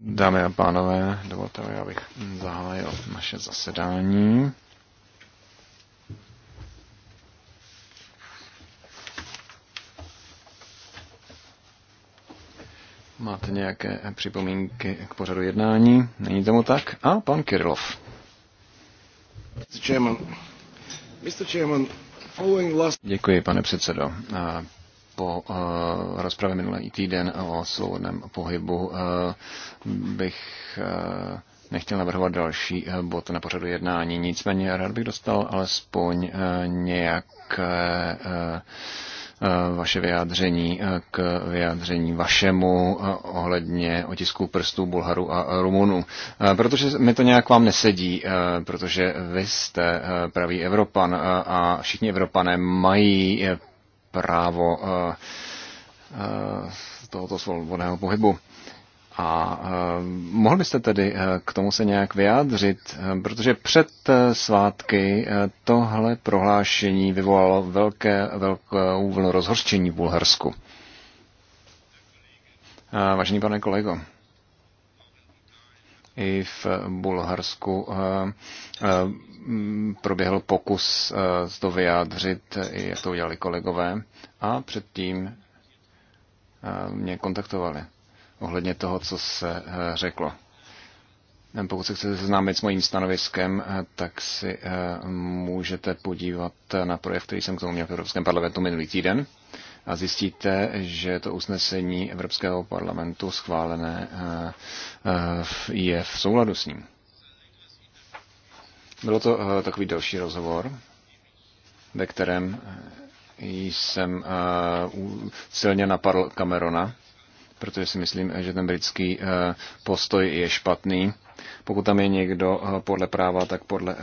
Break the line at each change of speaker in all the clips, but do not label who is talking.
Dámy a pánové, dovolte mi, abych zahájil naše zasedání. Máte nějaké připomínky k pořadu jednání? Není tomu tak? A pan Kirilov. Mr. Chairman. Mr. Chairman, Děkuji, pane předsedo po eh, rozpravě minulý týden o svobodném pohybu eh, bych eh, nechtěl navrhovat další bod na pořadu jednání. Nicméně rád bych dostal alespoň nějak vaše vyjádření k vyjádření vašemu ohledně otisků prstů Bulharu a Rumunů. Protože mi to nějak vám nesedí, protože vy jste pravý Evropan a všichni Evropané mají právo eh, eh, tohoto svobodného pohybu. A eh, mohl byste tedy k tomu se nějak vyjádřit, protože před svátky tohle prohlášení vyvolalo velké, velkou vlnu rozhorčení v Bulharsku. Vážený pane kolego, i v Bulharsku eh, eh, proběhl pokus eh, to vyjádřit, jak to udělali kolegové, a předtím mě kontaktovali ohledně toho, co se řeklo. Pokud se chcete seznámit s mojím stanoviskem, tak si můžete podívat na projekt, který jsem k tomu měl v Evropském parlamentu minulý týden a zjistíte, že to usnesení Evropského parlamentu schválené eh, eh, je v souladu s ním. Bylo to eh, takový další rozhovor, ve kterém jsem silně napadl Camerona, protože si myslím, že ten britský postoj je špatný. Pokud tam je někdo podle práva, tak podle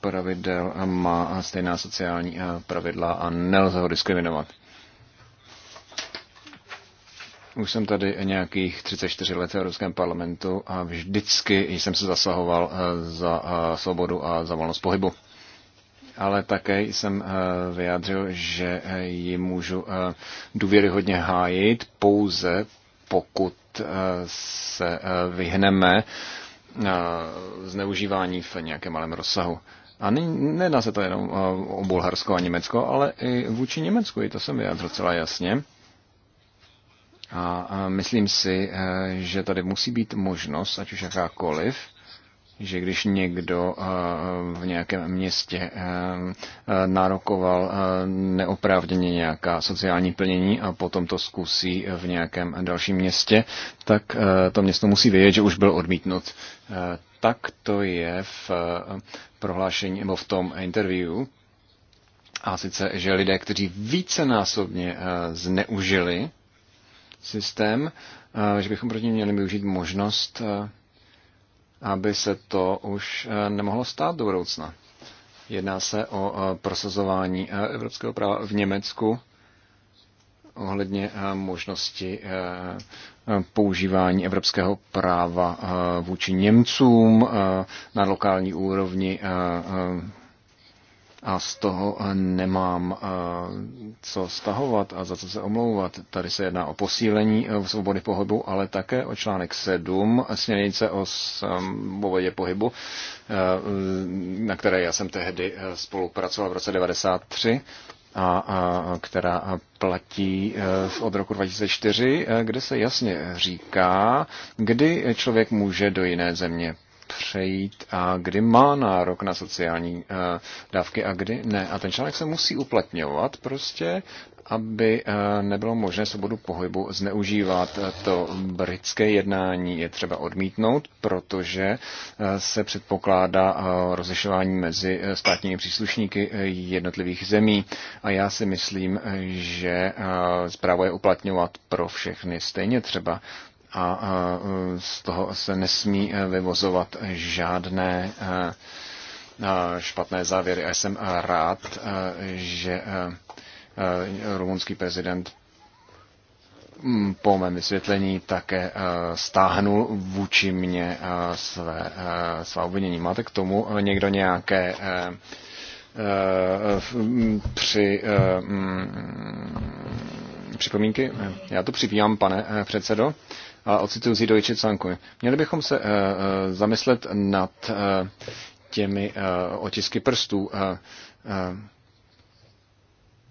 pravidel má stejná sociální pravidla a nelze ho diskriminovat. Už jsem tady nějakých 34 let v Evropském parlamentu a vždycky jsem se zasahoval eh, za eh, svobodu a za volnost pohybu. Ale také jsem eh, vyjádřil, že ji můžu důvěryhodně hájit pouze pokud se vyhneme zneužívání v nějakém malém rozsahu. A nedá se to jenom o Bulharsko a Německo, ale i vůči Německu, i to jsem vyjádřil celá jasně. A myslím si, eh, že tady musí být možnost, ať už jakákoliv, že když někdo eh, v nějakém městě eh, nárokoval neoprávněně nějaká sociální plnění a potom to zkusí v nějakém dalším městě, tak to město musí vědět, že už byl odmítnut. Tak to je v prohlášení nebo v tom interview. A sice, že lidé, kteří vícenásobně zneužili systém, eh, že bychom proti měli využít možnost, eh, aby se to už eh, nemohlo stát do budoucna. Jedná se o prosazování evropského práva v Německu ohledně možnosti používání evropského práva vůči Němcům na lokální úrovni a z toho eh, nemám eh, co stahovat a za co se omlouvat. Tady se jedná o posílení eh, svobody pohybu, ale také o článek 7 směrnice o svobodě pohybu, na které já jsem tehdy spolupracoval v roce 93 a, která platí od roku 2004, kde se jasně říká, kdy člověk může do jiné země přejít a kdy má nárok na sociální eh, dávky a kdy ne. A ten článek se musí uplatňovat prostě, aby eh, nebylo možné svobodu pohybu zneužívat. To britské jednání je třeba odmítnout, protože eh, se předpokládá rozlišování mezi státními příslušníky jednotlivých zemí. A já si myslím, že zprávo je uplatňovat pro všechny stejně třeba a z toho se nesmí eh, vyvozovat žádné eh, špatné závěry. A jsem rád, eh, že rumunský prezident mm, po mém vysvětlení také stáhnul vůči mně své, svá obvinění. Máte k tomu někdo nějaké mm, při mm, připomínky? Já to připíjám, pane předsedo a ocituju z Deutsche Zanku. Měli bychom se eh, eh, zamyslet nad eh, těmi otisky prstů.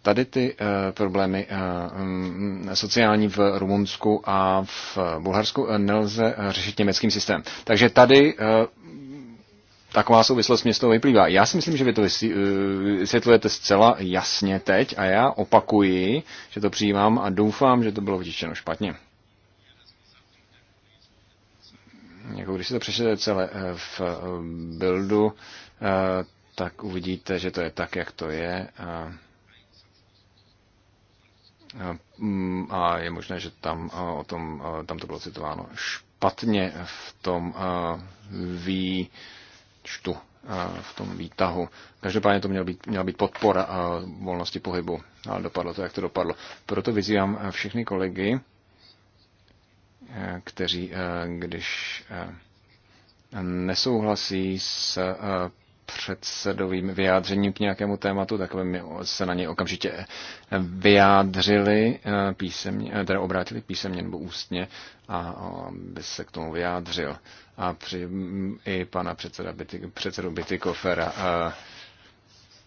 Tady ty problémy mm, sociální v Rumunsku a v Bulharsku nelze řešit německým systémem. Takže tady taková souvislost mě z toho vyplývá. Já si myslím, že vy to vysvětlujete zcela jasně teď a já opakuji, že to přijímám a doufám, že to bylo vytištěno špatně. Jako když si to přečtete celé eh, v eh, buildu, eh, tak uvidíte, že to je tak, jak to je. A, a je možné, že tam, o tom, tam to bylo citováno špatně v tom výčtu, v tom výtahu. Každopádně to měla být, měla být podpora volnosti pohybu, ale dopadlo to, jak to dopadlo. Proto vyzývám všechny kolegy, Eh, kteří, eh, když eh, nesouhlasí s předsedovým vyjádřením k nějakému tématu, tak by se na něj okamžitě vyjádřili písemně, teda obrátili písemně nebo ústně a by se k tomu vyjádřil. A při, i pana předseda Byty, předsedu Bytykofera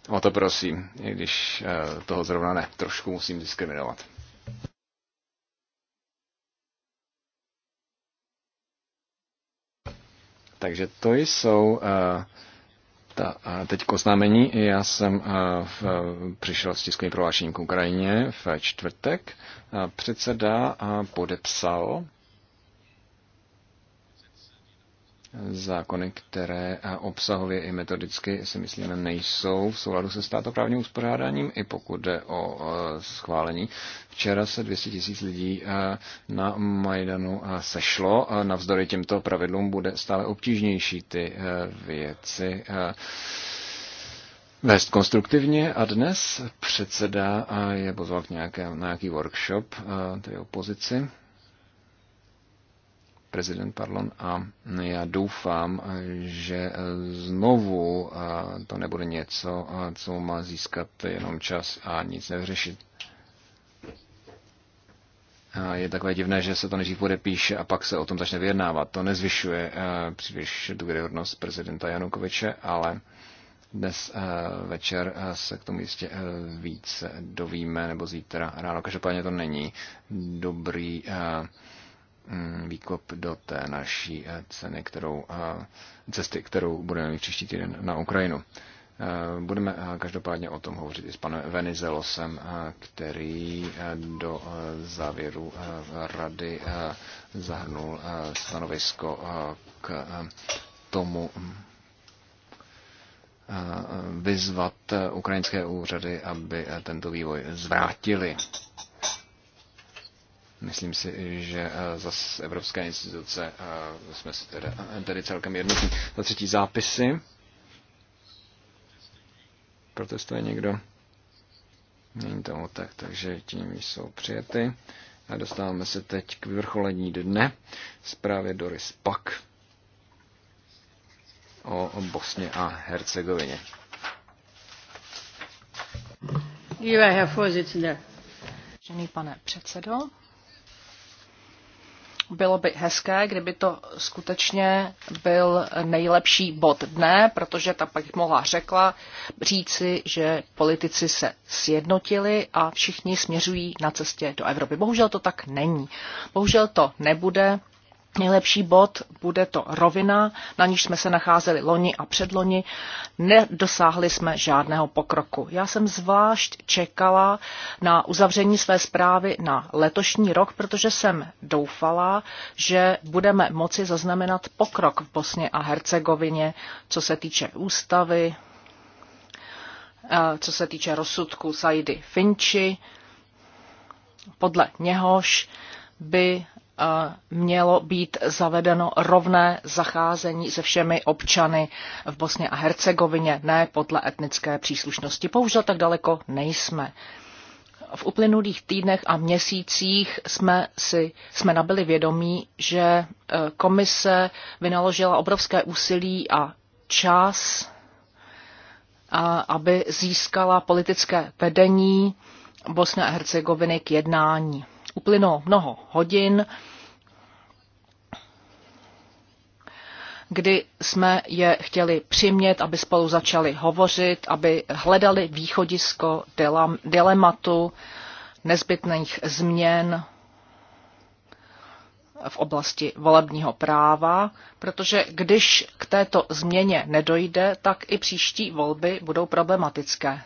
o to prosím, i když toho zrovna ne, trošku musím diskriminovat. Takže to jsou eh, ta, teď k oznámení. Já jsem eh, v, přišel s tiskovým prohlášením k Ukrajině v čtvrtek. Eh, předseda podepsal zákony, které obsahově i metodicky, si myslíme, nejsou v souladu se státoprávním uspořádáním, i pokud jde o eh, schválení. Včera se 200 tisíc lidí eh, na Majdanu eh, sešlo. Navzdory těmto pravidlům bude stále obtížnější ty věci vést konstruktivně a dnes předseda je pozval k nějaké, na nějaký workshop, té opozici prezident, pardon, a já doufám, že znovu to nebude něco, co má získat jenom čas a nic nevyřešit. Je takové divné, že se to nejdřív podepíše a pak se o tom začne vyjednávat. To nezvyšuje příliš důvěryhodnost prezidenta Janukoviče, ale dnes večer se k tomu jistě více dovíme, nebo zítra ráno. Každopádně to není dobrý Mm, výkop do té naší eh, ceny, kterou, eh, cesty, kterou budeme mít příští týden na Ukrajinu. Eh, budeme každopádně o tom hovořit i s panem Venizelosem, který do závěru rady zahrnul stanovisko k tomu vyzvat ukrajinské úřady, aby tento vývoj zvrátili. Myslím si, že eh, zase evropské instituce eh, jsme si tedy, eh, tedy celkem jednotní. Za třetí zápisy. Protestuje někdo? Není tomu tak, takže tím jsou přijety. A dostáváme se teď k vyvrcholení dne. Zprávě Doris Pak o Bosně a Hercegovině.
Vážený pane předsedo,
bylo by hezké, kdyby to skutečně byl nejlepší bod dne, protože ta pak mohla řekla říci, že politici se sjednotili a všichni směřují na cestě do Evropy. Bohužel to tak není. Bohužel to nebude Nejlepší bod bude to rovina, na níž jsme se nacházeli loni a předloni. Nedosáhli jsme žádného pokroku. Já jsem zvlášť čekala na uzavření své zprávy na letošní rok, protože jsem doufala, že budeme moci zaznamenat pokrok v Bosně a Hercegovině, co se týče ústavy, eh, co se týče rozsudku Saidy Finči. Podle něhož by Eh, mělo být zavedeno rovné zacházení se všemi občany v Bosně a Hercegovině, ne podle etnické příslušnosti. Bohužel tak daleko nejsme. V uplynulých týdnech a měsících jsme, si, jsme nabili vědomí, že eh, komise vynaložila obrovské úsilí a čas, aby získala politické vedení Bosny a Hercegoviny k jednání uplynulo mnoho hodin, kdy jsme je chtěli přimět, aby spolu začali hovořit, aby hledali východisko dilematu nezbytných změn v oblasti volebního práva, protože když k této změně nedojde, tak i příští volby budou problematické.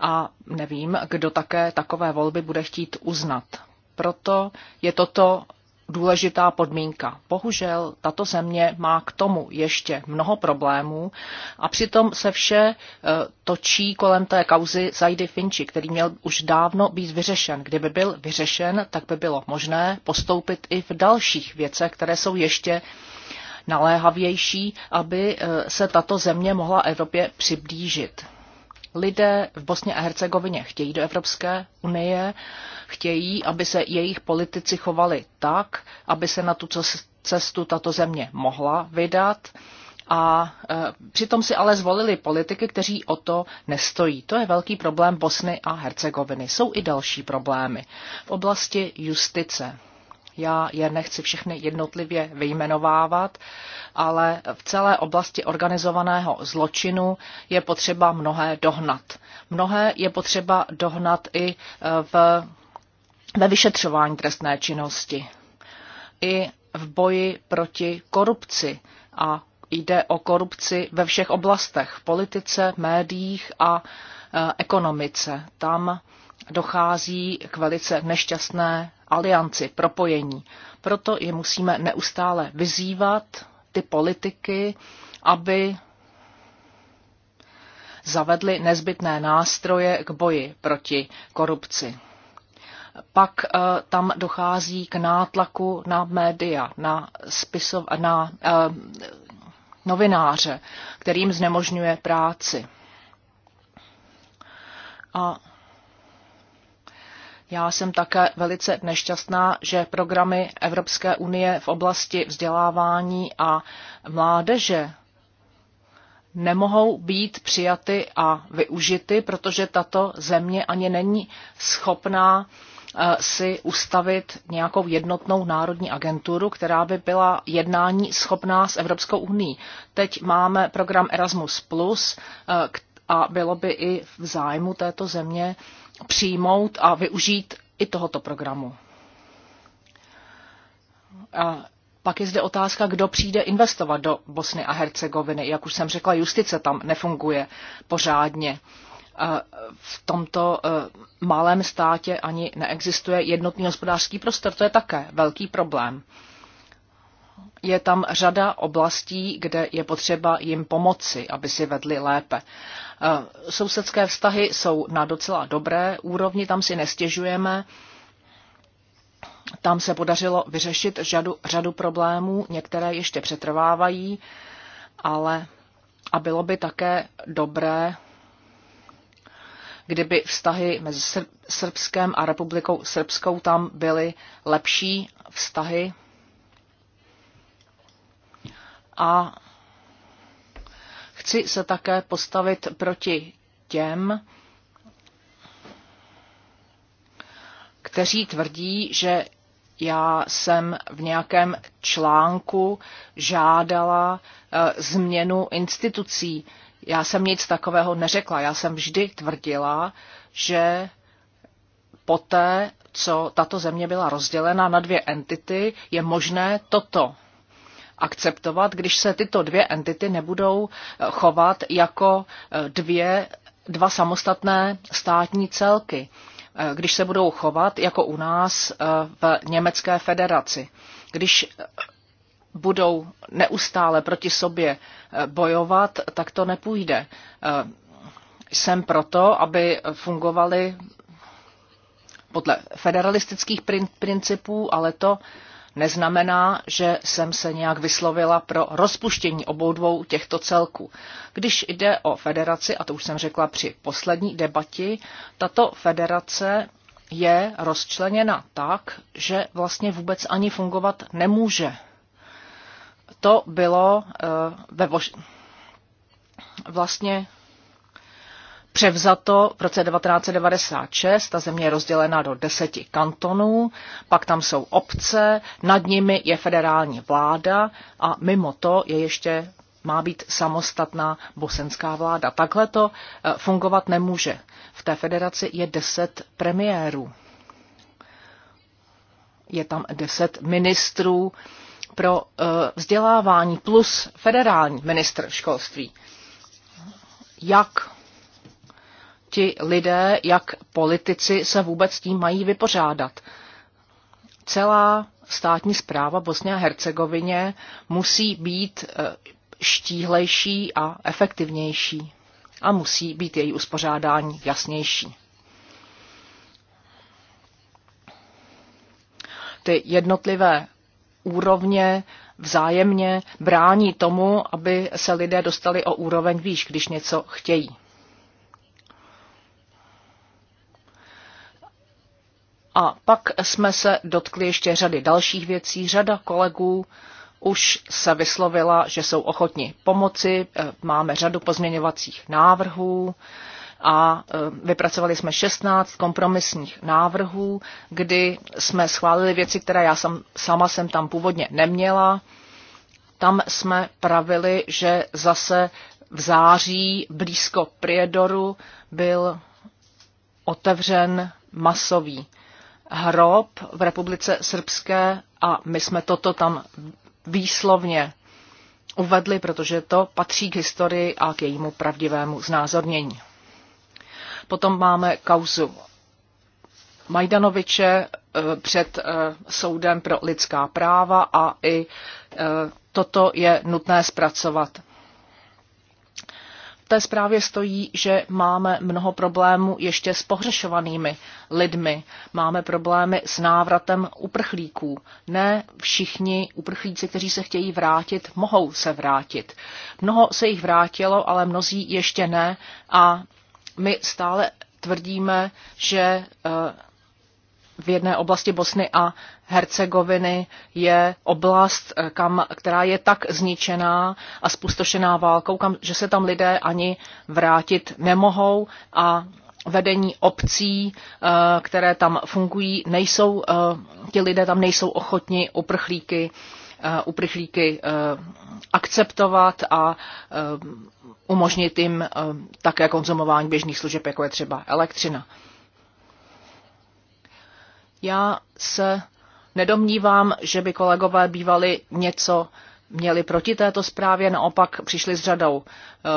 A nevím, kdo také takové volby bude chtít uznat. Proto je toto důležitá podmínka. Bohužel tato země má k tomu ještě mnoho problémů a přitom se vše e, točí kolem té kauzy Zajdy Finči, který měl už dávno být vyřešen. Kdyby byl vyřešen, tak by bylo možné postoupit i v dalších věcech, které jsou ještě naléhavější, aby e, se tato země mohla Evropě přiblížit lidé v Bosně a Hercegovině chtějí do Evropské unie, chtějí, aby se jejich politici chovali tak, aby se na tu cestu tato země mohla vydat. A e, přitom si ale zvolili politiky, kteří o to nestojí. To je velký problém Bosny a Hercegoviny. Jsou i další problémy v oblasti justice. Já je nechci všechny jednotlivě vyjmenovávat, ale v celé oblasti organizovaného zločinu je potřeba mnohé dohnat. Mnohé je potřeba dohnat i e, v, ve vyšetřování trestné činnosti, i v boji proti korupci a jde o korupci ve všech oblastech, v politice, médiích a e, ekonomice. Tam dochází k velice nešťastné alianci, propojení. Proto je musíme neustále vyzývat, ty politiky, aby zavedli nezbytné nástroje k boji proti korupci. Pak eh, tam dochází k nátlaku na média, na, spisov, na eh, novináře, kterým znemožňuje práci. A já jsem také velice nešťastná, že programy Evropské unie v oblasti vzdělávání a mládeže nemohou být přijaty a využity, protože tato země ani není schopná eh, si ustavit nějakou jednotnou národní agenturu, která by byla jednání schopná s Evropskou uní. Teď máme program Erasmus+, eh, a bylo by i v zájmu této země přijmout a využít i tohoto programu. A pak je zde otázka, kdo přijde investovat do Bosny a Hercegoviny. Jak už jsem řekla, justice tam nefunguje pořádně. V tomto e, malém státě ani neexistuje jednotný hospodářský prostor. To je také velký problém je tam řada oblastí, kde je potřeba jim pomoci, aby si vedli lépe. Eh, sousedské vztahy jsou na docela dobré úrovni, tam si nestěžujeme. Tam se podařilo vyřešit řadu, řadu problémů, některé ještě přetrvávají, ale a bylo by také dobré, kdyby vztahy mezi Srbskem a Republikou Srbskou tam byly lepší vztahy, a chci se také postavit proti těm, kteří tvrdí, že já jsem v nějakém článku žádala e, změnu institucí. Já jsem nic takového neřekla. Já jsem vždy tvrdila, že poté, co tato země byla rozdělena na dvě entity, je možné toto akceptovat, když se tyto dvě entity nebudou chovat jako eh, dvě, dva samostatné státní celky, eh, když se budou chovat jako u nás eh, v Německé federaci. Když budou neustále proti sobě bojovat, tak to nepůjde. Jsem proto, aby fungovaly podle federalistických principů, ale to neznamená, že jsem se nějak vyslovila pro rozpuštění obou dvou těchto celků. Když jde o federaci, a to už jsem řekla při poslední debati, tato federace je rozčleněna tak, že vlastně vůbec ani fungovat nemůže. To bylo eh, ve vlastně převzato v roce 1996, ta země je rozdělena do deseti kantonů, pak tam jsou obce, nad nimi je federální vláda a mimo to je ještě má být samostatná bosenská vláda. Takhle to eh, fungovat nemůže. V té federaci je deset premiérů. Je tam deset ministrů pro eh, vzdělávání plus federální ministr školství. Jak ti lidé, jak politici se vůbec s tím mají vypořádat. Celá státní zpráva Bosně a Hercegovině musí být eh, štíhlejší a efektivnější a musí být její uspořádání jasnější. Ty jednotlivé úrovně vzájemně brání tomu, aby se lidé dostali o úroveň výš, když něco chtějí. A pak jsme se dotkli ještě řady dalších věcí. Řada kolegů už se vyslovila, že jsou ochotni pomoci. Eh, máme řadu pozměňovacích návrhů a eh, vypracovali jsme 16 kompromisních návrhů, kdy jsme schválili věci, které já sam, sama jsem tam původně neměla. Tam jsme pravili, že zase v září blízko Priedoru byl otevřen masový hrob v Republice Srbské a my jsme toto tam výslovně uvedli, protože to patří k historii a k jejímu pravdivému znázornění. Potom máme kauzu Majdanoviče eh, před eh, soudem pro lidská práva a i eh, toto je nutné zpracovat té zprávě stojí, že máme mnoho problémů ještě s pohřešovanými lidmi. Máme problémy s návratem uprchlíků. Ne všichni uprchlíci, kteří se chtějí vrátit, mohou se vrátit. Mnoho se jich vrátilo, ale mnozí ještě ne a my stále tvrdíme, že eh, v jedné oblasti Bosny a Hercegoviny je oblast, eh, kam, která je tak zničená a spustošená válkou, kam, že se tam lidé ani vrátit nemohou a vedení obcí, eh, které tam fungují, nejsou, eh, ti lidé tam nejsou ochotni uprchlíky, uprchlíky akceptovat a umožnit jim také konzumování běžných služeb, jako je třeba elektřina. Já se nedomnívám, že by kolegové bývali něco měli proti této zprávě, naopak přišli s řadou eh,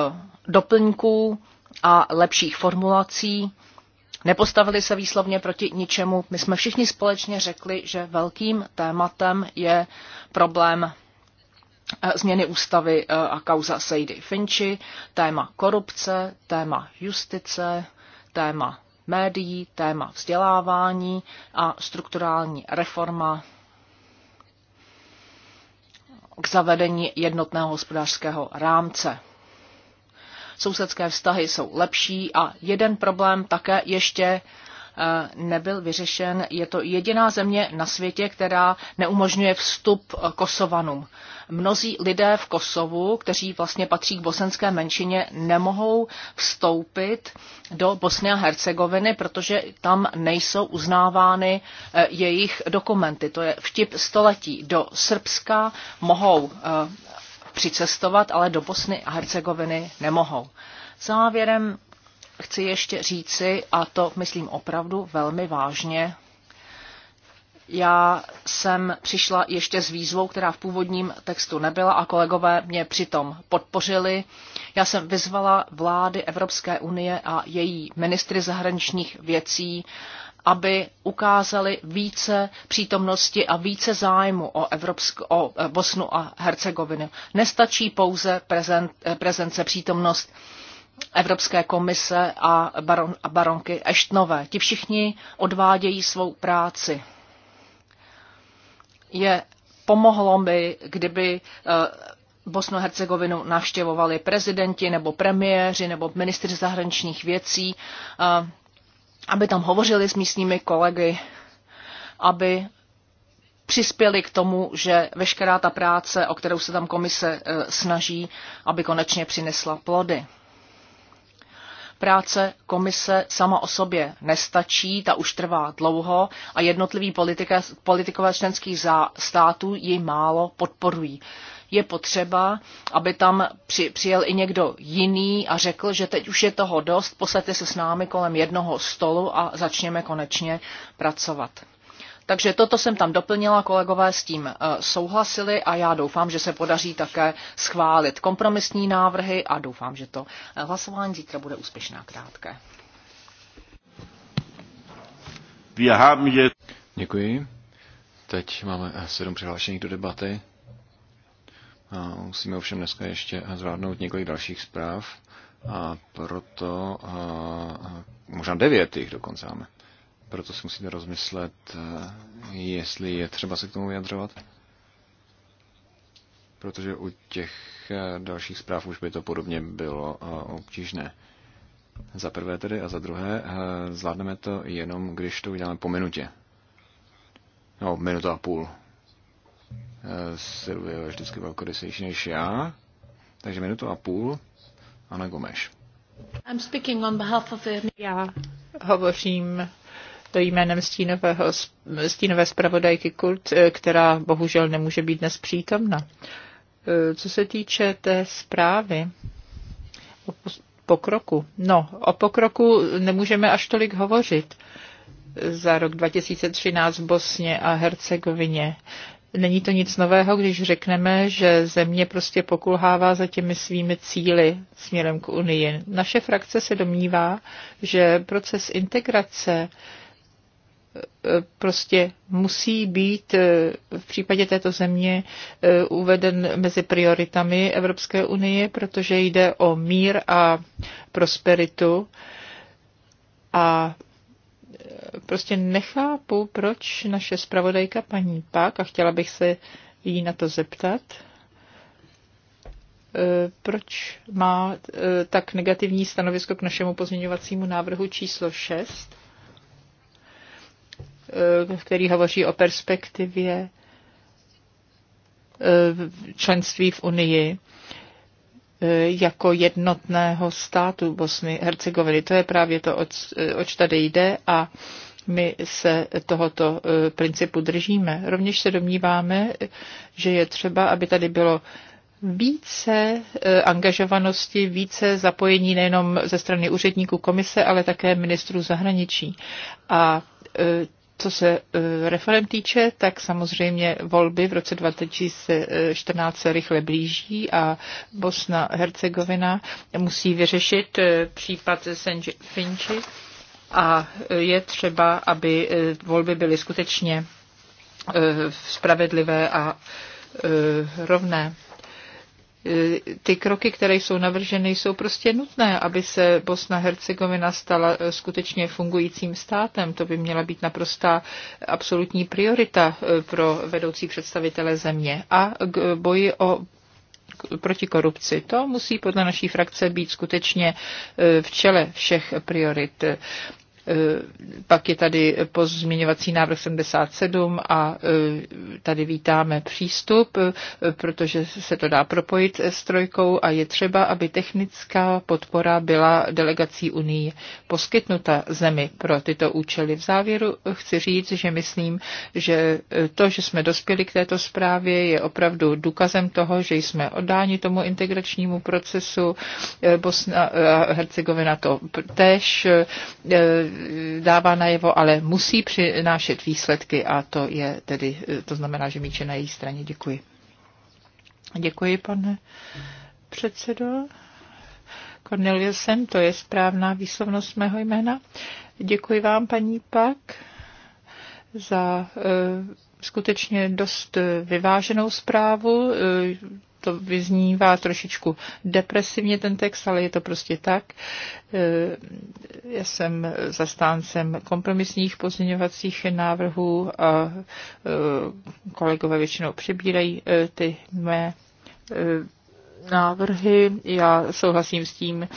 doplňků a lepších formulací. Nepostavili se výslovně proti ničemu. My jsme všichni společně řekli, že velkým tématem je problém eh, změny ústavy eh, a kauza Sejdy Finči, téma korupce, téma justice, téma médií, téma vzdělávání a strukturální reforma k zavedení jednotného hospodářského rámce. Sousedské vztahy jsou lepší a jeden problém také ještě Eh, nebyl vyřešen. Je to jediná země na světě, která neumožňuje vstup eh, Kosovanům. Mnozí lidé v Kosovu, kteří vlastně patří k bosenské menšině, nemohou vstoupit do Bosny a Hercegoviny, protože tam nejsou uznávány eh, jejich dokumenty. To je vtip století. Do Srbska mohou přicestovat, ale do Bosny a Hercegoviny nemohou. Závěrem chci ještě říci, a to myslím opravdu velmi vážně, já jsem přišla ještě s výzvou, která v původním textu nebyla a kolegové mě přitom podpořili. Já jsem vyzvala vlády Evropské unie a její ministry zahraničních věcí, aby ukázali více přítomnosti a více zájmu o, Evropsk- o eh, Bosnu a Hercegovinu. Nestačí pouze prezent, eh, prezence přítomnost Evropské komise a, baron, a baronky Eštnové. Ti všichni odvádějí svou práci. Je pomohlo by, kdyby eh, Bosnu-Hercegovinu navštěvovali prezidenti nebo premiéři nebo ministři zahraničních věcí, eh, aby tam hovořili s místními kolegy, aby přispěli k tomu, že veškerá ta práce, o kterou se tam komise eh, snaží, aby konečně přinesla plody. Práce komise sama o sobě nestačí, ta už trvá dlouho a jednotliví politika, politikové členských států ji málo podporují. Je potřeba, aby tam při, přijel i někdo jiný a řekl, že teď už je toho dost, posaďte se s námi kolem jednoho stolu a začněme konečně pracovat. Takže toto jsem tam doplnila, kolegové s tím eh, souhlasili a já doufám, že se podaří také schválit kompromisní návrhy a doufám, že to eh, hlasování zítra bude úspěšná krátké.
Děkuji. Teď máme eh, sedm přihlášených do debaty. A musíme ovšem dneska ještě zvládnout několik dalších zpráv a proto a, a možná devět jich dokonce máme. Proto si musíte rozmyslet, eh, jestli je třeba se k tomu vyjadřovat. Protože u těch eh, dalších zpráv už by to podobně bylo eh, obtížné. Za prvé tedy a za druhé, zvládneme to jenom, když to uděláme po minutě. No, minuta a půl. Silvio je vždycky velkorysejší než já. Takže minutu a půl. Ana Gomeš. I'm
speaking on behalf of
Já
hovořím to jménem stínového, stínové zpravodajky Kult, eh, která bohužel nemůže být dnes přítomna. Eh, co se týče té zprávy o pokroku, no, o pokroku nemůžeme až tolik hovořit za rok 2013 v Bosně a Hercegovině. Není to nic nového, když řekneme, že země prostě pokulhává za těmi svými cíly směrem k Unii. Naše frakce se domnívá, že proces integrace prostě musí být eh, v případě této země eh, uveden mezi prioritami Evropské unie, protože jde o mír a prosperitu. A eh, prostě nechápu, proč naše zpravodajka paní Pak, a chtěla bych se jí na to zeptat, proč má tak negativní stanovisko k našemu pozměňovacímu návrhu číslo 6 Eh, který hovoří o perspektivě eh, členství v Unii eh, jako jednotného státu Bosny Hercegoviny. To je právě to, oč tady jde a my se tohoto principu držíme. Rovněž se domníváme, že je třeba, aby tady bylo více angažovanosti, více zapojení nejenom ze strany úředníků komise, ale také ministrů zahraničí. A co se e, reform týče, tak samozřejmě volby v roce 2014 se rychle blíží a Bosna Hercegovina musí vyřešit e, případ Senži Finči a e, je třeba, aby volby byly skutečně spravedlivé a rovné. E, ty kroky, které jsou navrženy, jsou prostě nutné, aby se Bosna Hercegovina stala e, skutečně fungujícím státem. To by měla být naprostá absolutní priorita e, pro vedoucí představitele země. A k boji o proti korupci. To musí podle naší frakce být skutečně v čele všech priorit. Eh, pak je tady pozměňovací návrh 77 a eh, tady vítáme přístup, eh, protože se to dá propojit s trojkou a je třeba, aby technická podpora byla delegací Unii poskytnuta zemi pro tyto účely. V závěru chci říct, že myslím, že to, že jsme dospěli k této zprávě, je opravdu důkazem toho, že jsme odáni tomu integračnímu procesu. Bosna a Hercegovina to tež dává najevo, ale musí přinášet výsledky a to je tedy, to znamená, že míče na její straně. Děkuji. Děkuji, pane předsedo. Corneliusem, to je správná výslovnost mého jména. Děkuji vám, paní Pak, za eh, skutečně dost eh, vyváženou zprávu. Eh, to vyznívá trošičku depresivně ten text, ale je to prostě tak. E, já jsem zastáncem kompromisních pozměňovacích návrhů a e, kolegové většinou přebírají e, ty mé návrhy. Já souhlasím s tím,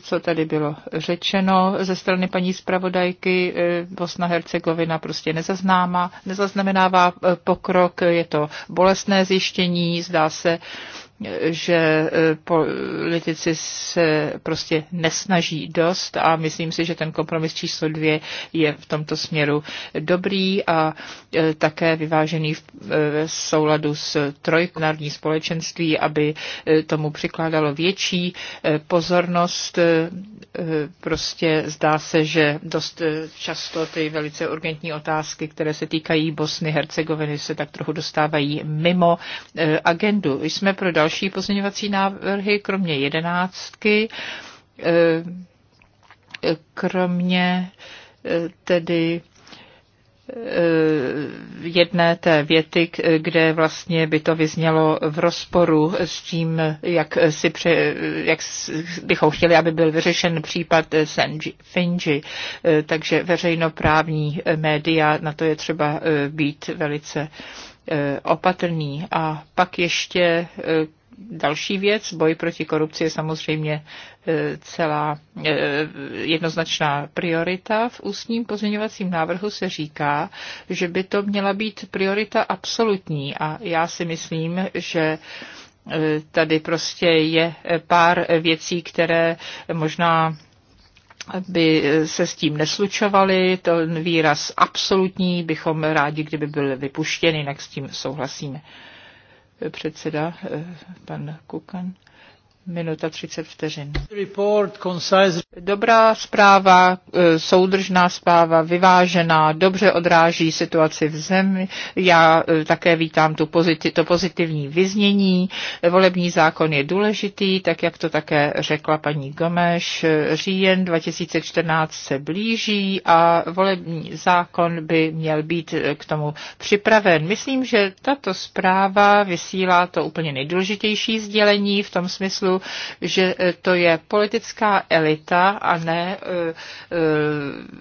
co tady bylo řečeno ze strany paní zpravodajky. Eh, Bosna Hercegovina prostě nezaznáma, nezaznamenává eh, pokrok, je to bolestné zjištění, zdá se, eh, že politici se prostě nesnaží dost a myslím si, že ten kompromis číslo dvě je v tomto směru dobrý a také vyvážený v souladu s trojkonární společenství, aby tomu přikládalo větší pozornost E, prostě zdá se, že dost e, často ty velice urgentní otázky, které se týkají Bosny, Hercegoviny, se tak trochu dostávají mimo e, agendu. Jsme pro další pozměňovací návrhy, kromě jedenáctky, kromě tedy Eh, jedné té věty, kde vlastně by to vyznělo v rozporu s tím, jak, si pře, jak bychom chtěli, aby byl vyřešen případ Finji. Eh, takže veřejnoprávní média, na to je třeba eh, být velice opatrný. A pak ještě další věc. Boj proti korupci je samozřejmě e, celá e, jednoznačná priorita. V ústním pozměňovacím návrhu se říká, že by to měla být priorita absolutní a já si myslím, že e, tady prostě je pár věcí, které možná by se s tím neslučovali, Ten výraz absolutní bychom rádi, kdyby byl vypuštěn, jinak s tím souhlasíme předseda eh, pan Kukan minuta 30 vteřin. Dobrá zpráva, e, soudržná zpráva, vyvážená, dobře odráží situaci v zemi. Já e, také vítám tu pozit, to pozitivní vyznění. Volební zákon je důležitý, tak jak to také řekla paní Gomeš. Říjen 2014 se blíží a volební zákon by měl být e, k tomu připraven. Myslím, že tato zpráva vysílá to úplně nejdůležitější sdělení v tom smyslu, pravdu, že e, to je politická elita a ne e, e,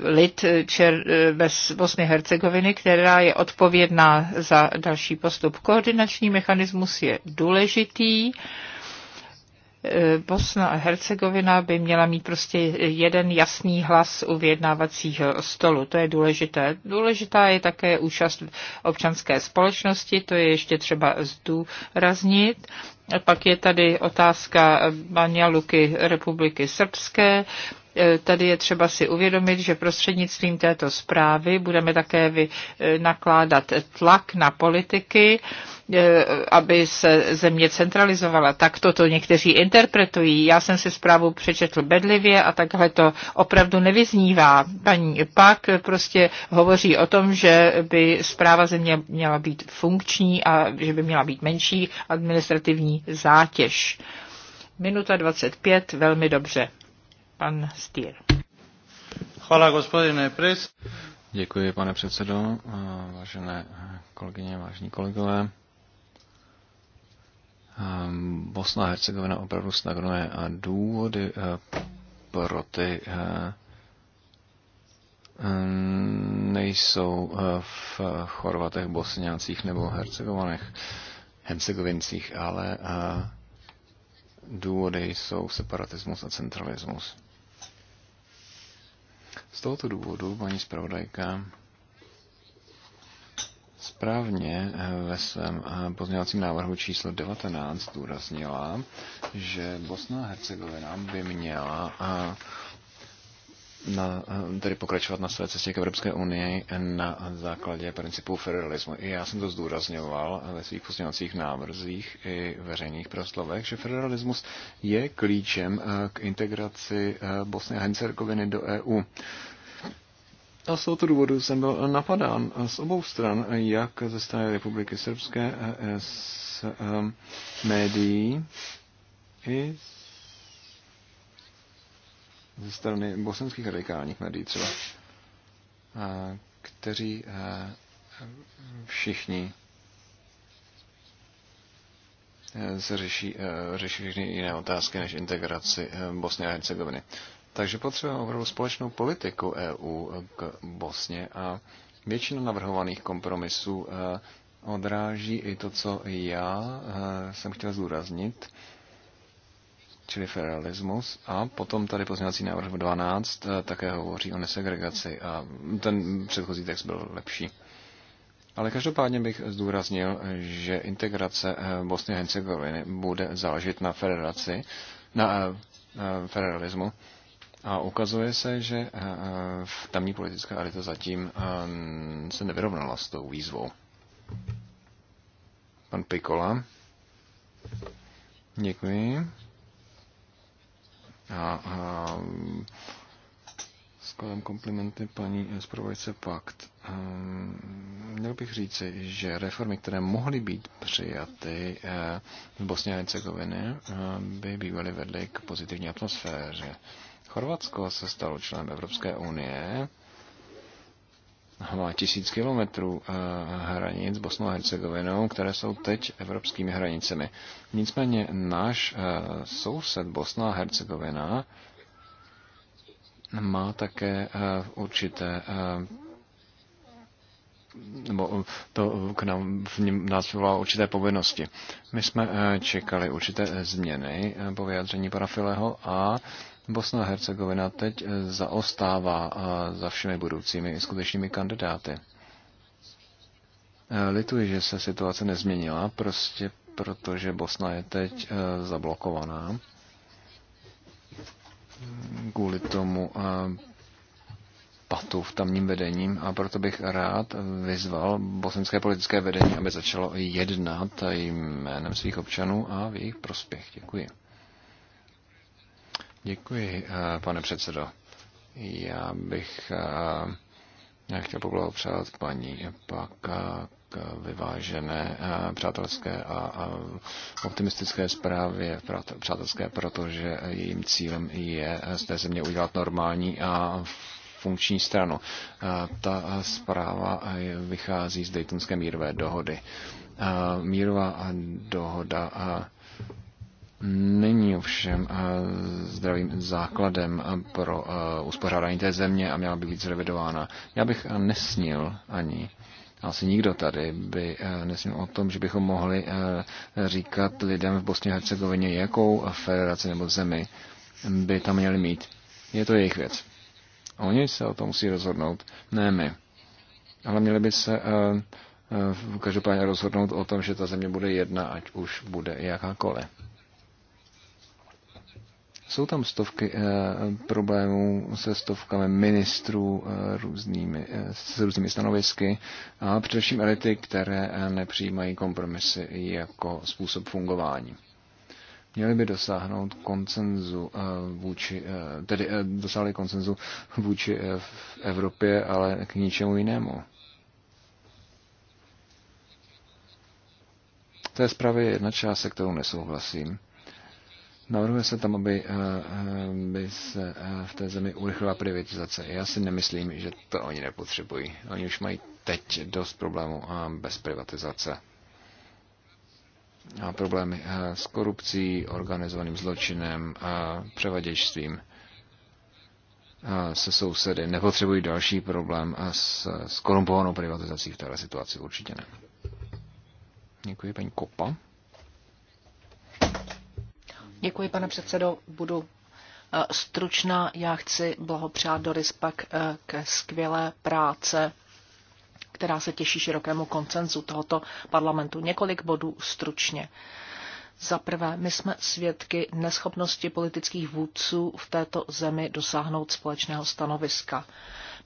lid Čer, bez Bosny Hercegoviny, která je odpovědná za další postup. Koordinační mechanismus je důležitý Eh, Bosna a Hercegovina by měla mít prostě jeden jasný hlas u vyjednávacího stolu. To je důležité. Důležitá je také účast občanské společnosti, to je ještě třeba zdůraznit. Pak je tady otázka Banja Luky Republiky Srbské. E, tady je třeba si uvědomit, že prostřednictvím této zprávy budeme také e, nakládat tlak na politiky, e, aby se země centralizovala. Tak toto někteří interpretují. Já jsem si zprávu přečetl bedlivě a takhle to opravdu nevyznívá. Paní Pak prostě hovoří o tom, že by zpráva země měla být funkční a že by měla být menší administrativní zátěž. Minuta 25, velmi
dobře. Pan Stier. Hvala, gospodine pres.
Děkuji, pane předsedo, vážené kolegyně, vážení kolegové. Bosna a Hercegovina opravdu stagnuje a důvody e, pro ty e, nejsou e, v Chorvatech, Bosňácích nebo Hercegovanech, Hercegovincích, ale důvody jsou separatismus a centralismus. Z tohoto důvodu paní zpravodajka správně eh, ve svém eh, pozměňovacím návrhu číslo 19 zdůraznila, že Bosna a Hercegovina by měla eh, na, eh, tedy pokračovat na své cestě k Evropské unii na základě principů federalismu. I já jsem to zdůrazňoval ve svých pozměňovacích návrzích i veřejných proslovech, že federalismus je klíčem eh, k integraci eh, Bosny a Hercegoviny do EU. A z tohoto důvodu jsem byl napadán z obou stran, jak ze strany Republiky Srbské, z médií i z ze strany bosenských radikálních médií třeba, eh, kteří eh, všichni eh, se řeší, řeší všechny jiné otázky než integraci Bosny a Hercegoviny. Takže potřebujeme opravdu společnou politiku EU k Bosně a většina navrhovaných kompromisů odráží i to, co já jsem chtěl zúraznit čili federalismus. A potom tady pozměňovací návrh 12 eh, také hovoří o nesegregaci a ten předchozí text byl lepší. Ale každopádně bych zdůraznil, že integrace eh, Bosny a Hercegoviny bude záležet na federaci, na eh, federalismu. A ukazuje se, že v tamní politická elita zatím se nevyrovnala s tou výzvou. Pan Pikola. Děkuji. A, a skládám komplimenty paní zpravodajce Pakt. Měl bych říci, že reformy, které mohly být přijaty e, v Bosně a Hercegovině, e, by bývaly vedly k pozitivní atmosféře. Chorvatsko se stalo členem Evropské unie má tisíc kilometrů eh, hranic Bosnou a Hercegovinou, které jsou teď evropskými hranicemi. Nicméně náš eh, soused Bosna a Hercegovina má také eh, určité nebo to k nám, v něm nás vyvolalo určité povinnosti. My jsme čekali určité změny po vyjádření parafileho a Bosna a Hercegovina teď eh, zaostává eh, za všemi budoucími skutečnými kandidáty. Eh, lituji, že se situace nezměnila, prostě protože Bosna je teď zablokovaná kvůli tomu patu v tamním vedením a proto bych rád vyzval bosenské politické vedení, aby začalo jednat jménem svých občanů a v jejich prospěch. Děkuji. Děkuji, eh, pane předsedo. Já bych já eh, chtěl poblahopřát paní pak eh, k vyvážené, přátelské a optimistické zprávě, přátelské, protože jejím cílem je z té země udělat normální a funkční stranu. Ta zpráva vychází z Daytonské mírové dohody. Mírová dohoda není ovšem eh, zdravým základem eh, pro eh, uspořádání té země a měla by být zrevidována. Já bych nesnil ani asi nikdo tady by nesnil o tom, že bychom mohli říkat lidem v Bosně a Hercegovině, jakou federaci nebo zemi by tam měli mít. Je to jejich věc. Oni se o tom musí rozhodnout, ne my. Ale měli by se každopádně rozhodnout o tom, že ta země bude jedna, ať už bude jakákoliv. Jsou tam stovky eh, problémů se stovkami ministrů eh, různými, eh, s různými stanovisky a především elity, které nepřijímají kompromisy jako způsob fungování. Měli by dosáhnout koncenzu vůči, tedy dosáhli koncenzu vůči v Evropě, ale k ničemu jinému. je zprávě je jedna část, se kterou nesouhlasím. Navrhuje se tam, aby, aby eh, eh, se eh, v té zemi urychlila privatizace. Já si nemyslím, že to oni nepotřebují. Oni už mají teď dost problémů bez privatizace. A problémy s korupcí, organizovaným zločinem, převaděčstvím se sousedy. Nepotřebují další problém s, s korumpovanou privatizací v této situaci. Určitě ne. Děkuji, paní Kopa.
Děkuji, pane předsedo. Budu eh, stručná. Já chci blahopřát Doris pak eh, ke skvělé práce, která se těší širokému koncenzu tohoto parlamentu. Několik bodů stručně. Za prvé, my jsme svědky neschopnosti politických vůdců v této zemi dosáhnout společného stanoviska.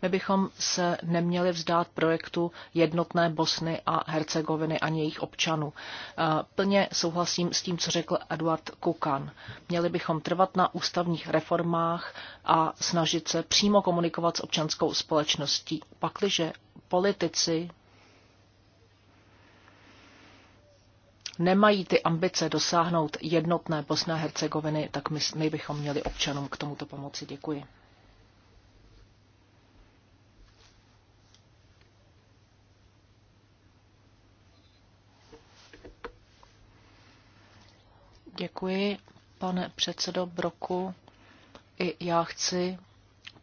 My bychom se neměli vzdát projektu jednotné Bosny a Hercegoviny ani jejich občanů. Eh, plně souhlasím s tím, co řekl Eduard Kukan. Měli bychom trvat na ústavních reformách a snažit se přímo komunikovat s občanskou společností. Pakliže politici nemají ty ambice dosáhnout jednotné Bosny a Hercegoviny, tak my, my bychom měli občanům k tomuto pomoci. Děkuji. Děkuji, pane předsedo Broku. I já chci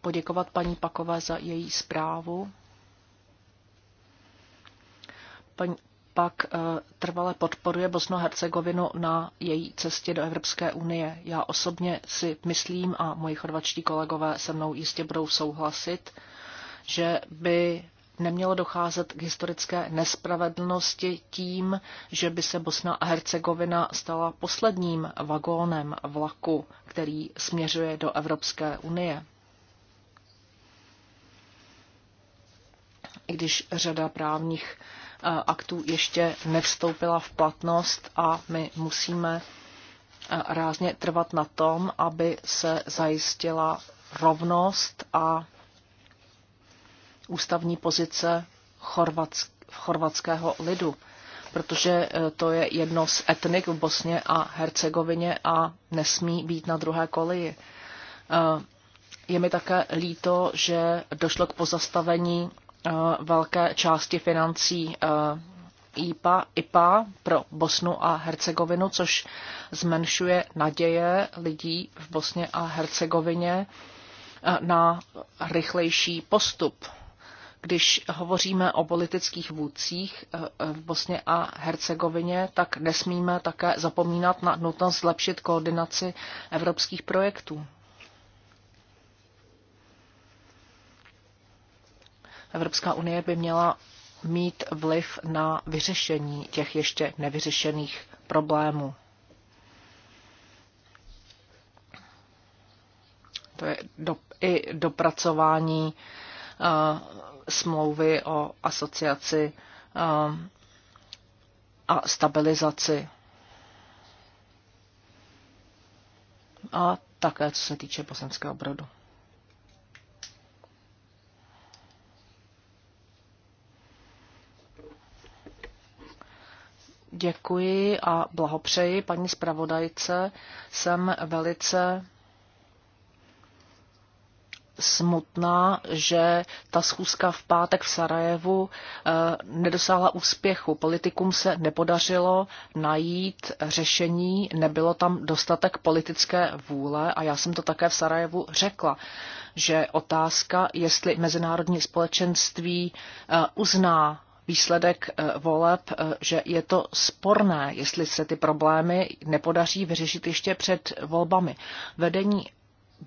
poděkovat paní Pakové za její zprávu. Paní pak eh, trvale podporuje bosno Hercegovinu na její cestě do Evropské unie. Já osobně si myslím, a moji chorvačtí kolegové se mnou jistě budou souhlasit, že by nemělo docházet k historické nespravedlnosti tím, že by se Bosna a Hercegovina stala posledním vagónem vlaku, který směřuje do Evropské unie. I když řada právních eh, aktů ještě nevstoupila v platnost a my musíme eh, rázně trvat na tom, aby se zajistila rovnost a ústavní pozice chorvatsk- chorvatského lidu, protože eh, to je jedno z etnik v Bosně a Hercegovině a nesmí být na druhé koleji. Eh, je mi také líto, že došlo k pozastavení eh, velké části financí IPA, IPA pro Bosnu a Hercegovinu, což zmenšuje naděje lidí v Bosně a Hercegovině na rychlejší postup když hovoříme o politických vůdcích eh, eh, v Bosně a Hercegovině, tak nesmíme také zapomínat na nutnost zlepšit koordinaci evropských projektů. Evropská unie by měla mít vliv na vyřešení těch ještě nevyřešených problémů. To je do, i dopracování uh, smlouvy o asociaci um, a stabilizaci. A také, co se týče bosenského brodu. Děkuji a blahopřeji paní zpravodajce. Jsem velice smutná, že ta schůzka v pátek v Sarajevu eh, nedosáhla úspěchu. Politikům se nepodařilo najít řešení, nebylo tam dostatek politické vůle a já jsem to také v Sarajevu řekla že otázka, jestli mezinárodní společenství eh, uzná výsledek eh, voleb, že je to sporné, jestli se ty problémy nepodaří vyřešit ještě před volbami. Vedení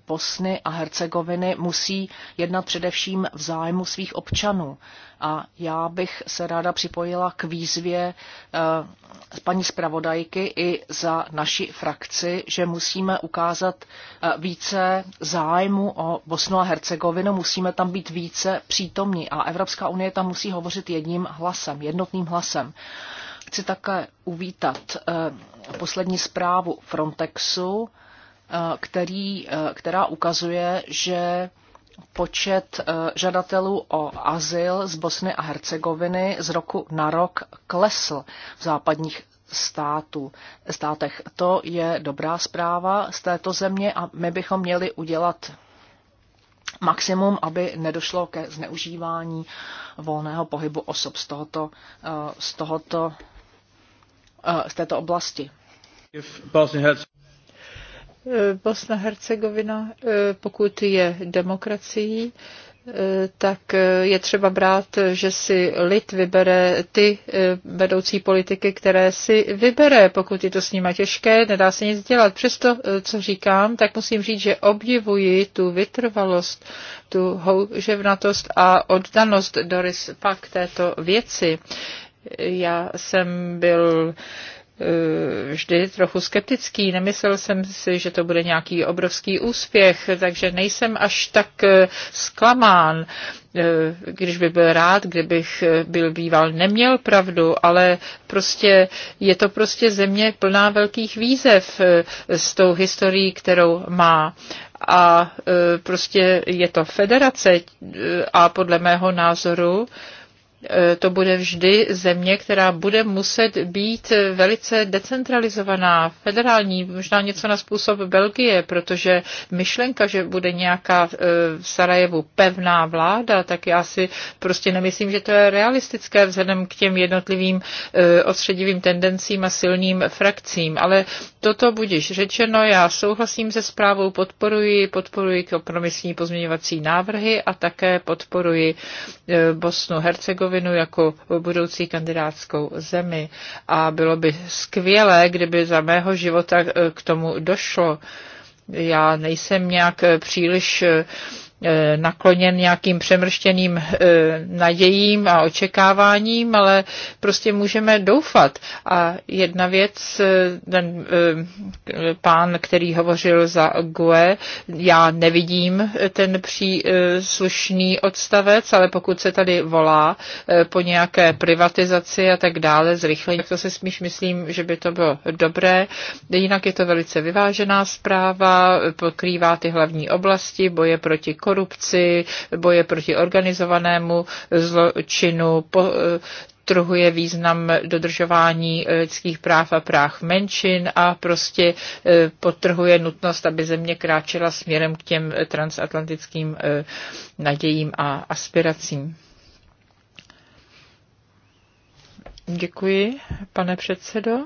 Bosny a Hercegoviny musí jednat především v zájmu svých občanů. A já bych se ráda připojila k výzvě eh, paní zpravodajky i za naši frakci, že musíme ukázat eh, více zájmu o Bosnu a Hercegovinu, musíme tam být více přítomní a Evropská unie tam musí hovořit jedním hlasem, jednotným hlasem. Chci také uvítat eh, poslední zprávu Frontexu, Eh, který, eh, která ukazuje, že počet eh, žadatelů o azyl z Bosny a Hercegoviny z roku na rok klesl v západních státu, státech. To je dobrá zpráva z této země a my bychom měli udělat maximum, aby nedošlo ke zneužívání volného pohybu osob z, tohoto, z, tohoto, z této oblasti.
Eh, Bosna Hercegovina, eh, pokud je demokracií, eh, tak je třeba brát, že si lid vybere ty vedoucí politiky, které si vybere. Pokud je to s nima těžké, nedá se nic dělat. Přesto, co říkám, tak musím říct, že obdivuji tu vytrvalost, tu houževnatost a oddanost Doris Pak této věci. Já jsem byl uh, Eh, vždy trochu skeptický. Nemyslel jsem si, že to bude nějaký obrovský úspěch, takže nejsem až tak eh, zklamán, eh, když by byl rád, kdybych byl býval neměl pravdu, ale prostě je to prostě země plná velkých výzev s tou historií, kterou má a prostě je to federace a podle mého názoru E, to bude vždy země, která bude muset být velice decentralizovaná, federální, možná něco na způsob Belgie, protože myšlenka, že bude nějaká e, v Sarajevu pevná vláda, tak já si prostě nemyslím, že to je realistické vzhledem k těm jednotlivým e, odstředivým tendencím a silným frakcím. Ale toto budiš řečeno, já souhlasím se zprávou, podporuji, podporuji kompromisní pozměňovací návrhy a také podporuji Bosnu Hercegovinu Hercegovinu jako budoucí kandidátskou zemi. A bylo by skvělé, kdyby za mého života k tomu došlo. Já nejsem nějak příliš uh, E, nakloněn nějakým přemrštěným e, nadějím a očekáváním, ale prostě můžeme doufat. A jedna věc, e, ten pán, který hovořil za GUE, já nevidím ten příslušný odstavec, ale pokud se tady volá po nějaké privatizaci a tak dále, zrychlení, to si smíš myslím, že by to bylo dobré. Jinak je to velice vyvážená zpráva, pokrývá ty hlavní oblasti, boje proti korupci, boje proti organizovanému zločinu, po, trhuje význam dodržování eh, lidských práv a práv menšin a prostě eh, potrhuje nutnost, aby země kráčela směrem k těm eh, transatlantickým nadějím a aspiracím. Děkuji, pane předsedo.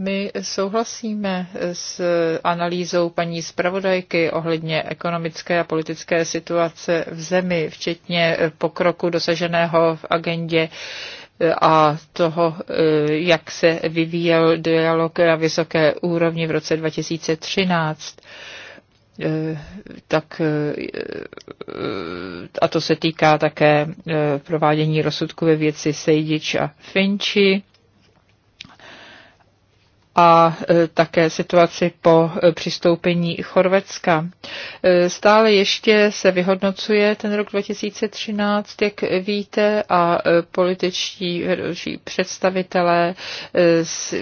My souhlasíme s analýzou paní zpravodajky ohledně ekonomické a politické situace v zemi, včetně pokroku dosaženého v agendě a toho, jak se vyvíjel dialog na vysoké úrovni v roce 2013 tak a to se týká také provádění rozsudku ve věci Sejdič a Finči a e, také situaci po e, přistoupení Chorvatska. E, stále ještě se vyhodnocuje ten rok 2013, jak víte, a političtí vedoucí představitelé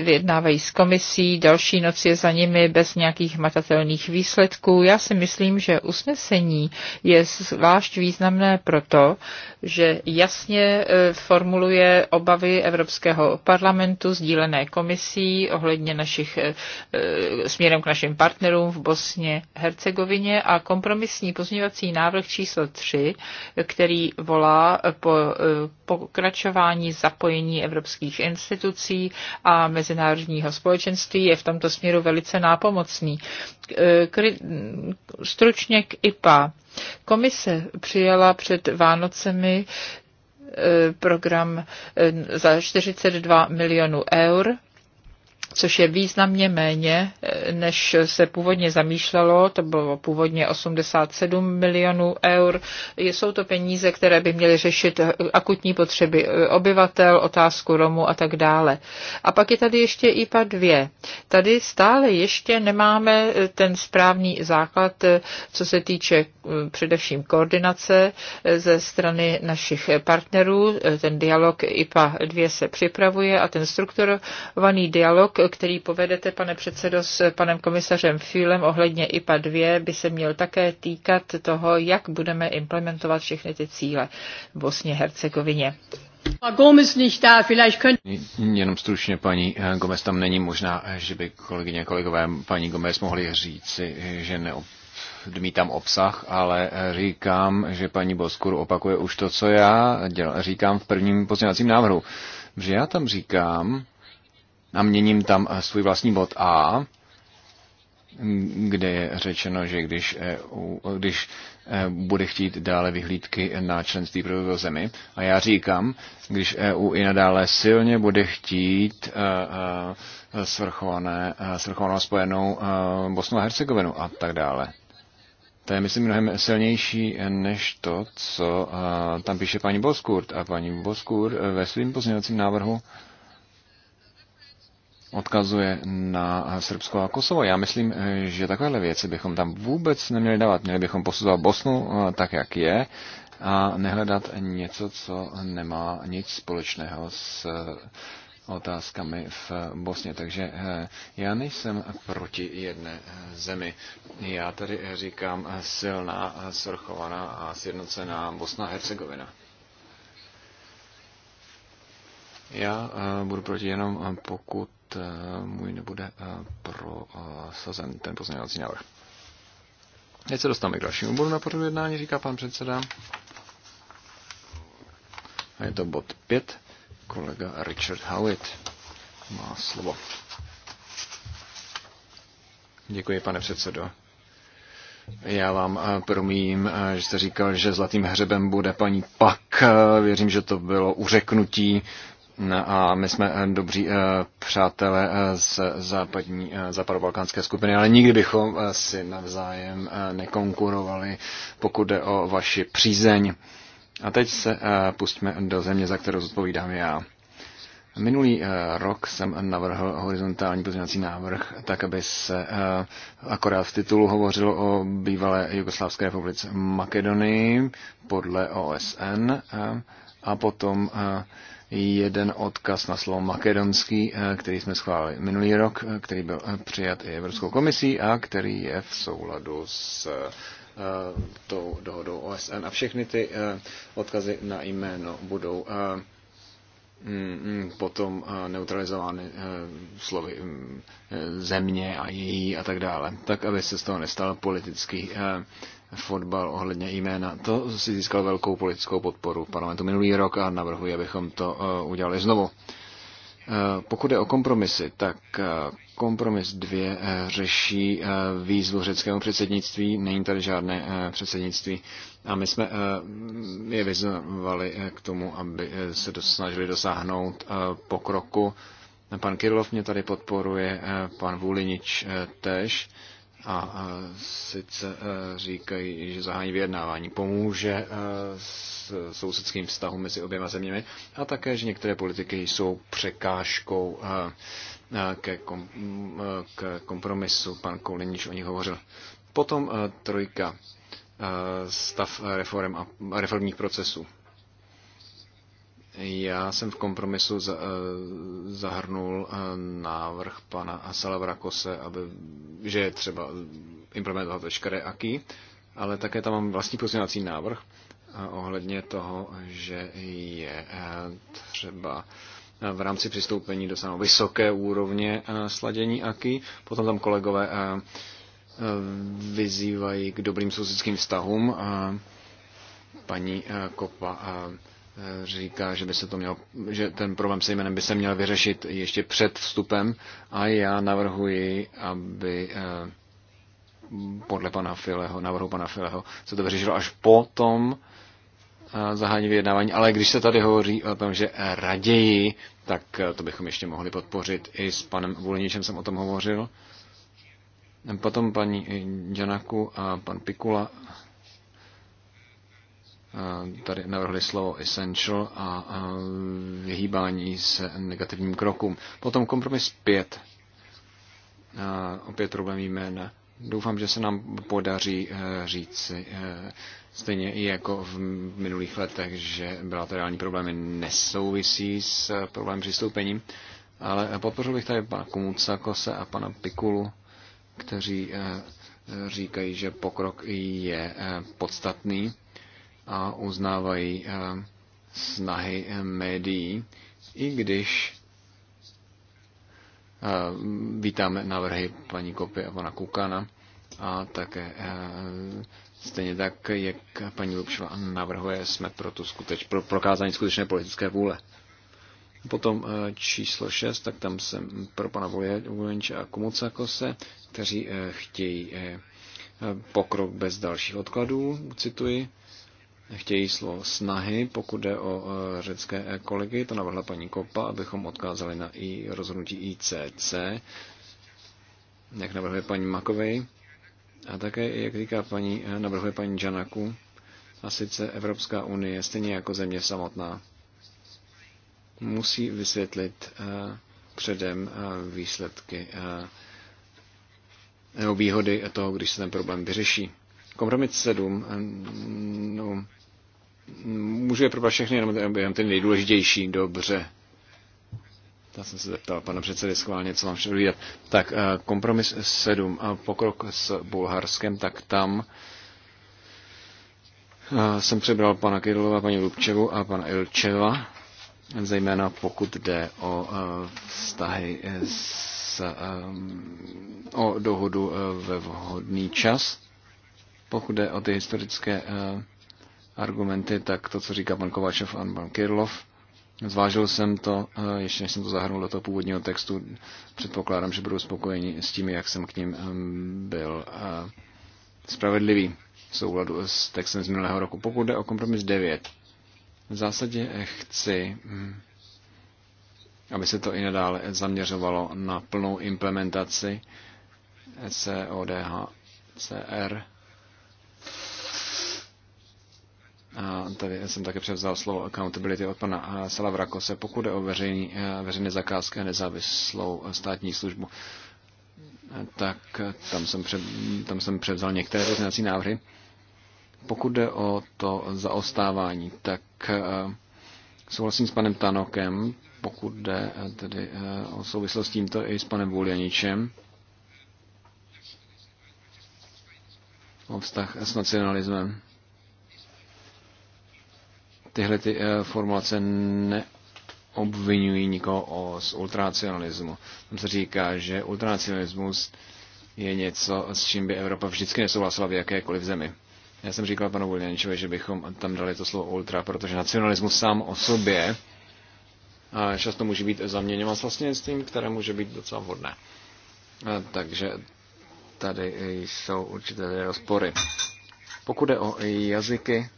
vyjednávají s komisí, další noc je za nimi bez nějakých matatelných výsledků. Já si myslím, že usnesení je zvlášť významné proto, že jasně formuluje obavy Evropského parlamentu sdílené komisí ohledně ohledně našich, eh, eh, směrem k našim partnerům v Bosně, Hercegovině a kompromisní pozměňovací návrh číslo 3, který volá po eh, pokračování zapojení evropských institucí a mezinárodního společenství je v tomto směru velice nápomocný. Stručně k IPA. Komise přijala před Vánocemi program za 42 milionů eur což je významně méně, eh, než se původně zamýšlelo, to bylo původně 87 milionů eur. Jsou to peníze, které by měly řešit eh, akutní potřeby eh, obyvatel, otázku Romu a tak dále. A pak je tady ještě IPA 2. Tady stále ještě nemáme ten správný základ, co se týče především koordinace ze strany našich partnerů. Ten dialog IPA 2 se připravuje a ten strukturovaný dialog, který povedete, pane předsedo, s panem komisařem Fílem ohledně IPA 2, by se měl také týkat toho, jak budeme implementovat všechny ty cíle v Bosně-Hercegovině.
Jenom stručně, paní eh, Gomez tam není možná, eh, že by kolegyně a kolegové paní Gomez mohli říci, eh, že tam obsah, ale říkám, že paní Boskuru opakuje už to, co já děl, říkám v prvním pozměňovacím návrhu. Že já tam říkám, a měním tam eh, svůj vlastní bod A, kde je řečeno, že když, eh, když eh, bude chtít dále vyhlídky na členství pro zemi. A já říkám, když EU i nadále silně bude chtít svrchované, svrchovanou spojenou Bosnu a Hercegovinu a tak dále. To je, myslím, mnohem silnější než to, co tam píše paní Boskurt. A paní Boskurt ve svým pozměňovacím návrhu odkazuje na Srbsko a Kosovo. Já myslím, že takovéhle věci bychom tam vůbec neměli dávat. Měli bychom posuzovat Bosnu eh, tak, jak je a nehledat něco, co nemá nic společného s eh, otázkami v Bosně. Takže eh, já nejsem proti jedné zemi. Já tady říkám silná, srchovaná a sjednocená Bosna a Hercegovina. Já budu proti jenom, pokud Eh, můj nebude eh, prosazen ten pozměňovací návrh. Teď se dostáváme k dalšímu bodu na pořadu jednání, říká pan předseda. A je to bod 5. Kolega Richard Howitt má slovo. Děkuji, pane předsedo. Já vám eh, promím, že jste říkal, že zlatým hřebem bude paní Pak. Věřím, že to bylo uřeknutí. No a my jsme eh, dobří eh, přátelé eh, z západní, západobalkánské skupiny, ale nikdy bychom si navzájem nekonkurovali, pokud jde o vaši přízeň. A teď se pustíme do země, za kterou zodpovídám já. Minulý rok jsem navrhl horizontální pozměňovací návrh, tak aby se akorát v titulu hovořilo o bývalé Jugoslávské republice Makedonii podle OSN a potom jeden odkaz na slovo makedonský, eh, který jsme schválili minulý rok, eh, který byl eh, přijat i Evropskou komisí a který je v souladu s tou dohodou OSN. A všechny ty odkazy na jméno budou mm, mm, potom neutralizovány slovy mm, země a její a tak dále, tak aby se z toho nestal politický fotbal ohledně jména. To si získal velkou politickou podporu parlamentu minulý rok a navrhuji, abychom to eh, udělali znovu. Eh, pokud je o kompromisy, tak eh, kompromis 2 řeší výzvu řeckého předsednictví, není tady žádné předsednictví a my jsme je vyzvali k tomu, aby se snažili dosáhnout pokroku. Pan Kirilov mě tady podporuje, pan Vulinič tež a sice e, říkají, že zahání vyjednávání pomůže e, s sousedským vztahům mezi oběma zeměmi a také, že některé politiky jsou překážkou e, ke, kom, k kompromisu. Pan Kouliníš o nich hovořil. Potom trojka, stav reform a reformních procesů. Já jsem v kompromisu eh, zahrnul eh, návrh pana Salavrakose, aby, že je třeba implementovat veškeré aký, ale také tam mám vlastní pozměňovací návrh eh, ohledně toho, že je třeba v rámci přistoupení samého vysoké úrovně sladění AKI. Potom tam kolegové vyzývají k dobrým sousedským vztahům. Paní Kopa říká, že by se to mělo, že ten problém se jménem by se měl vyřešit ještě před vstupem a já navrhuji, aby eh, podle pana Fileho, navrhu pana Fileho, se to vyřešilo až po tom eh, zahájení vyjednávání, ale když se tady hovoří o tom, že raději, tak eh, to bychom ještě mohli podpořit. I s panem Vulničem jsem o tom hovořil. Potom paní Janaku a pan Pikula Eh, tady navrhli slovo essential a vyhýbání se negativním krokům. Potom kompromis 5. Eh, opět problém jména. Doufám, že se nám podaří eh, říci stejně i jako v minulých letech, že bilaterální problémy nesouvisí s problémem přistoupením, ale podpořil bych tady pana Kose a pana Pikulu, kteří říkají, že pokrok je podstatný a uznávají eh, snahy eh, médií, i když eh, vítáme návrhy paní Kopy a pana Kukana a také stejně tak, jak paní Lupšova navrhuje, jsme pro, tu skuteč, pro prokázání skutečné politické vůle. Potom číslo 6, tak tam jsem pro pana Vojenče a Kumocakose, kteří chtějí pokrok bez dalších odkladů, cituji chtějí slovo snahy, pokud jde o e, řecké e, kolegy, to navrhla paní Kopa, abychom odkázali na i rozhodnutí ICC, jak navrhuje paní Makovej, a také, jak říká paní, e, navrhuje paní Janaku, a sice Evropská unie, stejně jako země samotná, musí vysvětlit předem výsledky nebo výhody toho, když se ten problém vyřeší. Kompromis 7, no, Můžu je probrat všechny, jenom, jenom ty nejdůležitější, dobře. Já jsem se zeptal pana předsedy schválně, co mám všechno vidět. Tak eh, kompromis 7, pokrok s Bulharskem, tak tam eh, jsem přebral pana Kirilova, paní Lubčevu a pana Ilčeva, zejména pokud jde o eh, vztahy s, o dohodu ve vhodný čas, pokud jde o ty historické argumenty, tak to, co říká pan Kováčev a pan Kirlov, Zvážil jsem to, eh, ještě než jsem to zahrnul do toho původního textu, předpokládám, že budou spokojeni s tím, jak jsem k ním eh, byl eh, spravedlivý v souladu s textem z minulého roku. Pokud jde o kompromis 9, v zásadě chci, mm, aby se to i nadále zaměřovalo na plnou implementaci CODH e CR a tady jsem také převzal slovo accountability od pana eh, Salavrakose, pokud je o veřejný, eh, veřejné zakázky a nezávislou eh, státní službu. Tak tam jsem, pře- tam jsem převzal některé pozměňovací návrhy. Pokud jde o to zaostávání, tak souhlasím s panem Tanokem, pokud jde tedy o souvislost s tímto i s panem Vuljaničem. O vztah s nacionalismem tyhle ty eh, formulace neobvinují nikoho o, z ultranacionalismu. Tam se říká, že ultranacionalismus je něco, s čím by Evropa vždycky nesouhlasila v jakékoliv zemi. Já jsem říkal panu Vulněničovi, že bychom tam dali to slovo ultra, protože nacionalismus sám o sobě často může být zaměněn s vlastnictvím, které může být docela vhodné. Takže tady jsou určité rozpory. Pokud jde o jazyky,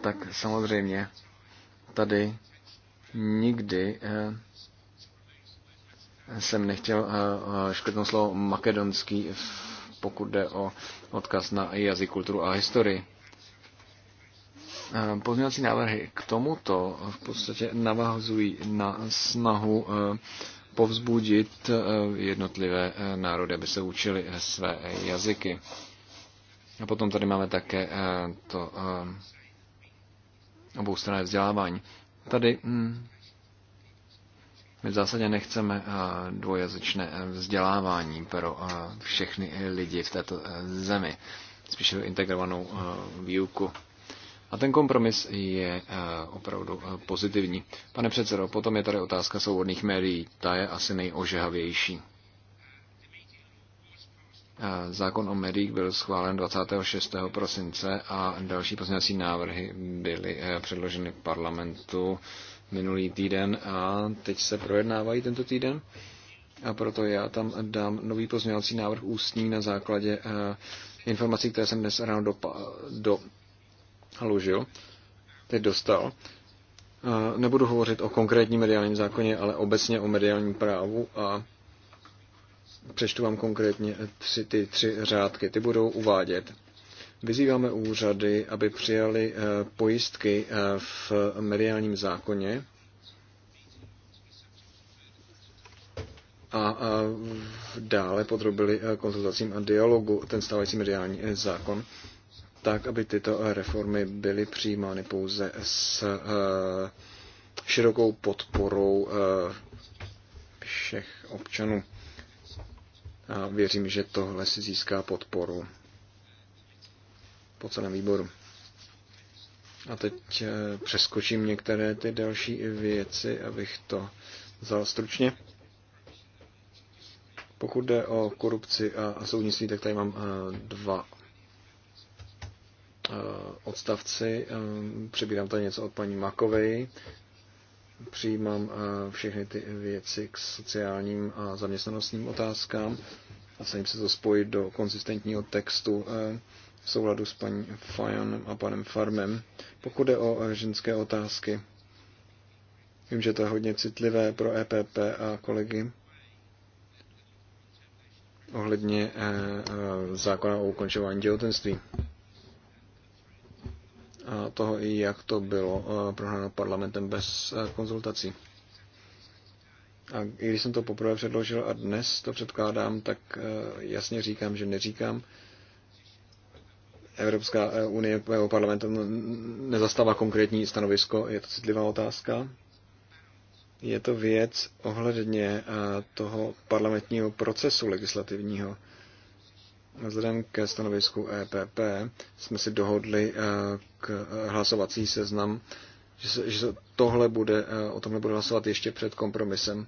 tak samozřejmě tady nikdy eh, jsem nechtěl eh, eh, škrtnout slovo makedonský, pokud jde o odkaz na jazyk, kulturu a historii. Pozměňovací návrhy k tomuto v podstatě navazují na snahu povzbudit jednotlivé národy, aby se učili své jazyky. A potom tady máme také to obou oboustranné vzdělávání. Tady hm, my v zásadě nechceme eh, dvojazyčné eh, vzdělávání pro eh, všechny lidi v této zemi, spíše integrovanou výuku. A ten kompromis je opravdu pozitivní. Pane předsedo, potom je tady otázka svobodných médií. Ta je asi nejožehavější. Zákon o médiích byl schválen 26. prosince a další pozměňovací návrhy byly eh, předloženy parlamentu minulý týden a teď se projednávají tento týden. A proto já tam dám nový pozměňovací návrh ústní na základě eh, informací, které jsem dnes ráno do, do ložil, teď dostal. Eh, nebudu hovořit o konkrétním mediálním zákoně, ale obecně o mediálním právu a Přečtu vám konkrétně tři, ty tři řádky. Ty budou uvádět. Vyzýváme úřady, aby přijali eh, pojistky eh, v mediálním zákoně a eh, dále podrobili konzultacím a dialogu ten stávající mediální zákon, tak, aby tyto reformy byly přijímány pouze s širokou podporou všech občanů a věřím, že tohle si získá podporu po celém výboru. A teď eh, přeskočím některé ty další věci, abych to vzal stručně. Pokud jde o korupci a soudnictví, tak tady mám eh, dva eh, odstavci. Přebírám tady něco od paní Makovej přijímám eh, všechny ty věci k sociálním a zaměstnanostním otázkám a snažím se to spojit do konzistentního textu eh, v souladu s paní Fajon a panem Farmem. Pokud jde o eh, ženské otázky, vím, že to je hodně citlivé pro EPP a kolegy ohledně zákona o ukončování těhotenství toho, jak to bylo prohráno parlamentem bez konzultací. A i když jsem to poprvé předložil a dnes to předkládám, tak jasně říkám, že neříkám. Evropská e, unie nebo parlament nezastává konkrétní stanovisko, je to citlivá otázka. Je to věc ohledně toho parlamentního procesu legislativního. Vzhledem ke stanovisku EPP jsme si dohodli eh, k eh, hlasovací seznam, že, že tohle bude, eh, o tomhle bude hlasovat ještě před kompromisem.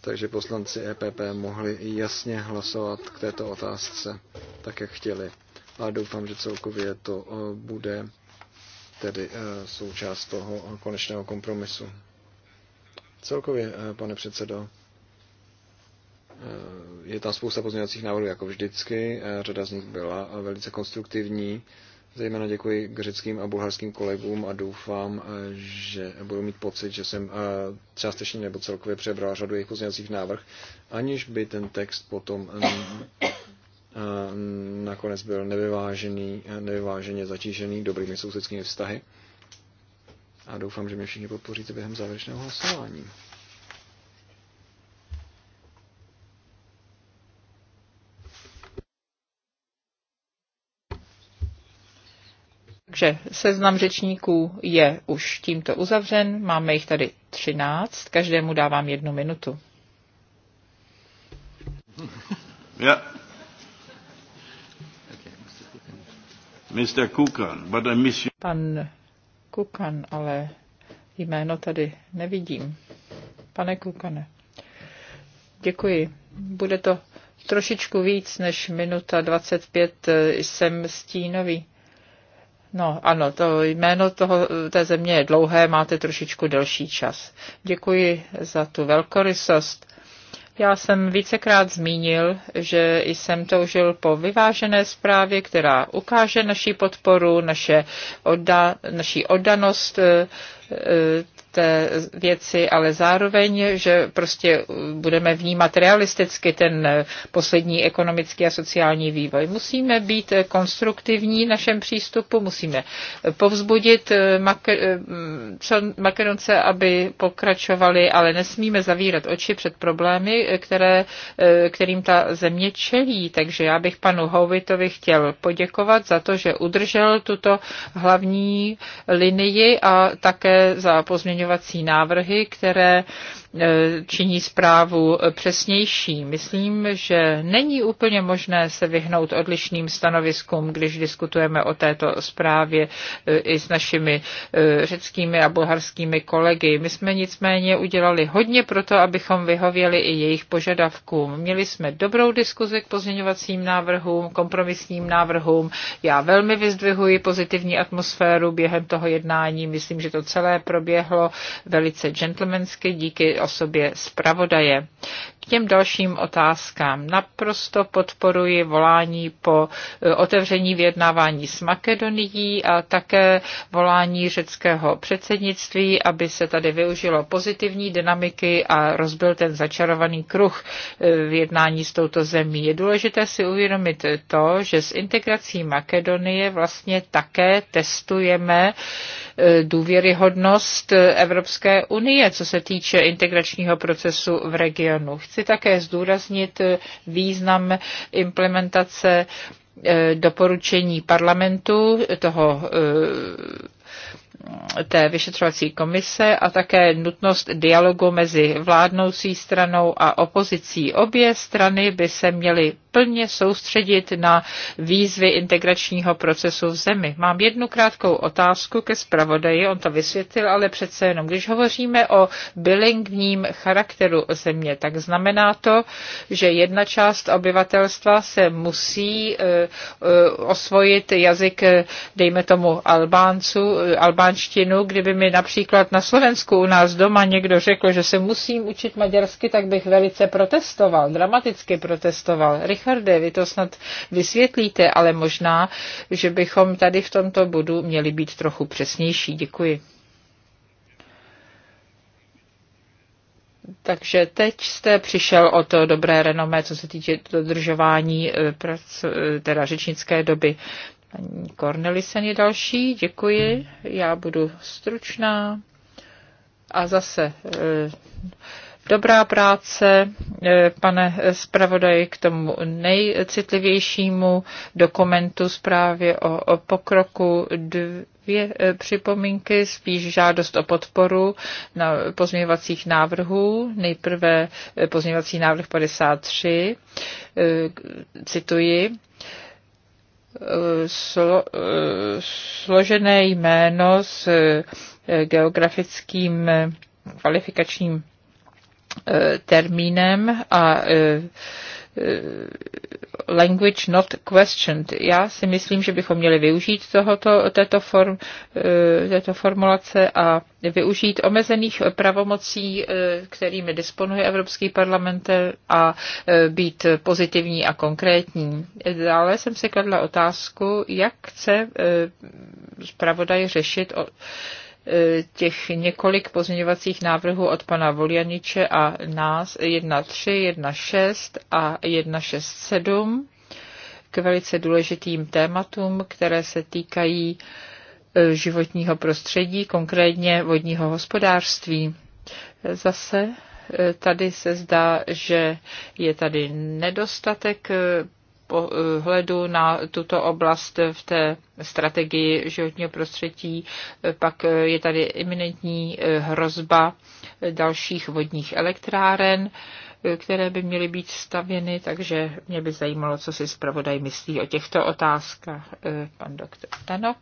Takže poslanci EPP mohli jasně hlasovat k této otázce tak, jak chtěli. A doufám, že celkově to bude tedy součást toho konečného kompromisu. Celkově, pane předsedo, Eh, je tam spousta pozměňovacích návrhů, jako vždycky. Eh, řada z nich byla eh, velice konstruktivní. Zejména děkuji řeckým a bulharským kolegům a doufám, že budu mít pocit, že jsem částečně nebo celkově přebral řadu jejich pozměňovacích návrh, aniž by ten text potom nakonec byl nevyvážený, nevyváženě zatížený dobrými sousedskými vztahy. A doufám, že mě všichni podpoříte během závěrečného hlasování.
Takže seznam řečníků je už tímto uzavřen. Máme jich tady 13. Každému dávám jednu minutu.
Yeah. Mr. Kukan, but I miss you. Pan
Kukan, ale jméno tady nevidím. Pane Kukane. Děkuji. Bude to trošičku víc než minuta 25. Eh, jsem stínový. No ano, to jméno toho, té země je dlouhé, máte trošičku delší čas. Děkuji za tu velkorysost. Já jsem vícekrát zmínil, že jsem toužil po vyvážené zprávě, která ukáže naší podporu, naše odda, naší oddanost eh, té eh, věci, ale zároveň, že prostě eh, budeme vnímat realisticky ten eh, poslední ekonomický a sociální vývoj. Musíme být konstruktivní v našem přístupu, musíme povzbudit Makedonce, aby pokračovali, ale nesmíme zavírat oči před problémy, které, kterým ta země čelí. Takže já bych panu Hovitovi chtěl poděkovat za to, že udržel tuto hlavní linii a také za pozměnění pozměňovací návrhy, které E, činí zprávu přesnější. Myslím, že není úplně možné se vyhnout odlišným stanoviskům, když diskutujeme o této zprávě e, i s našimi e, řeckými a bulharskými kolegy. My jsme nicméně udělali hodně pro to, abychom vyhověli i jejich požadavkům. Měli jsme dobrou diskuzi k pozměňovacím návrhům, kompromisním návrhům. Já velmi vyzdvihuji pozitivní atmosféru během toho jednání. Myslím, že to celé proběhlo velice gentlemansky díky o sobě zpravodaje těm dalším otázkám. Naprosto podporuji volání po e, otevření vyjednávání s Makedonií a také volání řeckého předsednictví, aby se tady využilo pozitivní dynamiky a rozbil ten začarovaný kruh e, v jednání s touto zemí. Je důležité si uvědomit to, že s integrací Makedonie vlastně také testujeme e, důvěryhodnost Evropské unie, co se týče integračního procesu v regionu. Chci chci také zdůraznit význam implementace eh, doporučení parlamentu, toho eh, té vyšetřovací komise a také nutnost dialogu mezi vládnoucí stranou a opozicí. Obě strany by se měly plně soustředit na výzvy integračního procesu v zemi. Mám jednu krátkou otázku ke zpravodaji, on to vysvětlil, ale přece jenom, když hovoříme o bilingvním charakteru země, tak znamená to, že jedna část obyvatelstva se musí eh, eh, osvojit jazyk, eh, dejme tomu, Albánců, Albánců slovanštinu. Kdyby mi například na Slovensku u nás doma někdo řekl, že se musím učit maďarsky, tak bych velice protestoval, dramaticky protestoval. Richarde, vy to snad vysvětlíte, ale možná, že bychom tady v tomto bodu měli být trochu přesnější. Děkuji. Takže teď jste přišel o to dobré renomé, co se týče dodržování eh, eh, teda řečnické doby. Paní Cornelisen je další, děkuji. Já budu stručná. A zase eh, dobrá práce, eh, pane zpravodaji, k tomu nejcitlivějšímu dokumentu zprávě o, o pokroku dvě eh, připomínky, spíš žádost o podporu na pozměňovacích návrhů. Nejprve pozměňovací návrh 53, cituji slo,
složené
jméno s eh, geografickým eh, kvalifikačním eh, termínem a Eh, language not questioned. Já si myslím, že bychom měli využít tohoto, této, form, eh, této formulace a využít omezených pravomocí, eh, kterými disponuje Evropský parlament a být pozitivní a konkrétní. Dále jsem si kladla otázku, jak chce zpravodaj řešit o těch několik pozměňovacích návrhů od pana Voljaniče a nás 1.3, 1.6 a 1.6.7 k velice důležitým tématům, které se týkají e, životního prostředí, konkrétně vodního hospodářství. Zase e, tady se zdá, že je tady nedostatek e, pohledu na tuto oblast v té strategii životního prostředí. Pak je tady iminentní eh, hrozba dalších vodních elektráren, eh, které by měly být stavěny, takže mě by zajímalo, co si zpravodaj myslí o těchto otázkách. Eh, pan doktor Tanok.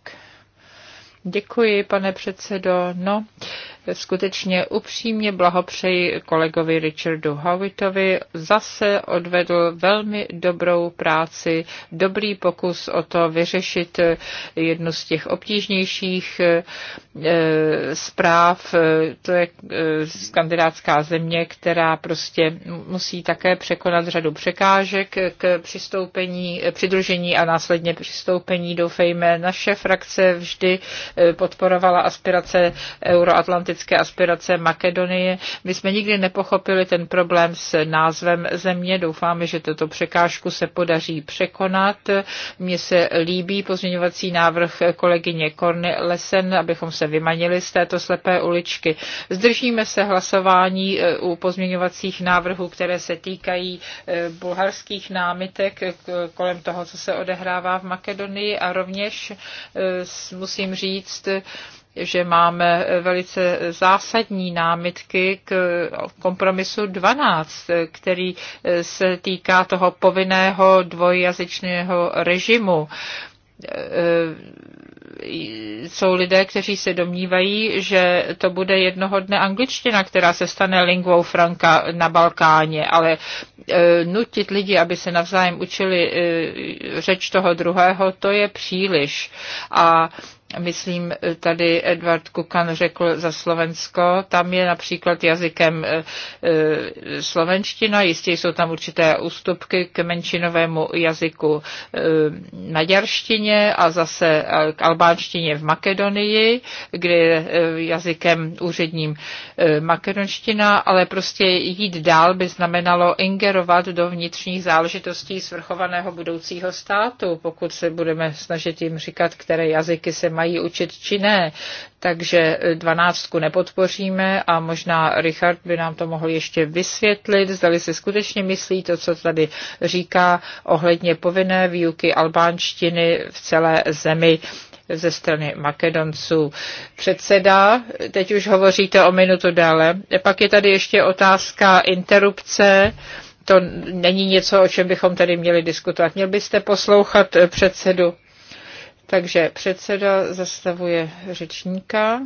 Děkuji, pane předsedo. No, skutečně upřímně blahopřeji kolegovi Richardu Howitovi. Zase odvedl velmi dobrou práci, dobrý pokus o to vyřešit eh, jednu z těch obtížnějších eh, zpráv. To je skandinátská eh, země, která prostě musí také překonat řadu překážek k přistoupení, přidružení a následně přistoupení. Doufejme, naše frakce vždy podporovala aspirace Euroatlantické politické aspirace Makedonie. My jsme nikdy nepochopili ten problém s názvem země. Doufáme, že tuto překážku se podaří překonat. Mně se líbí pozměňovací návrh kolegyně Korny Lesen, abychom se vymanili z této slepé uličky. Zdržíme se hlasování eh, u pozměňovacích návrhů, které se týkají eh, bulharských námitek eh, kolem toho, co se odehrává v Makedonii a rovněž musím říct, že máme velice zásadní námitky k kompromisu 12, který se týká toho povinného dvojjazyčného režimu jsou lidé, kteří se domnívají, že to bude jednoho dne angličtina, která se stane lingvou franka na Balkáně, ale e, nutit lidi, aby se navzájem učili e, řeč toho druhého, to je příliš. A myslím, eh, tady Edward Kukan řekl za Slovensko, tam je například jazykem eh, eh, slovenština, jistě jsou tam určité ústupky k menšinovému jazyku maďarštině a zase k albánštině v Makedonii, kde je jazykem úředním makedonština, ale prostě jít dál by znamenalo ingerovat do vnitřních záležitostí svrchovaného budoucího státu, pokud se budeme snažit jim říkat, které jazyky se mají učit či ne. Takže eh, dvanáctku nepodpoříme a možná Richard by nám to mohl ještě vysvětlit, zdali si skutečně myslí to, co tady říká ohledně povinné výuky albánštiny v celé zemi ze strany Makedonců. Předseda, teď už hovoříte o minutu dále. Pak je tady ještě otázka interrupce. To není něco, o čem bychom tady měli diskutovat. Měl byste poslouchat eh, předsedu. Takže předseda zastavuje řečníka.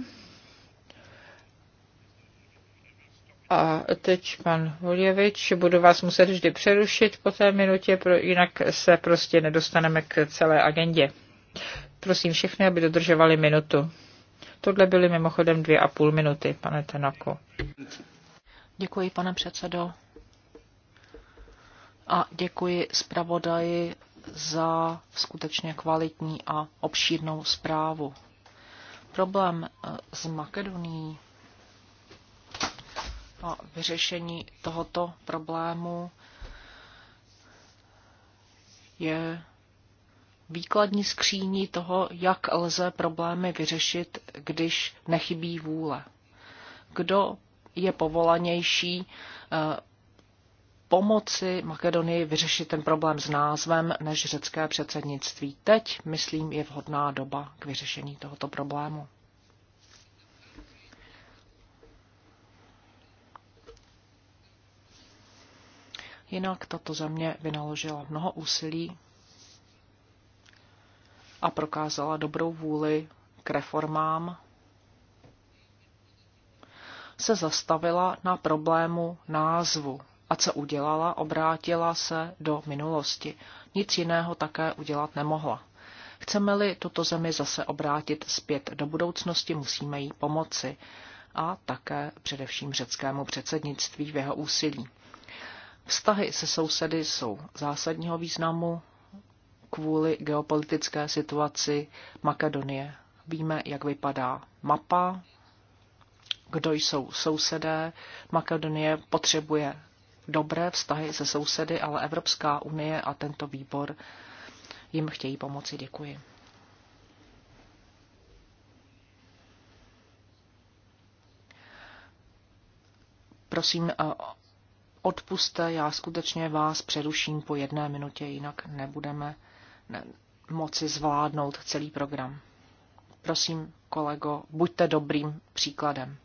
A teď pan Voljevič, budu vás muset vždy přerušit po té minutě, jinak se prostě nedostaneme k celé agendě. Prosím všechny, aby dodržovali minutu. Tohle byly mimochodem dvě a půl minuty, pane Tenako.
Děkuji, pane předsedo. A děkuji zpravodaji za skutečně kvalitní a obšírnou zprávu. Problém eh, s Makedonií a vyřešení tohoto problému je výkladní skříní toho, jak lze problémy vyřešit, když nechybí vůle. Kdo je povolanější eh, pomoci Makedonii vyřešit ten problém s názvem než řecké předsednictví. Teď, myslím, je vhodná doba k vyřešení tohoto problému. Jinak tato země vynaložila mnoho úsilí a prokázala dobrou vůli k reformám, se zastavila na problému názvu a co udělala? Obrátila se do minulosti. Nic jiného také udělat nemohla. Chceme-li tuto zemi zase obrátit zpět do budoucnosti, musíme jí pomoci a také především řeckému předsednictví v jeho úsilí. Vztahy se sousedy jsou zásadního významu kvůli geopolitické situaci Makedonie. Víme, jak vypadá mapa, kdo jsou sousedé. Makedonie potřebuje dobré vztahy se sousedy, ale Evropská unie a tento výbor jim chtějí pomoci. Děkuji. Prosím, eh, odpuste, já skutečně vás přeruším po jedné minutě, jinak nebudeme moci zvládnout celý program. Prosím, kolego, buďte dobrým příkladem.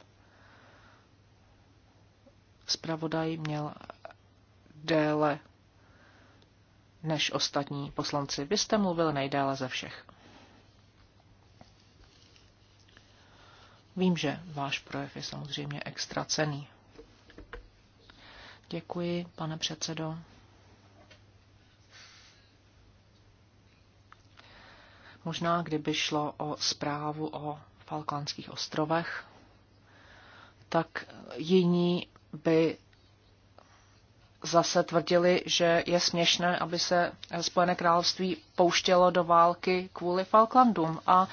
Spravodaj měl déle než ostatní poslanci. Vy jste mluvil nejdéle ze všech. Vím, že váš projev je samozřejmě extra cený. Děkuji, pane předsedo. Možná, kdyby šlo o zprávu o Falklandských ostrovech, tak jiní by zase tvrdili, že je směšné, aby se Spojené království pouštělo do války kvůli Falklandům. A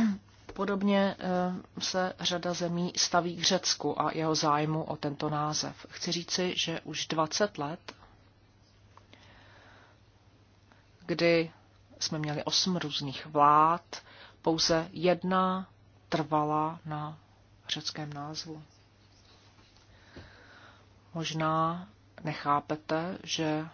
eh, podobně eh, se řada zemí staví k Řecku a jeho zájmu o tento název. Chci říci, že už 20 let, kdy jsme měli osm různých vlád, pouze jedna trvala na řeckém názvu. Možná nechápete, že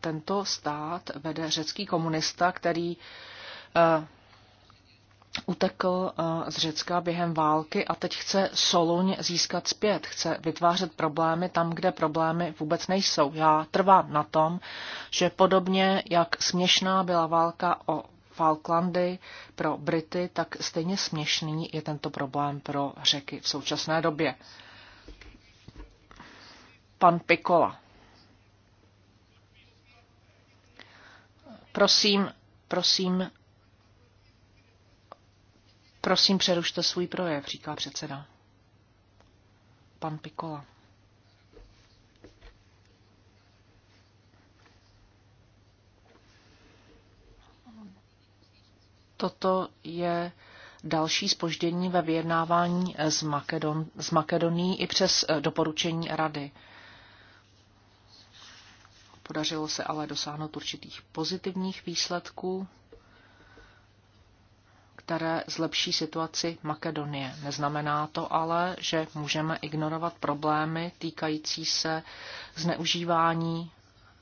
tento stát vede řecký komunista, který eh, utekl eh, z Řecka během války a teď chce Soluň získat zpět, chce vytvářet problémy tam, kde problémy vůbec nejsou. Já trvám na tom, že podobně jak směšná byla válka o Falklandy pro Brity, tak stejně směšný je tento problém pro řeky v současné době. Pan Pikola. Prosím, prosím, prosím přerušte svůj projev, říká předseda. Pan Pikola. Toto je další spoždění ve vyjednávání s, Makedon, s Makedonií i přes eh, doporučení rady. Podařilo se ale dosáhnout určitých pozitivních výsledků, které zlepší situaci Makedonie. Neznamená to ale, že můžeme ignorovat problémy týkající se zneužívání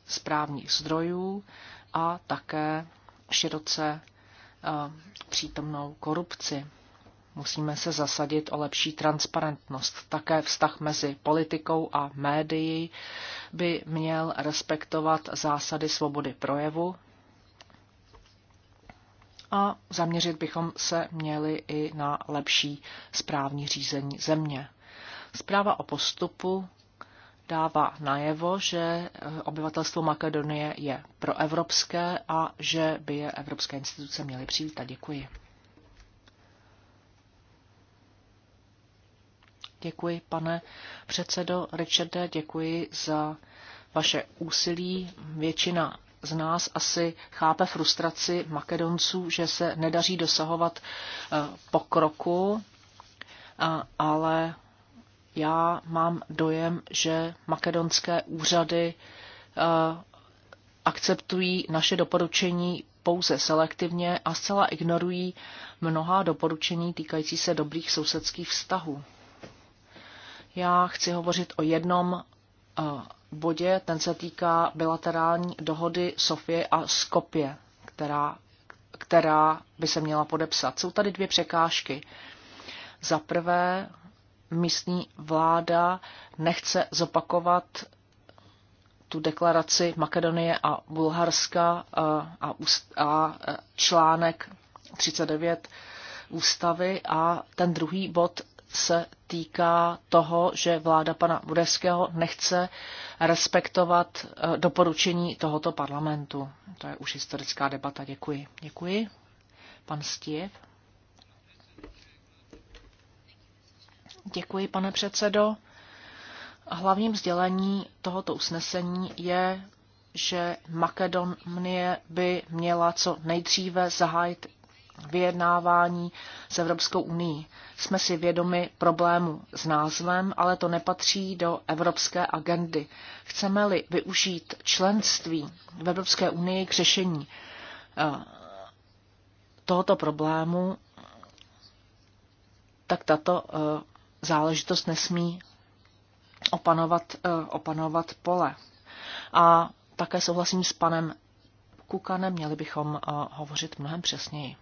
správních zdrojů a také široce přítomnou korupci. Musíme se zasadit o lepší transparentnost. Také vztah mezi politikou a médií by měl respektovat zásady svobody projevu. A zaměřit bychom se měli i na lepší správní řízení země. Zpráva o postupu dává najevo, že eh, obyvatelstvo Makedonie je proevropské a že by je evropské instituce měly přivítat. Děkuji. Děkuji, pane předsedo Richarde, děkuji za vaše úsilí. Většina z nás asi chápe frustraci Makedonců, že se nedaří dosahovat eh, pokroku, eh, ale já mám dojem, že makedonské úřady eh, akceptují naše doporučení pouze selektivně a zcela ignorují mnohá doporučení týkající se dobrých sousedských vztahů. Já chci hovořit o jednom eh, bodě, ten se týká bilaterální dohody Sofie a Skopje, která, která by se měla podepsat. Jsou tady dvě překážky. Za prvé, místní vláda nechce zopakovat tu deklaraci Makedonie a Bulharska eh, a, a eh, článek 39 ústavy a ten druhý bod se týká toho, že vláda pana Budeského nechce respektovat eh, doporučení tohoto parlamentu. To je už historická debata. Děkuji. Děkuji. Pan Stěv. Děkuji, pane předsedo. Hlavním sdělení tohoto usnesení je, že Makedonie by měla co nejdříve zahájit vyjednávání s Evropskou unii. Jsme si vědomi problému s názvem, ale to nepatří do evropské agendy. Chceme-li využít členství v Evropské unii k řešení eh, tohoto problému, tak tato eh, záležitost nesmí opanovat, eh, opanovat pole. A také souhlasím s panem Kukanem, měli bychom eh, hovořit mnohem přesněji.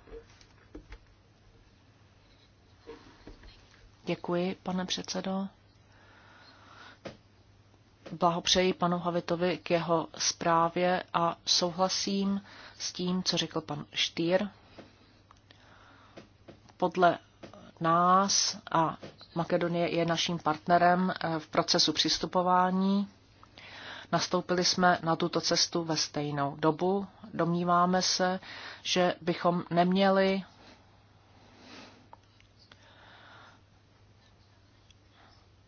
Děkuji, pane předsedo. Blahopřeji panu Havitovi k jeho zprávě a souhlasím s tím, co řekl pan Štýr. Podle nás a Makedonie je naším partnerem eh, v procesu přistupování. Nastoupili jsme na tuto cestu ve stejnou dobu. Domníváme se, že bychom neměli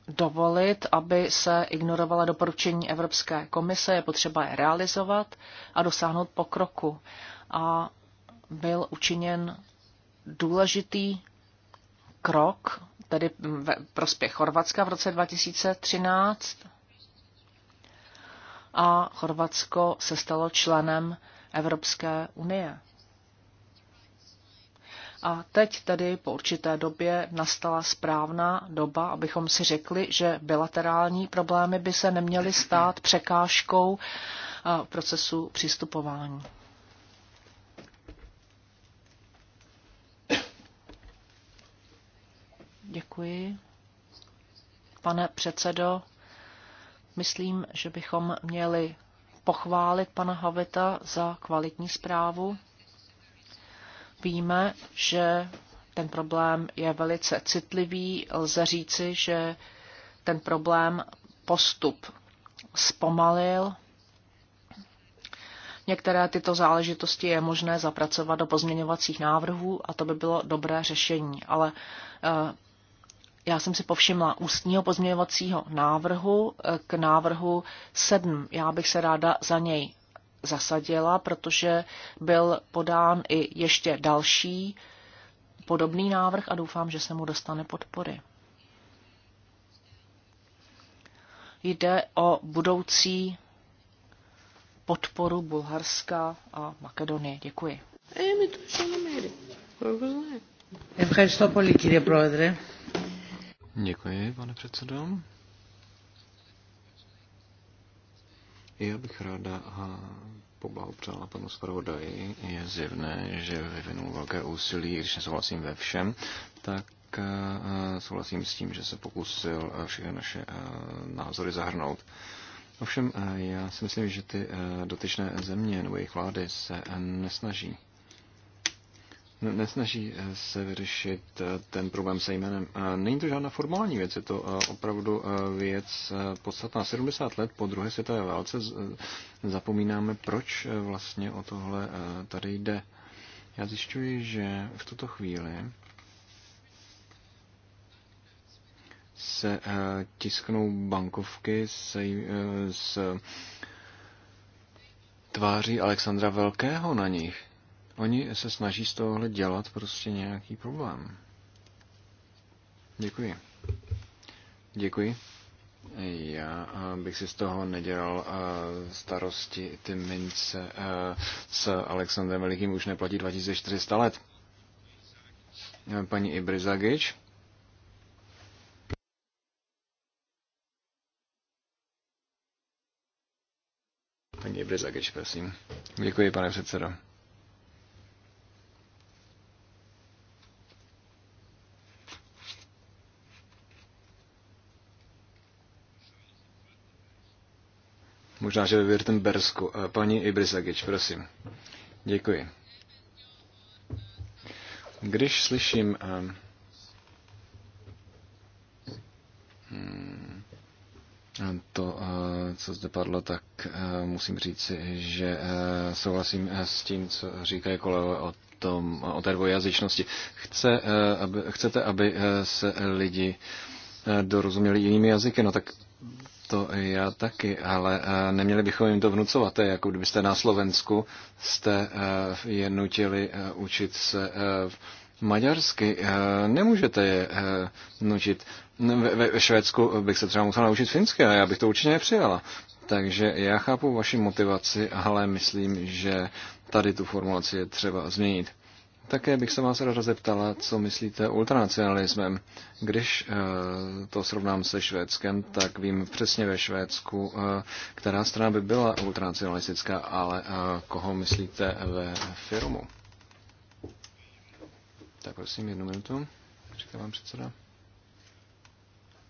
dovolit, aby se ignorovala doporučení Evropské komise, je potřeba je realizovat a dosáhnout pokroku. A byl učiněn důležitý krok, tedy ve prospěch Chorvatska v roce 2013. A Chorvatsko se stalo členem Evropské unie. A teď tedy po určité době nastala správná doba, abychom si řekli, že bilaterální problémy by se neměly stát překážkou procesu přistupování. Děkuji. Pane předsedo, myslím, že bychom měli pochválit pana Haveta za kvalitní zprávu. Víme, že ten problém je velice citlivý. Lze říci, že ten problém postup zpomalil. Některé tyto záležitosti je možné zapracovat do pozměňovacích návrhů a to by bylo dobré řešení. Ale eh, já jsem si povšimla ústního pozměňovacího návrhu eh, k návrhu 7. Já bych se ráda za něj zasadila, protože byl podán i ještě další podobný návrh a doufám, že se mu dostane podpory. Jde o budoucí podporu Bulharska a Makedonie. Děkuji. Eh,
Ευχαριστώ to κύριε Πρόεδρε.
Děkuji, pane předsedo. Já bych ráda poblahopřála panu zpravodaji. Je zjevné, že vyvinul velké úsilí, když nesouhlasím ve všem, tak eh, souhlasím s tím, že se pokusil eh, všechny naše eh, názory zahrnout. Ovšem, já si myslím, že ty dotyčné země nebo jejich vlády se nesnaží nesnaží eh, se vyřešit eh, ten problém se jménem. Není to žádná formální věc, je to eh, opravdu věc podstatná. 70 let po druhé světové válce zapomínáme, proč vlastně o tohle tady jde. Já zjišťuji, že v tuto chvíli se tisknou bankovky se, s tváří Alexandra Velkého na nich Oni se snaží z tohohle dělat prostě nějaký problém. Děkuji. Děkuji. Já eh, bych si z toho nedělal eh, starosti. Ty mince eh, s Alexandrem Velikým už neplatí 2400 let. Paní Ibrizagič. Paní Ibrizagič, prosím. Děkuji, pane předsedo. Možná, že ve Württembersku. Eh, Paní Ibrisagič, prosím. Děkuji. Když slyším eh, hmm, to, eh, co zde padlo, tak musím říct, že souhlasím s tím, co říkají kolegové o, tom, o té dvojazyčnosti. Chce, aby, chcete, aby se lidi dorozuměli jinými jazyky? No tak to já taky, ale eh, neměli bychom jim to vnucovat. To je jako kdybyste na Slovensku jste eh, je nutili eh, učit se maďarsky. Nemůžete je nutit. No, ve Švédsku bych se třeba musel naučit finsky a já bych to určitě nepřijala. Takže já chápu vaši motivaci, ale myslím, že tady tu formulaci je třeba změnit. Také bych se vás ráda zeptala, co myslíte ultranacionalismem. Když eh, to srovnám se Švédskem, tak vím přesně ve Švédsku, eh, která strana by byla ultranacionalistická, ale eh, koho myslíte ve firmu? Tak prosím, jednu minutu, říká vám předseda.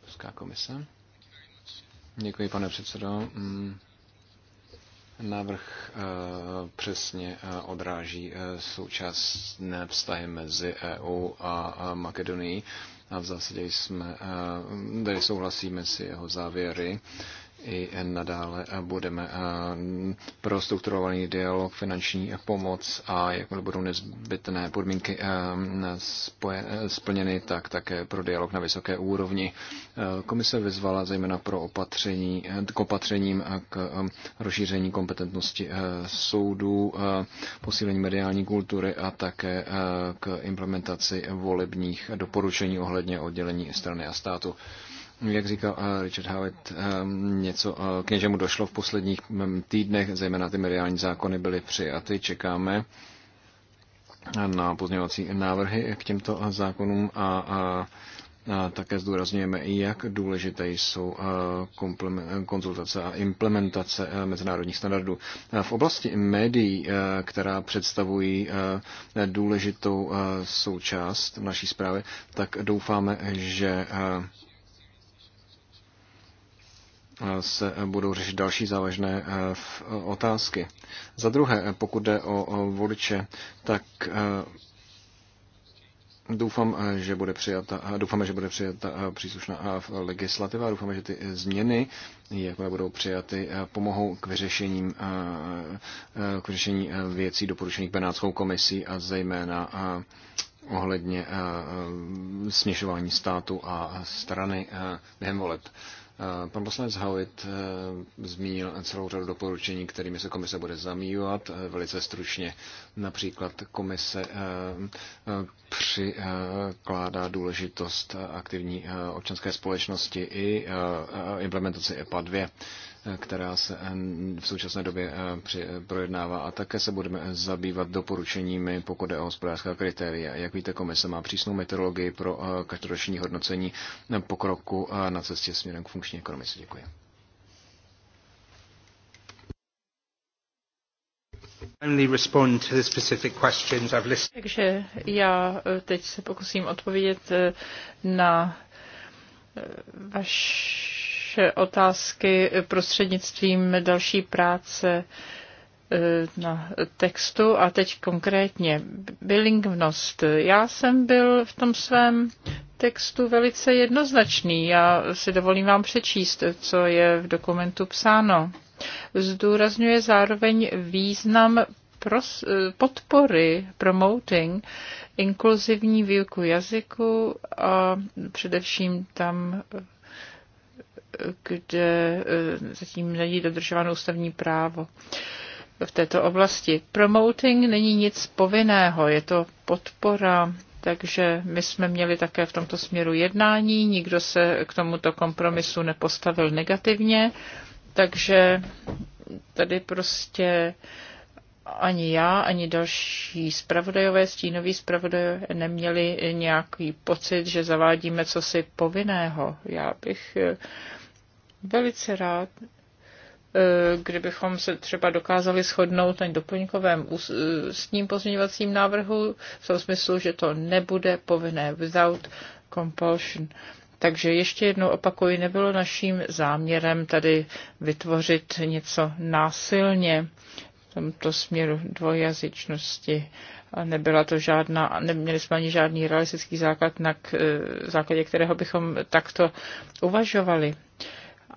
Ruská komise. Děkuji, pane předsedo. Mm, Návrh eh, přesně eh, odráží eh, současné vztahy mezi EU a Makedonií a v zásadě jsme, tady souhlasíme si jeho závěry i nadále budeme eh, pro strukturovaný dialog, finanční pomoc a jakmile budou nezbytné podmínky eh, splněny, tak také pro dialog na vysoké úrovni. Eh, komise vyzvala zejména pro opatření, k opatřením k rozšíření kompetentnosti soudů, posílení mediální kultury a také k implementaci volebních doporučení ohledně oddělení strany a státu jak říkal eh, Richard Howitt, eh, něco eh, k něčemu došlo v posledních mm, týdnech, zejména ty mediální zákony byly přijaty, čekáme na pozměňovací návrhy k těmto zákonům a, a také zdůrazňujeme, jak důležité jsou konzultace a implementace mezinárodních standardů. V oblasti médií, která představují důležitou součást naší zprávy, tak doufáme, že se budou řešit další závažné eh, otázky. Za druhé, eh, pokud jde o voliče, tak eh, Doufám, že bude přijata, doufám, že bude přijata příslušná legislativa, doufám, že ty změny, jakmile budou přijaty, pomohou k, vyřešením, k vyřešení věcí doporučených Benátskou komisí a zejména ohledně směšování státu a strany během voleb. Pan poslanec Howitt eh, zmínil celou řadu doporučení, kterými se komise bude zamývat eh, velice stručně. Například komise eh, přikládá důležitost aktivní občanské společnosti i implementaci EPA 2 která se eh, v současné době eh, eh, projednává a také se budeme zabývat doporučeními, pokud je o hospodářská kritéria. Jak víte, komise má přísnou meteorologii pro každoroční hodnocení pokroku na cestě směrem k funkční ekonomice. Děkuji.
Takže já teď se pokusím odpovědět na vaš vaše otázky prostřednictvím další práce e, na textu a teď konkrétně bilingvnost. Já jsem byl v tom svém textu velice jednoznačný. Já si dovolím vám přečíst, co je v dokumentu psáno. Zdůrazňuje zároveň význam pros, e, podpory, promoting inkluzivní výuku jazyku a především tam kde eh, zatím není dodržováno ústavní právo v této oblasti. Promoting není nic povinného, je to podpora takže my jsme měli také v tomto směru jednání, nikdo se k tomuto kompromisu nepostavil negativně, takže tady prostě ani já, ani další zpravodajové, stínoví zpravodajové neměli nějaký pocit, že zavádíme cosi povinného. Já bych eh, velice rád, eh, kdybychom se třeba dokázali shodnout na doplňkovém eh, s tím pozměňovacím návrhu v tom smyslu, že to nebude povinné without compulsion. Takže ještě jednou opakuji, nebylo naším záměrem tady vytvořit něco násilně v tomto směru dvojazyčnosti. A nebyla to žádná, neměli jsme ani žádný realistický základ, na k, eh, základě kterého bychom takto uvažovali. Uh,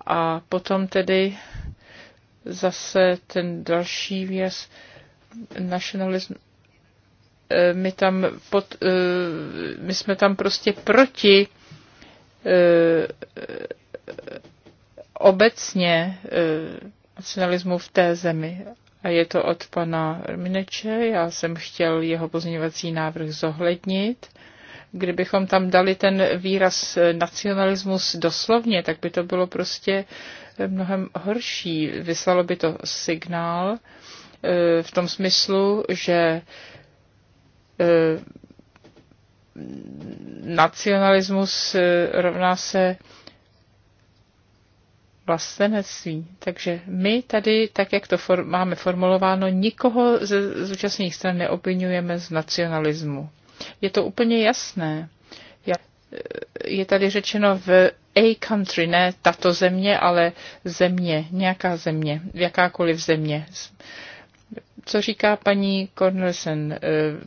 a potom tedy zase ten další věc, nacionalism. Eh, my tam pod, eh, my jsme tam prostě proti eh, obecně nacionalismu v té zemi. A je to od pana Rmineče, já jsem chtěl jeho pozměňovací návrh zohlednit. Kdybychom tam dali ten výraz eh, nacionalismus doslovně, tak by to bylo prostě eh, mnohem horší. Vyslalo by to signál eh, v tom smyslu, že nacionalismus rovná se vlastenectví. Takže my tady, tak jak to máme formulováno, nikoho ze zúčastněných stran neobvinujeme z nacionalismu. Je to úplně jasné. Je tady řečeno v a country, ne tato země, ale země, nějaká země, jakákoliv země. Co říká paní Cornelsen, eh,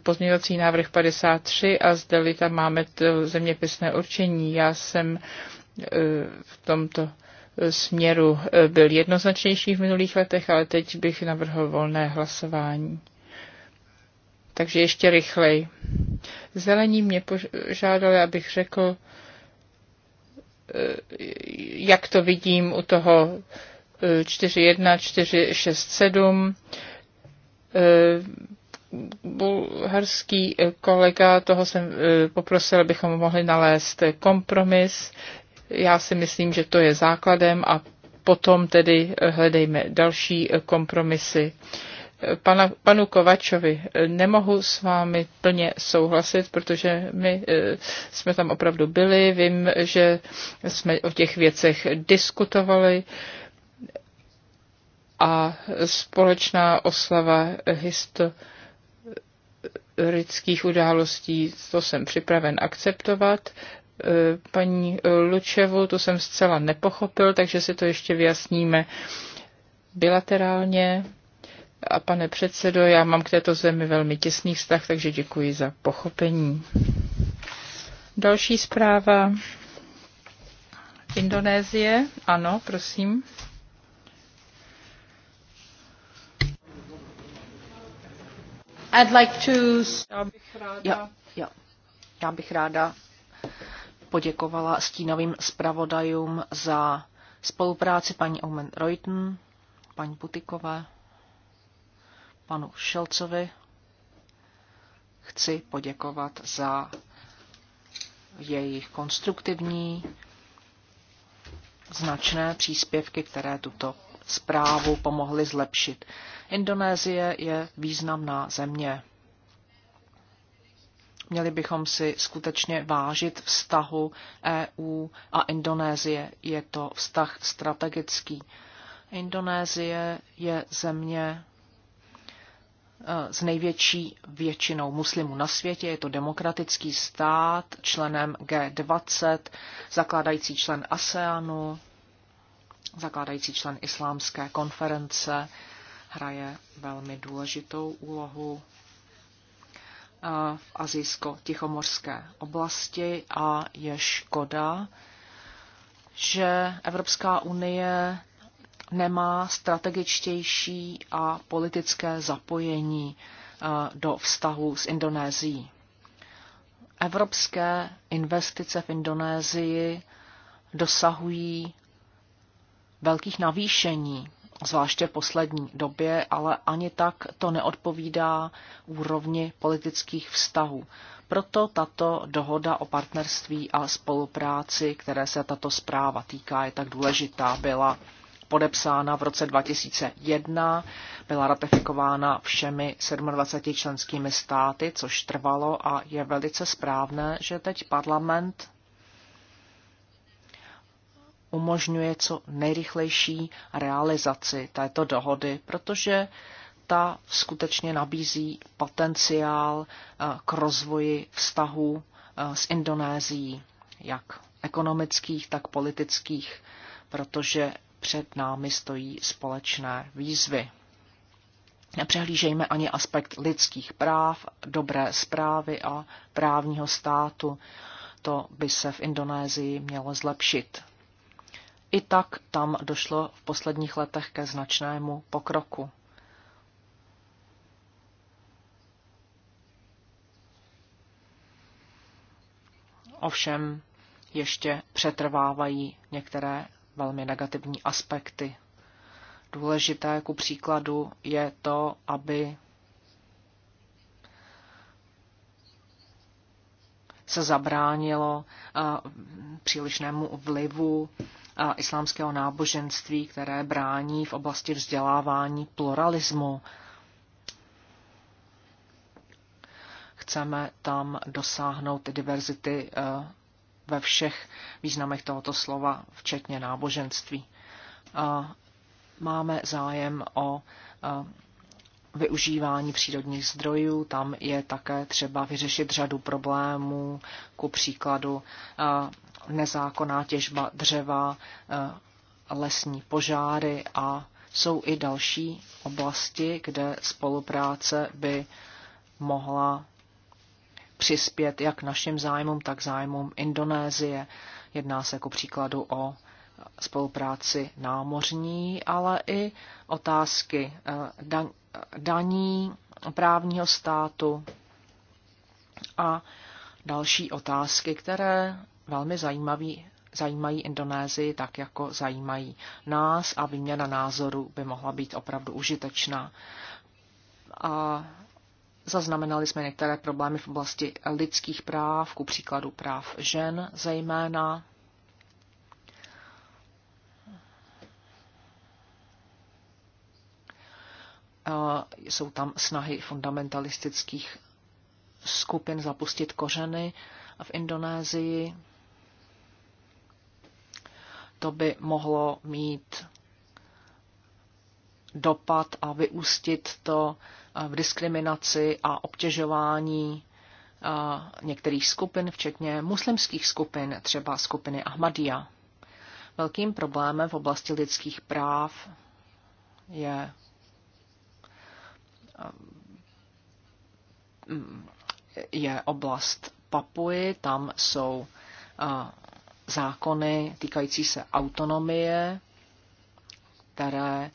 pozměňovací návrh 53 a zde tam máme to zeměpisné určení. Já jsem eh, v tomto eh, směru byl jednoznačnější v minulých letech, ale teď bych navrhl volné hlasování takže ještě rychleji. Zelení mě požádali, abych řekl, eh, jak to vidím u toho 4.1, eh, eh, Bulharský kolega, toho jsem poprosil, abychom mohli nalézt kompromis. Já si myslím, že to je základem a potom tedy hledejme další kompromisy pana, panu Kovačovi. Nemohu s vámi plně souhlasit, protože my eh, jsme tam opravdu byli. Vím, že jsme o těch věcech diskutovali a společná oslava historických událostí, to jsem připraven akceptovat eh, paní Lučevu, to jsem zcela nepochopil, takže si to ještě vyjasníme bilaterálně. A pane předsedo, já mám k této zemi velmi těsný vztah, takže děkuji za pochopení. Další zpráva. Indonésie. Ano, prosím.
I'd like to... Já bych ráda... Já, já. já bych ráda poděkovala stínovým zpravodajům za spolupráci paní Omen Reuten, paní Putikové panu Šelcovi chci poděkovat za jejich konstruktivní značné příspěvky, které tuto zprávu pomohly zlepšit. Indonésie je významná země. Měli bychom si skutečně vážit vztahu EU a Indonésie. Je to vztah strategický. Indonésie je země, Eh, s největší většinou muslimů na světě. Je to demokratický stát, členem G20, zakládající člen ASEANu, zakládající člen Islámské konference, hraje velmi důležitou úlohu eh, v azijsko-tichomorské oblasti a je škoda, že Evropská unie nemá strategičtější a politické zapojení eh, do vztahu s Indonésií. Evropské investice v Indonésii dosahují velkých navýšení, zvláště v poslední době, ale ani tak to neodpovídá úrovni politických vztahů. Proto tato dohoda o partnerství a spolupráci, které se tato zpráva týká, je tak důležitá, byla podepsána v roce 2001, byla ratifikována všemi 27 členskými státy, což trvalo a je velice správné, že teď parlament umožňuje co nejrychlejší realizaci této dohody, protože ta skutečně nabízí potenciál eh, k rozvoji vztahů eh, s Indonésií, jak ekonomických, tak politických, protože před námi stojí společné výzvy. Nepřehlížejme ani aspekt lidských práv, dobré zprávy a právního státu. To by se v Indonésii mělo zlepšit. I tak tam došlo v posledních letech ke značnému pokroku. Ovšem ještě přetrvávají některé velmi negativní aspekty. Důležité jako příkladu je to, aby se zabránilo přílišnému vlivu islámského náboženství, které brání v oblasti vzdělávání pluralismu. Chceme tam dosáhnout diverzity ve všech významech tohoto slova, včetně náboženství. A máme zájem o využívání přírodních zdrojů. Tam je také třeba vyřešit řadu problémů, ku příkladu nezákonná těžba dřeva, lesní požáry a jsou i další oblasti, kde spolupráce by mohla přispět jak našim zájmům, tak zájmům Indonésie. Jedná se jako příkladu o spolupráci námořní, ale i otázky eh, daní, právního státu a další otázky, které velmi zajímavý, zajímají Indonésii, tak jako zajímají nás a výměna názoru by mohla být opravdu užitečná. A Zaznamenali jsme některé problémy v oblasti lidských práv, ku příkladu práv žen zejména. Jsou tam snahy fundamentalistických skupin zapustit kořeny v Indonésii. To by mohlo mít dopad a vyústit to eh, v diskriminaci a obtěžování eh, některých skupin, včetně muslimských skupin, třeba skupiny Ahmadia. Velkým problémem v oblasti lidských práv je eh, je oblast Papuji, tam jsou zákony týkající se autonomie, které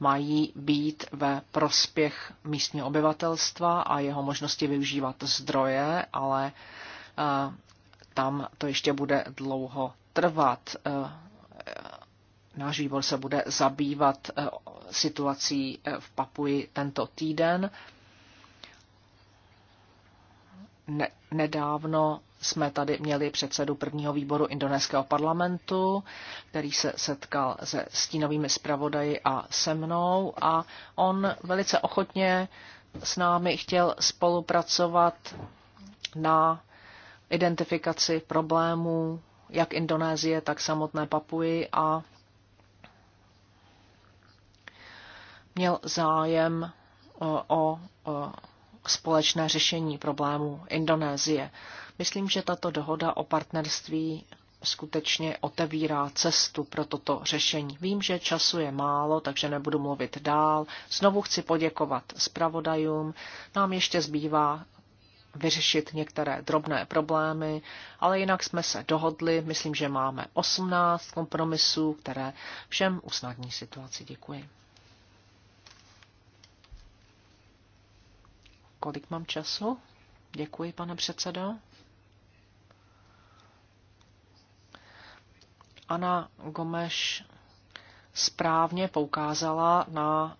mají být ve prospěch místního obyvatelstva a jeho možnosti využívat zdroje, ale eh, tam to ještě bude dlouho trvat. Eh, náš výbor se bude zabývat eh, situací v Papuji tento týden. Ne, nedávno jsme tady měli předsedu prvního výboru indonéského parlamentu, který se setkal se stínovými zpravodaji a se mnou a on velice ochotně s námi chtěl spolupracovat na identifikaci problémů jak Indonésie, tak samotné Papuji a měl zájem eh, o, o společné řešení problémů Indonésie. Myslím, že tato dohoda o partnerství skutečně otevírá cestu pro toto řešení. Vím, že času je málo, takže nebudu mluvit dál. Znovu chci poděkovat zpravodajům. Nám ještě zbývá vyřešit některé drobné problémy, ale jinak jsme se dohodli. Myslím, že máme 18 kompromisů, které všem usnadní situaci. Děkuji. Kolik mám času? Děkuji, pane předsedo. Ana Gomeš správně poukázala na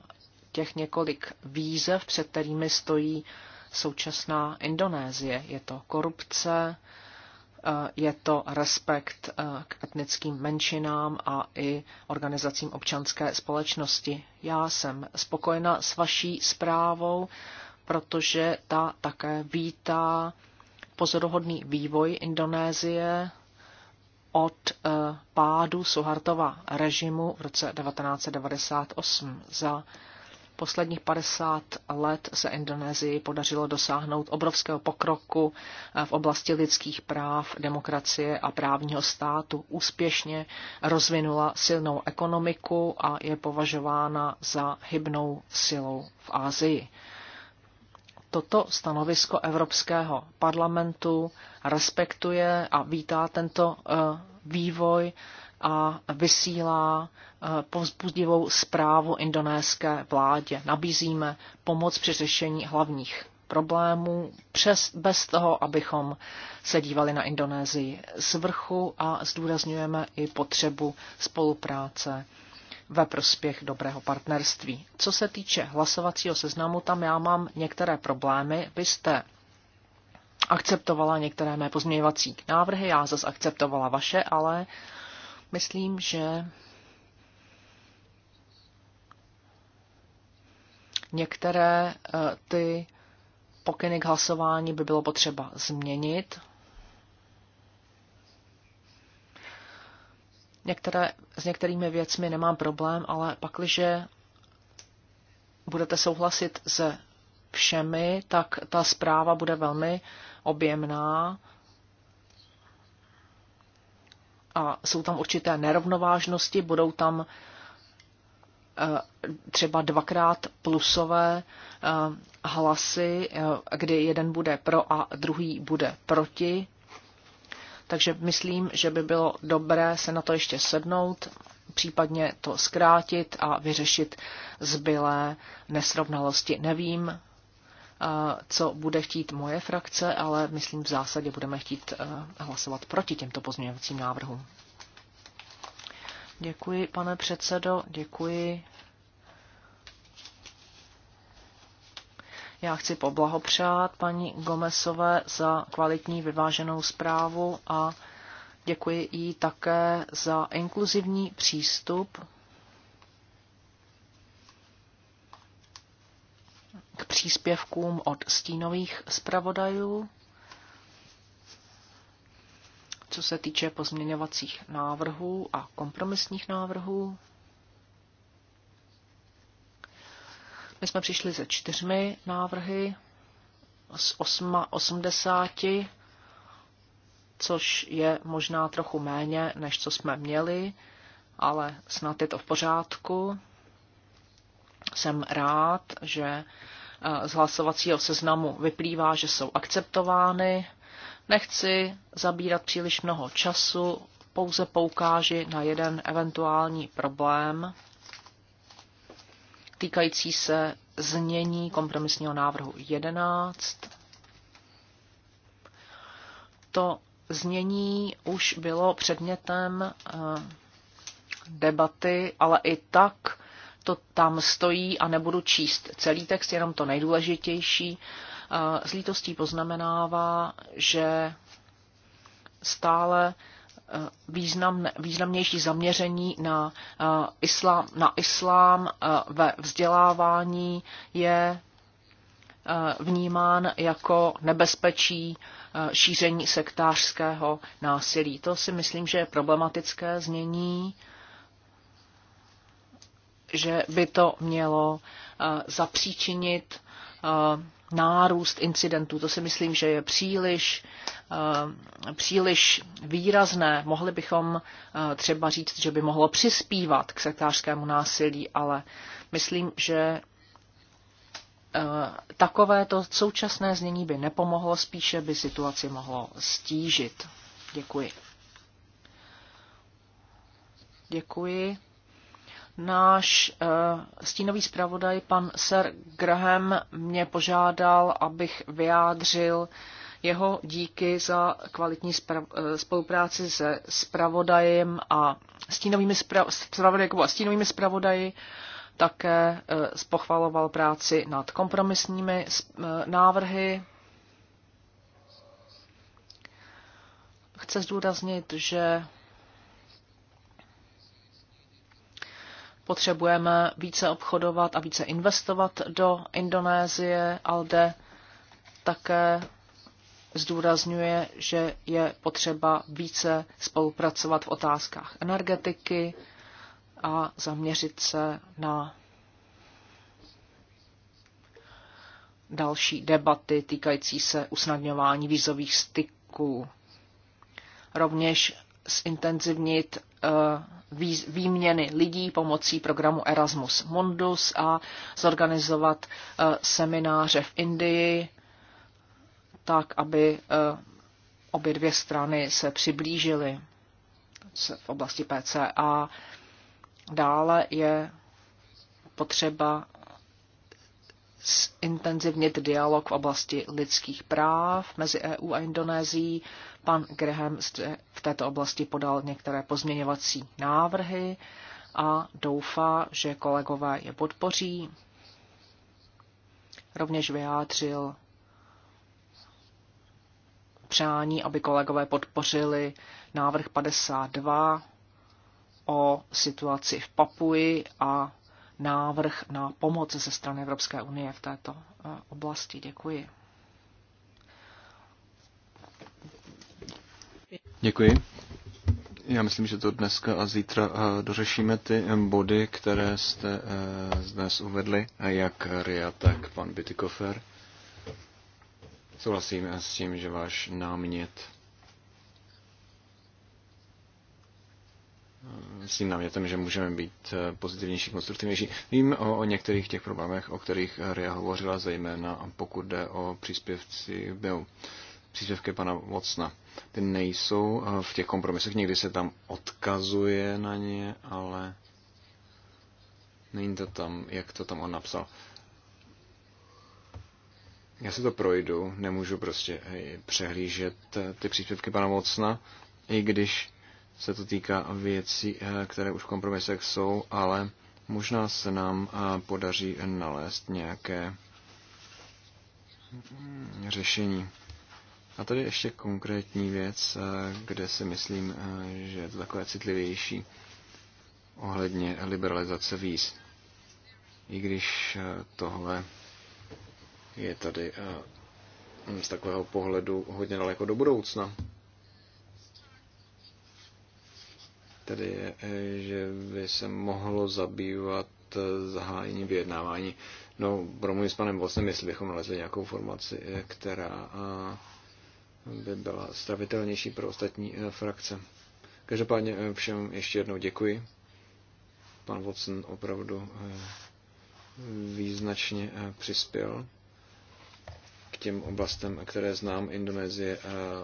těch několik výzev, před kterými stojí současná Indonésie. Je to korupce, eh, je to respekt eh, k etnickým menšinám a i organizacím občanské společnosti. Já jsem spokojena s vaší zprávou, protože ta také vítá pozoruhodný vývoj Indonésie od eh, pádu Suhartova režimu v roce 1998. Za posledních 50 let se Indonésii podařilo dosáhnout obrovského pokroku eh, v oblasti lidských práv, demokracie a právního státu. Úspěšně rozvinula silnou ekonomiku a je považována za hybnou silou v Ázii toto stanovisko Evropského parlamentu respektuje a vítá tento eh, vývoj a vysílá eh, povzbudivou zprávu indonéské vládě. Nabízíme pomoc při řešení hlavních problémů přes, bez toho, abychom se dívali na Indonésii z vrchu a zdůrazňujeme i potřebu spolupráce ve prospěch dobrého partnerství. Co se týče hlasovacího seznamu, tam já mám některé problémy. Vy jste akceptovala některé mé pozměňovací návrhy, já zase akceptovala vaše, ale myslím, že některé eh, ty pokyny k hlasování by bylo potřeba změnit. Některé, s některými věcmi nemám problém, ale pakliže budete souhlasit se všemi, tak ta zpráva bude velmi objemná a jsou tam určité nerovnovážnosti, budou tam eh, třeba dvakrát plusové eh, hlasy, eh, kdy jeden bude pro a druhý bude proti. Takže myslím, že by bylo dobré se na to ještě sednout, případně to zkrátit a vyřešit zbylé nesrovnalosti. Nevím, eh, co bude chtít moje frakce, ale myslím v zásadě budeme chtít eh, hlasovat proti těmto pozměňovacím návrhům. Děkuji, pane předsedo, děkuji Já chci poblahopřát paní Gomesové za kvalitní vyváženou zprávu a děkuji jí také za inkluzivní přístup k příspěvkům od stínových zpravodajů. Co se týče pozměňovacích návrhů a kompromisních návrhů, My jsme přišli se čtyřmi návrhy z 80, což je možná trochu méně, než co jsme měli, ale snad je to v pořádku. Jsem rád, že eh, z hlasovacího seznamu vyplývá, že jsou akceptovány. Nechci zabírat příliš mnoho času, pouze poukáži na jeden eventuální problém, týkající se znění kompromisního návrhu 11. To znění už bylo předmětem eh, debaty, ale i tak to tam stojí a nebudu číst celý text, jenom to nejdůležitější. Eh, s lítostí poznamenává, že stále Eh, význam, významnější zaměření na eh, islám, na islám eh, ve vzdělávání je vnímán jako nebezpečí šíření sektářského násilí. To si myslím, že je problematické změní, že by to mělo zapříčinit nárůst incidentů. To si myslím, že je příliš, eh, příliš výrazné. Mohli bychom eh, třeba říct, že by mohlo přispívat k sektářskému násilí, ale myslím, že eh, takové to současné znění by nepomohlo, spíše by situaci mohlo stížit. Děkuji. Děkuji. Náš uh, stínový zpravodaj, pan Sir Graham, mě požádal, abych vyjádřil jeho díky za kvalitní eh, spolupráci se spravodajem a stínovými spra- a stínovými zpravodaji Také spochvaloval eh, práci nad kompromisními návrhy. Chce zdůraznit, že Potřebujeme více obchodovat a více investovat do Indonésie. ALDE také zdůrazňuje, že je potřeba více spolupracovat v otázkách energetiky a zaměřit se na další debaty týkající se usnadňování vízových styků. Rovněž zintenzivnit eh, výměny lidí pomocí programu Erasmus Mundus a zorganizovat eh, semináře v Indii, tak aby eh, obě dvě strany se přiblížily v oblasti PCA. Dále je potřeba zintenzivnit dialog v oblasti lidských práv mezi EU a Indonésií, Pan Graham v této oblasti podal některé pozměňovací návrhy a doufá, že kolegové je podpoří. Rovněž vyjádřil přání, aby kolegové podpořili návrh 52 o situaci v Papuji a návrh na pomoc ze strany Evropské unie v této eh, oblasti. Děkuji.
Děkuji. Já myslím, že to dneska a zítra eh, dořešíme ty eh, body, které jste eh, dnes uvedli, jak RIA, tak pan Bytykofer. Souhlasím s tím, že váš námět s tím námětem, že můžeme být pozitivnější, konstruktivnější. Vím o, o některých těch problémech, o kterých RIA hovořila, zejména pokud jde o příspěvci byl příspěvky pana Mocna. Ty nejsou eh, v těch kompromisech, někdy se tam odkazuje na ně, ale není to tam, jak to tam on napsal. Já si to projdu, nemůžu prostě přehlížet eh, ty příspěvky pana Mocna, i když se to týká věcí, eh, které už v kompromisech jsou, ale možná se nám podaří nalézt nějaké mm, řešení. A tady ještě konkrétní věc, eh, kde si myslím, eh, že je to takové citlivější ohledně liberalizace víz. I když eh, tohle je tady z takového pohledu hodně daleko do budoucna. Tedy je, že by se mohlo zabývat zahájení vyjednávání. No, promluvím s panem Vosem, jestli bychom nalezli nějakou formaci, která by byla stravitelnější pro ostatní eh, frakce. Každopádně eh, všem ještě jednou děkuji. Pan Watson opravdu eh, význačně přispěl k těm oblastem, které znám. Indonésie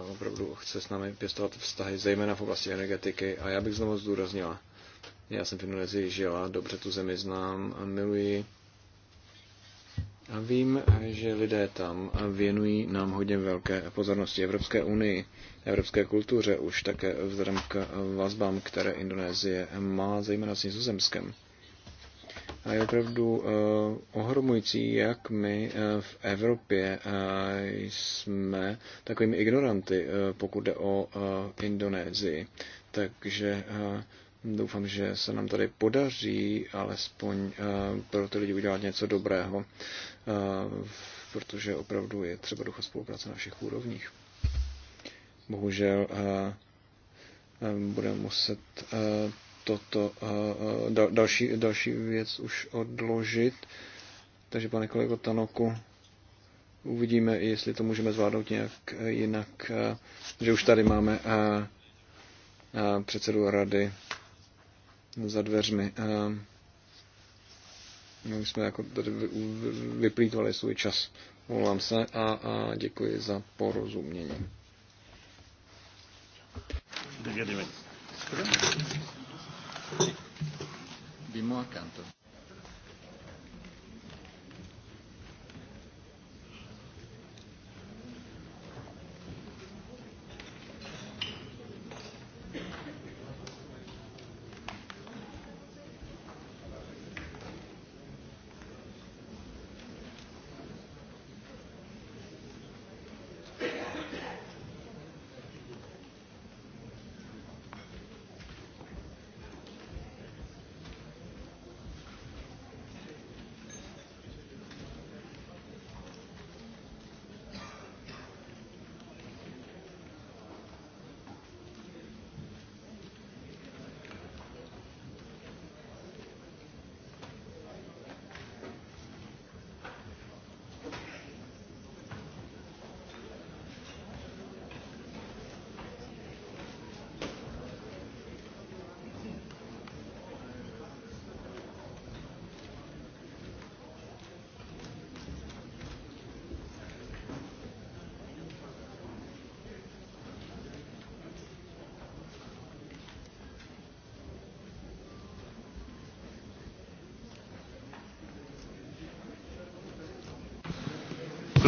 opravdu chce s námi pěstovat vztahy, zejména v oblasti energetiky. A já bych znovu zdůraznila, já jsem v Indonésii žila, dobře tu zemi znám, miluji a vím, že lidé tam věnují nám hodně velké pozornosti Evropské unii, evropské kultuře, už také vzhledem k vazbám, které Indonésie má, zejména s Nizozemskem. A je opravdu uh, ohromující, jak my uh, v Evropě uh, jsme takovými ignoranty, uh, pokud jde o uh, Indonésii. Takže uh, Doufám, že se nám tady podaří alespoň eh, pro ty lidi udělat něco dobrého, eh, protože opravdu je třeba ducha spolupráce na všech úrovních. Bohužel eh, budeme muset toto další, další věc už odložit. Takže pane kolego Tanoku, uvidíme, jestli to můžeme zvládnout nějak jinak, že už tady máme předsedu rady za dveřmi. Eh, my jsme jako tady vyplýtvali svůj čas. Volám se a, a děkuji za porozumění. Di accanto.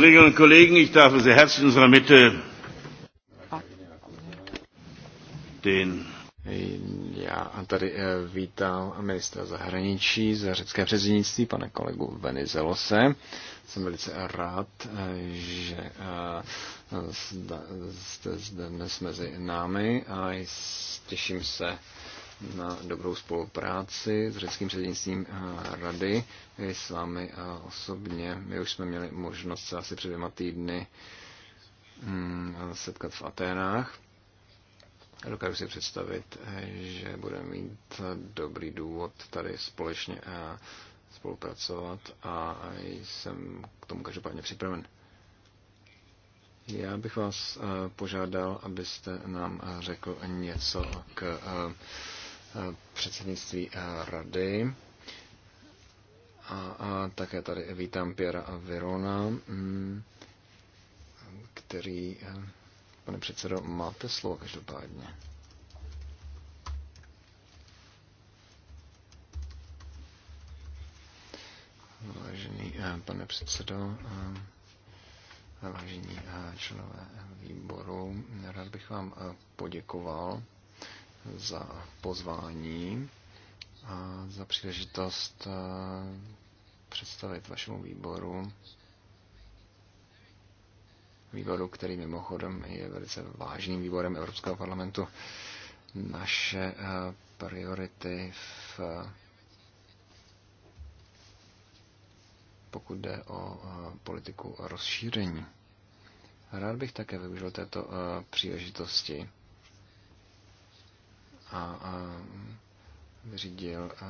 Kolleginnen und Kollegen, ich darf Sie herzlich in unserer Mitte den
já tady eh, vítám ministra zahraničí za řecké předsednictví, pana kolegu Venizelose. Jsem velice rád, eh, že jste eh, zde dnes mezi námi a těším se na dobrou spolupráci s řeckým předsednictvím eh, rady i s vámi eh, osobně. My už jsme měli možnost se asi před dvěma týdny mm, setkat v Aténách. Dokážu si představit, eh, že budeme mít dobrý důvod tady společně spolupracovat a jsem k tomu každopádně připraven. Já bych vás požádal, abyste nám řekl něco k předsednictví eh, rady. A, a také tady vítám Piera a Verona, mm, který, eh, pane předsedo, máte slovo každopádně. Vážený eh, pane předsedo, vážení členové výboru, rád bych vám poděkoval za pozvání a za příležitost eh, představit vašemu výboru. Výboru, který mimochodem je velice vážným výborem Evropského parlamentu, naše eh, priority v pokud jde o eh, politiku rozšíření. Rád bych také využil této příležitosti a, a vyřídil a,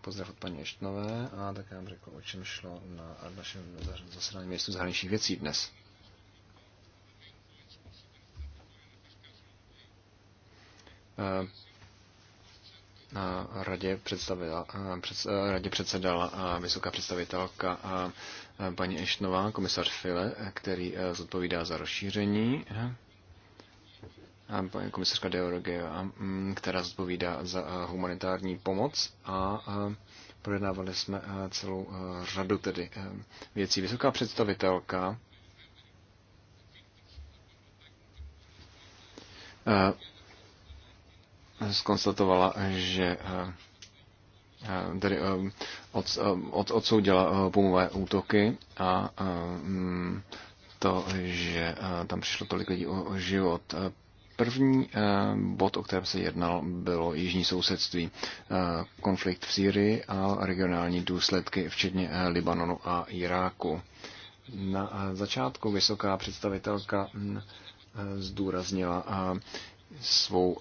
pozdrav od paní Eštnové a já vám řekl, o čem šlo na našem zasedání městu zahraničních věcí dnes. Na radě, představila, před, radě předsedala vysoká představitelka a paní Eštnová, komisar File, který zodpovídá za rozšíření paní komisařka Deorgeva, mm, která zodpovídá za eh, humanitární pomoc a eh, projednávali jsme eh, celou řadu tedy věcí. Vysoká představitelka skonstatovala, že tedy od, od, odsoudila pomové útoky a mm, to, že tam přišlo tolik lidí o život. První eh, bod, o kterém se jednal, bylo jižní sousedství, eh, konflikt v Sýrii a regionální důsledky, včetně eh, Libanonu a Iráku. Na začátku vysoká představitelka mm, zdůraznila svou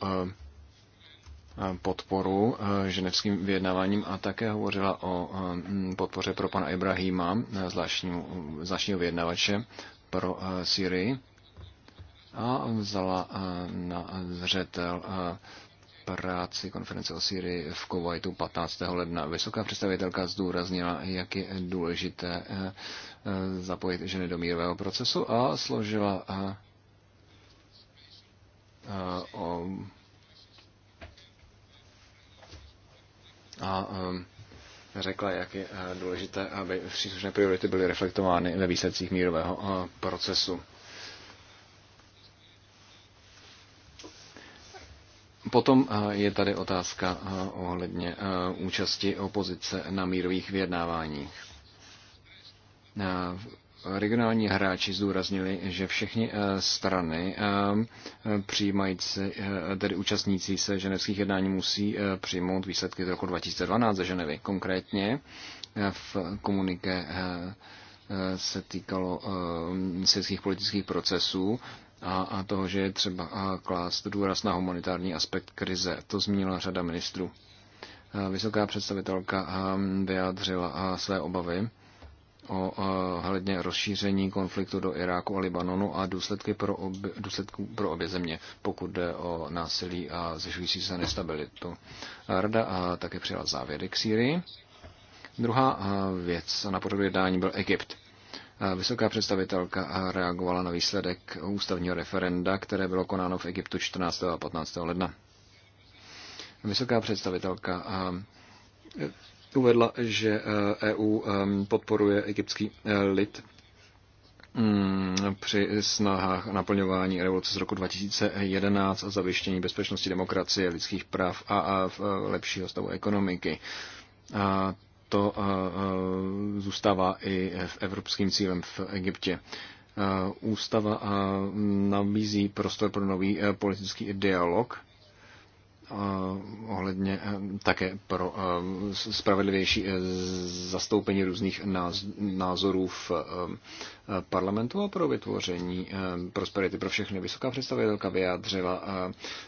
podporu ženevským vyjednáváním a také hovořila o mm, podpoře pro pana Ibrahima, zvláštního vyjednavače pro Syrii a vzala eh, na zřetel eh, práci konference o Syrii v Kuwaitu 15. ledna. Vysoká představitelka zdůraznila, jak je důležité eh, zapojit ženy do mírového procesu a složila o a řekla, jak je důležité, aby příslušné priority byly reflektovány ve výsledcích mírového procesu. Potom eh, je tady otázka eh, ohledně eh, účasti opozice na mírových vyjednáváních. Regionální hráči zdůraznili, že všechny strany přijímající, tedy účastníci se ženevských jednání musí přijmout výsledky z roku 2012 ze Ženevy. Konkrétně v komunike se týkalo světských politických procesů a, a toho, že je třeba klást důraz na humanitární aspekt krize. To zmínila řada ministrů. Vysoká představitelka vyjádřila své obavy o hledně rozšíření konfliktu do Iráku a Libanonu a důsledky pro, obě, důsledky pro obě země, pokud jde o násilí a zvyšující se nestabilitu. Rada také přijala závěry k Sýrii. Druhá věc na podobě jednání byl Egypt. Vysoká představitelka reagovala na výsledek ústavního referenda, které bylo konáno v Egyptu 14. a 15. ledna. Vysoká představitelka e, uvedla, že EU e e, podporuje egyptský lid mm, při snahách naplňování revoluce z roku 2011 a zavěštění bezpečnosti demokracie, lidských práv a, a lepšího stavu ekonomiky. A to eh, eh, zůstává i v evropským cílem v Egyptě. Eh, ústava nabízí prostor pro nový politický dialog ohledně také pro spravedlivější zastoupení různých názorů v parlamentu a pro vytvoření prosperity pro všechny. Vysoká představitelka vyjádřila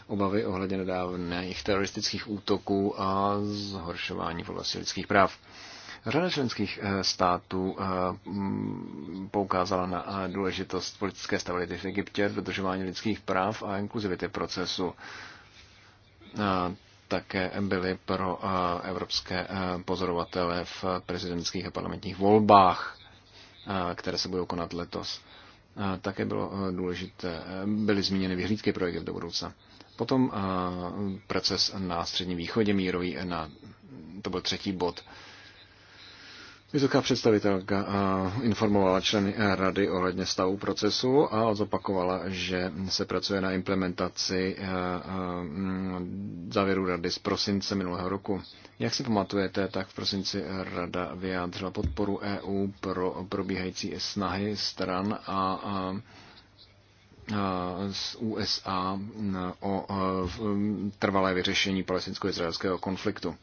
obavy ohledně nedávných teroristických útoků a zhoršování v oblasti lidských práv. Řada členských eh, států eh, mm, poukázala na eh, důležitost politické stability v Egyptě, dodržování lidských práv a inkluzivity procesu také byly pro evropské pozorovatele v prezidentských a parlamentních volbách, které se budou konat letos. Také bylo důležité, byly zmíněny vyhlídky pro Egypt do budoucna. Potom proces na Středním východě mírový, na, to byl třetí bod, Vysoká představitelka informovala členy rady ohledně stavu procesu a zopakovala, že se pracuje na implementaci mm, závěru rady z prosince minulého roku. Jak si pamatujete, tak v prosinci rada vyjádřila podporu EU pro probíhající snahy stran a z USA o trvalé vyřešení palestinsko-izraelského konfliktu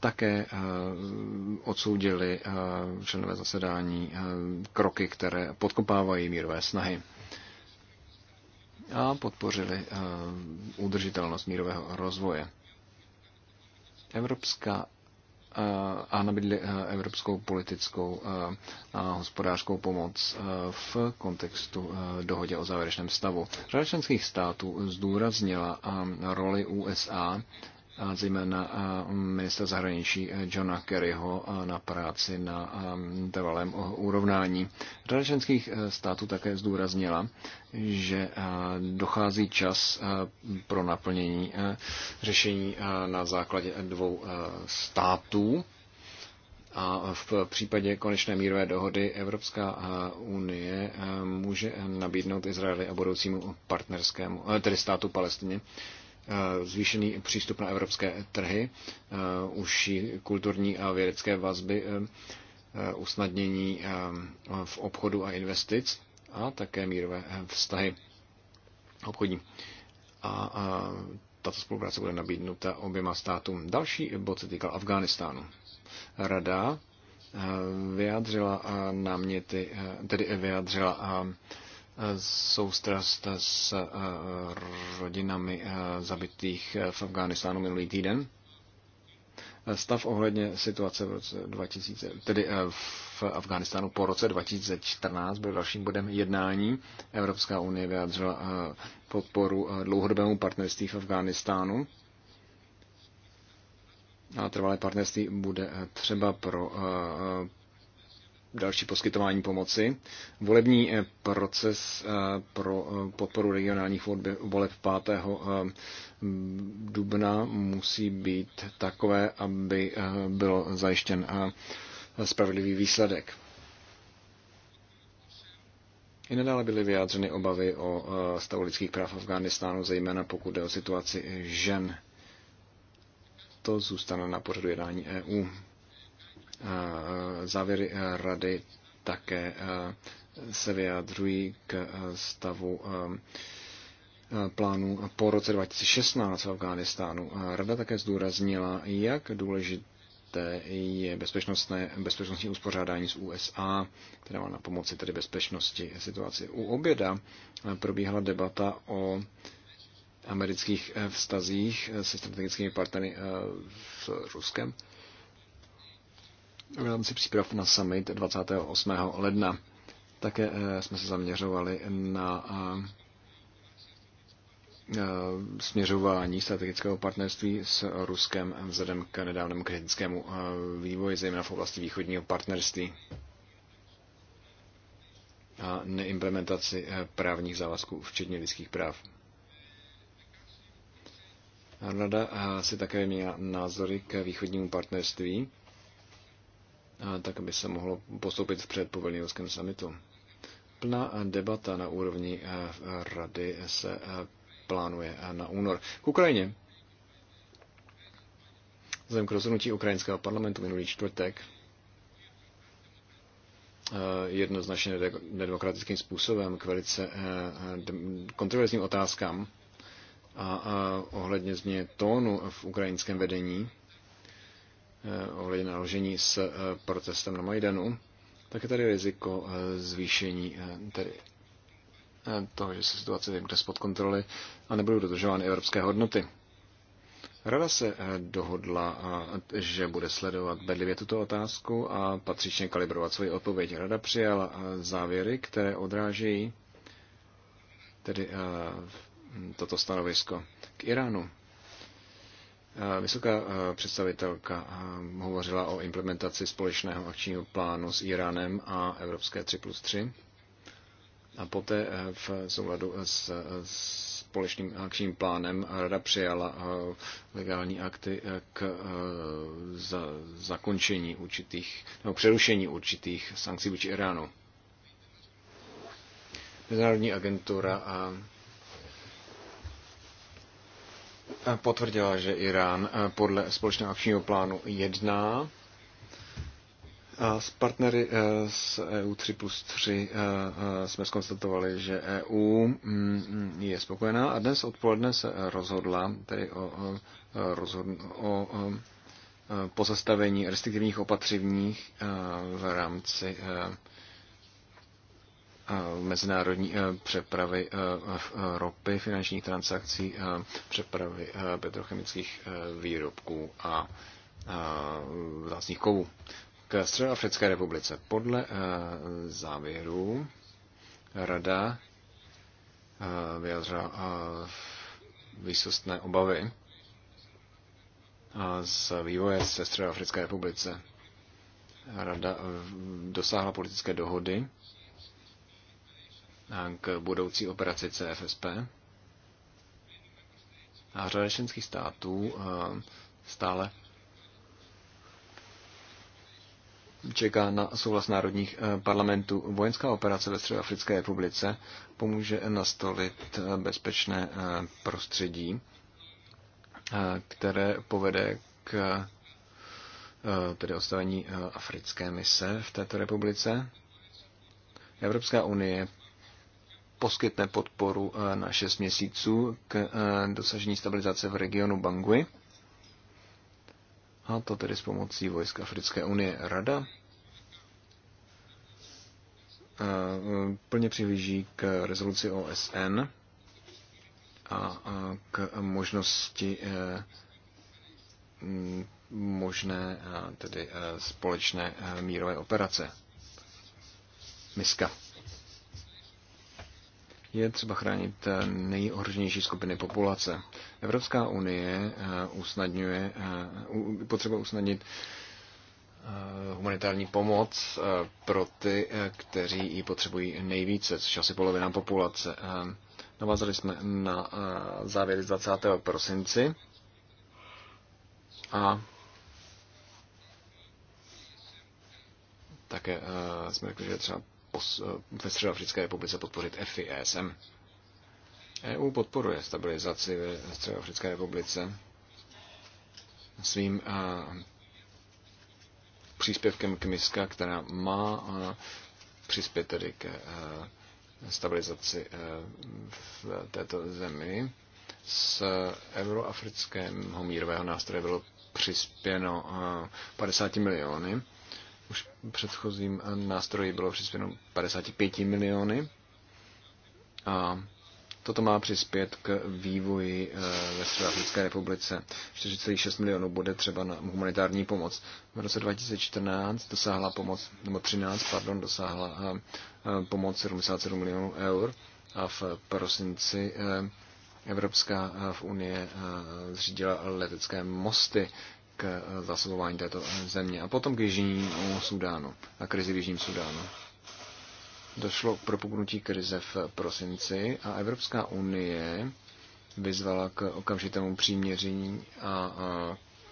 také eh, odsoudili eh, členové zasedání eh, kroky, které podkopávají mírové snahy a podpořili udržitelnost mírového rozvoje. Evropská a nabídli evropskou politickou a hospodářskou pomoc v kontextu dohodě o závěrečném stavu. Řada členských států zdůraznila roli USA zejména ministra zahraničí eh, Johna Kerryho na práci na trvalém urovnání. Řada členských eh, států také zdůraznila, že dochází čas pro naplnění řešení na základě dvou států. A v případě konečné mírové dohody Evropská unie může nabídnout Izraeli a budoucímu partnerskému, eh, tedy státu Palestině, Eh, zvýšený přístup na evropské trhy, eh, užší kulturní a vědecké vazby, eh, usnadnění v obchodu a investic a také mírové vztahy obchodní. A tato spolupráce bude nabídnuta oběma státům. Další bod se týkal Afghánistánu. Rada vyjádřila náměty, tedy vyjádřila soustrast s eh, rodinami eh, zabitých eh, v Afghánistánu minulý týden. Stav ohledně situace v roce 2000, tedy v Afghánistánu po roce 2014 byl dalším bodem jednání. Evropská unie vyjádřila podporu dlouhodobému partnerství v Afghánistánu. A trvalé partnerství bude třeba pro další poskytování pomoci. Volební eh, proces eh, pro eh, podporu regionálních voleb 5. dubna musí být takové, aby byl zajištěn spravedlivý výsledek. I nadále byly vyjádřeny obavy o stavu lidských práv Afghánistánu, zejména pokud jde o situaci žen. To zůstane na pořadu jednání EU závěry rady také se vyjadřují k stavu plánů po roce 2016 v Afghánistánu. Rada také zdůraznila, jak důležité je bezpečnostné, bezpečnostní uspořádání z USA, která má na pomoci tedy bezpečnosti situaci. U oběda probíhala debata o amerických e, vztazích se strategickými partnery s e, Ruskem v rámci příprav na summit 28. ledna. Také eh, jsme se zaměřovali na eh, eh, směřování strategického partnerství s Ruskem vzhledem k nedávnému kritickému vývoji, zejména v oblasti východního partnerství a neimplementaci právních závazků, včetně lidských práv. Rada si také měla názory k východnímu partnerství tak aby se mohlo postoupit před po Vilniuském samitu. Plná debata na úrovni eh, rady se eh, plánuje eh, na únor. K Ukrajině. Vzhledem k rozhodnutí ukrajinského parlamentu minulý čtvrtek jednoznačně nedemokratickým způsobem k velice kontroverzním otázkám a ohledně změny tónu v ukrajinském vedení, Eh, ohledně naložení s eh, protestem na Majdanu, tak je tady riziko eh, zvýšení tedy toho, že se situace bude spod kontroly a nebudou dodržovány evropské hodnoty. Rada se dohodla, že bude sledovat bedlivě tuto otázku a patřičně kalibrovat svoji odpověď. Rada přijala závěry, které odrážejí tedy toto stanovisko k Iránu. Eh, vysoká eh, představitelka eh, hovořila o implementaci společného akčního plánu s Iránem a Evropské 3 plus 3 a poté v souladu s, společným akčním plánem Rada přijala legální akty k zakončení určitých, nebo přerušení určitých sankcí vůči Iránu. Mezinárodní agentura a potvrdila, že Irán eh, podle společného akčního plánu jedná a s partnery eh, z EU 3 plus 3 eh, jsme skonstatovali, že EU mm, je spokojená a dnes odpoledne se rozhodla tedy o, rozhodn- o pozastavení restriktivních opatřeních v rámci mezinárodní eh, přepravy eh, eh, ropy, finančních transakcí, přepravy petrochemických výrobků a vzácných kovů. K Středoafrické republice. Podle závěrů rada vyjádřila výsostné obavy z vývoje se Středoafrické republice. Rada dosáhla politické dohody k budoucí operaci CFSP. A řada členských států eh, stále čeká na souhlas národních eh, parlamentů. Vojenská operace ve Středoafrické republice pomůže nastolit eh, bezpečné prostředí, které povede k tedy ostavení africké mise v této republice. Evropská unie poskytne podporu eh, na 6 měsíců k eh, dosažení stabilizace v regionu Bangui. A to tedy s pomocí vojsk Africké unie Rada eh, plně přihlíží k rezoluci OSN a k možnosti možné tedy společné mírové operace. Miska je třeba chránit eh, nejohroženější skupiny populace. Evropská unie eh, usnadňuje, eh, potřeba usnadnit humanitární pomoc pro ty, kteří ji potřebují nejvíce, což asi polovina populace. Navázali jsme na závěry 20. prosinci a také jsme řekli, že třeba Eh, ve Středoafrické republice podpořit FISM. EU podporuje stabilizaci ve Středoafrické republice svým eh, příspěvkem k MISKA, která má eh, přispět tedy k stabilizaci v této zemi. Z euroafrického mírového nástroje bylo přispěno 50 miliony už předchozím nástroji bylo přispěno 55 miliony a toto má přispět k vývoji eh, ve Středoafrické republice. 4,6 milionů bude třeba na humanitární pomoc. V roce 2014 dosáhla pomoc, nebo 13, pardon, dosáhla eh, eh, pomoc 77 milionů eur a v prosinci Evropská v Unie zřídila letecké mosty k eh, zasobování této eh, země. A potom k Jižnímu eh, Sudánu, a krizi v Jižním Sudánu. Došlo k propuknutí krize v prosinci a Evropská unie vyzvala k okamžitému příměření a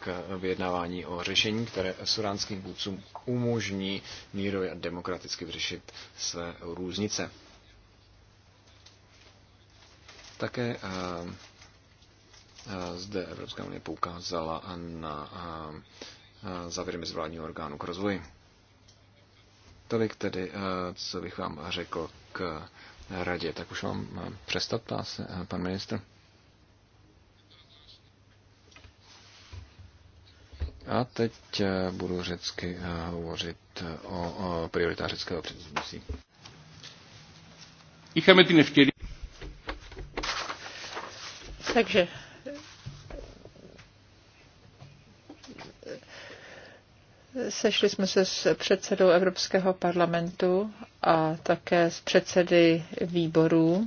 k vyjednávání o řešení, které suránským vůdcům umožní mírově a demokraticky vyřešit své různice. Také Eh, zde Evropská unie poukázala na eh, závěry mezivládního orgánu k rozvoji. Tolik tedy, eh, co bych vám řekl k radě. Tak už vám přestat, ptá se pan ministr. A teď budu řecky hovořit o prioritách řeckého předsednictví.
Takže
Sešli jsme se s předsedou Evropského parlamentu a také s předsedy výborů.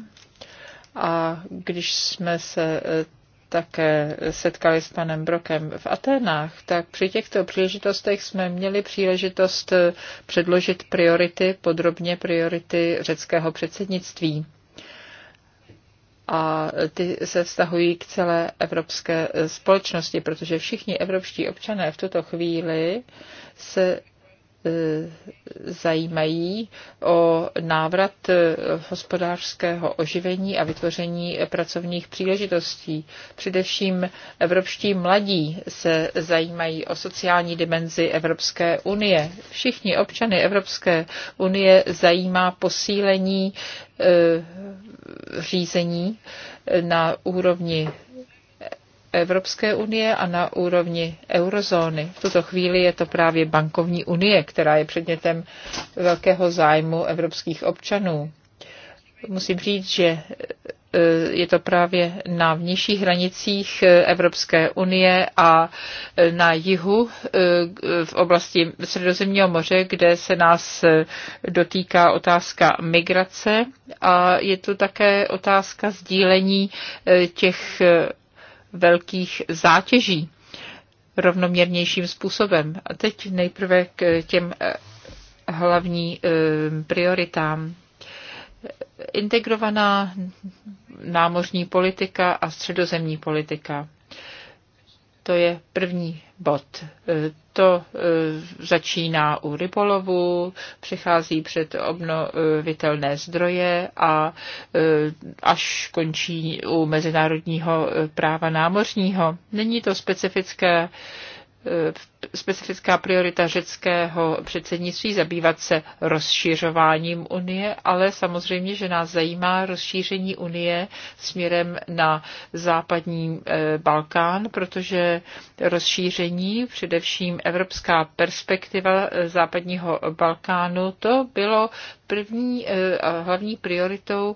A když jsme se eh, také setkali s panem Brokem v Aténách, tak při těchto příležitostech jsme měli příležitost eh, předložit priority, podrobně priority řeckého předsednictví a ty se vztahují k celé evropské společnosti, protože všichni evropští občané v tuto chvíli se E, zajímají o návrat e, hospodářského oživení a vytvoření pracovních příležitostí. Především evropští mladí se zajímají o sociální dimenzi Evropské unie. Všichni občany Evropské unie zajímá posílení e, řízení na úrovni Evropské unie a na úrovni eurozóny. V tuto chvíli je to právě bankovní unie, která je předmětem velkého zájmu evropských občanů. Musím říct, že e, je to právě na vnějších hranicích Evropské unie a e, na jihu e, v oblasti Středozemního moře, kde se nás dotýká otázka migrace a je tu také otázka sdílení těch velkých zátěží rovnoměrnějším způsobem. A teď nejprve k těm eh, hlavní eh, prioritám. Integrovaná námořní politika a středozemní politika. To je první bod. E, to e, začíná u rybolovu, přechází před obnovitelné zdroje a e, až končí u mezinárodního práva námořního. Není to specifické specifická priorita řeckého předsednictví zabývat se rozšiřováním Unie, ale samozřejmě, že nás zajímá rozšíření Unie směrem na západní eh, Balkán, protože rozšíření, především evropská perspektiva eh, západního Balkánu, to bylo první eh, a hlavní prioritou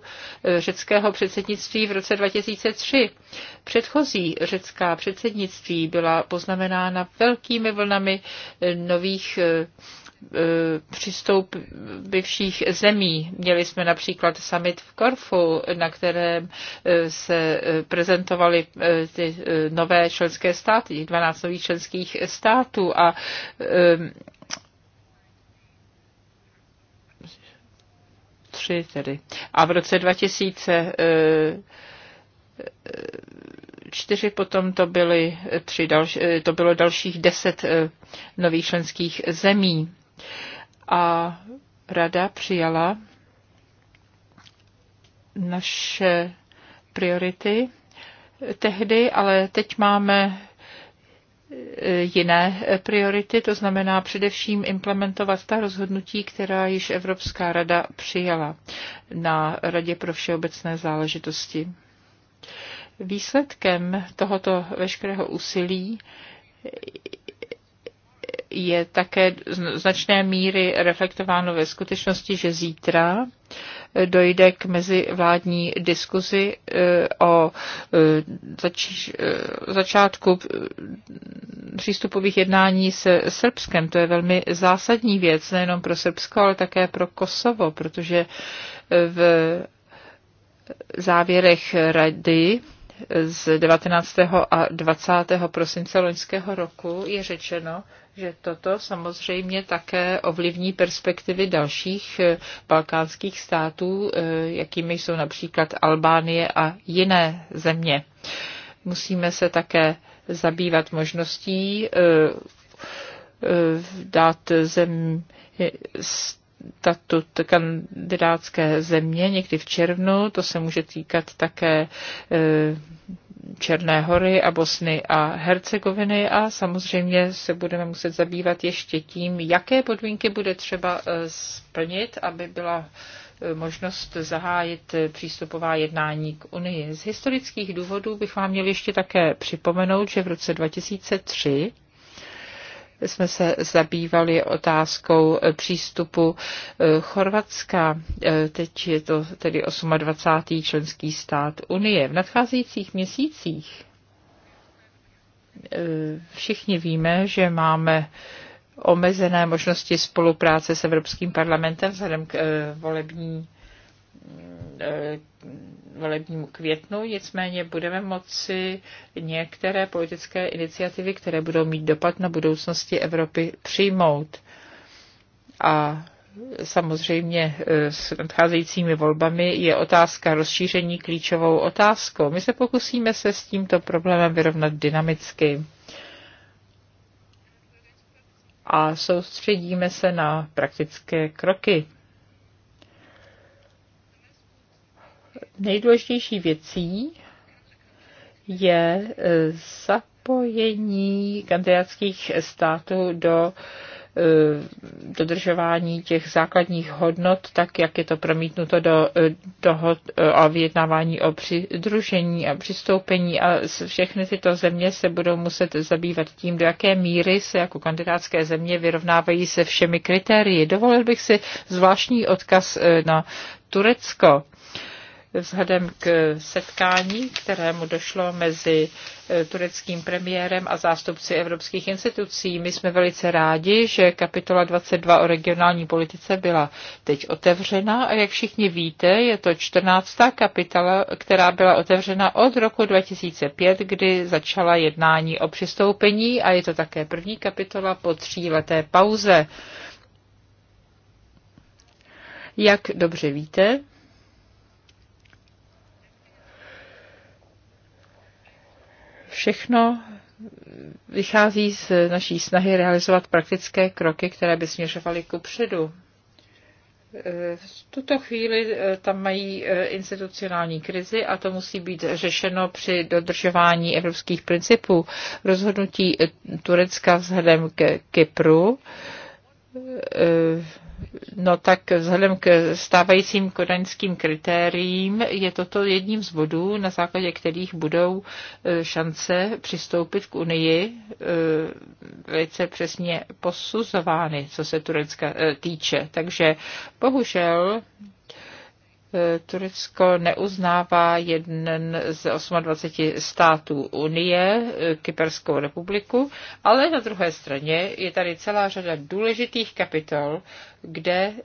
řeckého předsednictví v roce 2003. Předchozí řecká předsednictví byla poznamenána velkými vlnami eh, nových eh, eh, přistoupivších zemí. Měli jsme například summit v Korfu, na kterém se prezentovaly ty nové členské státy, 12 nových členských států a tři tedy. A v roce 2000 čtyři, potom to, byly eh, tři další, eh, to bylo dalších deset eh, nových členských zemí. A rada přijala naše priority tehdy, ale teď máme jiné priority, to znamená především implementovat ta rozhodnutí, která již Evropská rada přijala na Radě pro všeobecné záležitosti. Výsledkem tohoto veškerého úsilí je také značné míry reflektováno ve skutečnosti, že zítra dojde k mezivládní diskuzi e, o e, e, začátku přístupových jednání se Srbskem. To je velmi zásadní věc nejenom pro Srbsko, ale také pro Kosovo, protože v závěrech rady z 19. a 20. prosince loňského roku je řečeno, že toto samozřejmě také ovlivní perspektivy dalších eh, balkánských států, eh, jakými jsou například Albánie a jiné země. Musíme se také zabývat možností eh, dát zem tato kandidátské země někdy v červnu. To se může týkat také e, Černé hory a Bosny a Hercegoviny a samozřejmě se budeme muset zabývat ještě tím, jaké podmínky bude třeba e, splnit, aby byla e, možnost zahájit přístupová jednání k Unii. Z historických důvodů bych vám měl ještě také připomenout, že v roce 2003 jsme se zabývali otázkou eh, přístupu eh, Chorvatska. Eh, teď je to tedy 28. členský stát Unie. V nadcházejících měsících všichni víme, že máme omezené možnosti spolupráce s Evropským parlamentem vzhledem k volební Eh, volebnímu květnu, nicméně budeme moci některé politické iniciativy, které budou mít dopad na budoucnosti Evropy, přijmout. A samozřejmě eh, s nadcházejícími volbami je otázka rozšíření klíčovou otázkou. My se pokusíme se s tímto problémem vyrovnat dynamicky a soustředíme se na praktické kroky. nejdůležitější věcí je e, zapojení kandidátských států do e, dodržování těch základních hodnot, tak jak je to promítnuto do e, dohod o vyjednávání o přidružení a přistoupení a všechny tyto země se budou muset zabývat tím, do jaké míry se jako kandidátské země vyrovnávají se všemi kritérii. Dovolil bych si zvláštní odkaz na Turecko vzhledem k setkání, kterému došlo mezi eh, tureckým premiérem a zástupci evropských institucí. My jsme velice rádi, že kapitola 22 o regionální politice byla teď otevřena a jak všichni víte, je to 14. kapitola, která byla otevřena od roku 2005, kdy začala jednání o přistoupení a je to také první kapitola po tříleté pauze. Jak dobře víte, Všechno vychází z naší snahy realizovat praktické kroky, které by směřovaly ku předu. Eh, v tuto chvíli eh, tam mají eh, institucionální krizi a to musí být řešeno při dodržování evropských principů. Rozhodnutí Turecka vzhledem k Kypru No tak vzhledem k stávajícím kodaňským kritériím je toto jedním z bodů, na základě kterých budou e, šance přistoupit k Unii e, velice přesně posuzovány, co se Turecka e, týče. Takže bohužel Eh, Turecko neuznává jeden z 28 států Unie, eh, Kyperskou republiku, ale na druhé straně je tady celá řada důležitých kapitol, kde eh,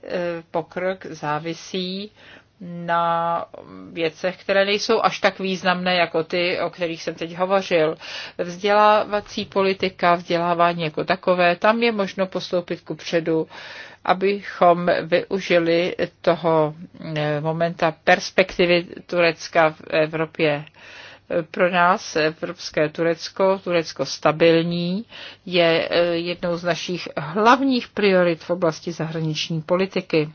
pokrok závisí na věcech, které nejsou až tak významné jako ty, o kterých jsem teď hovořil. Vzdělávací politika, vzdělávání jako takové, tam je možno postoupit ku předu, abychom využili toho eh, momenta perspektivy Turecka v Evropě pro nás Evropské Turecko, Turecko stabilní, je eh, jednou z našich hlavních priorit v oblasti zahraniční politiky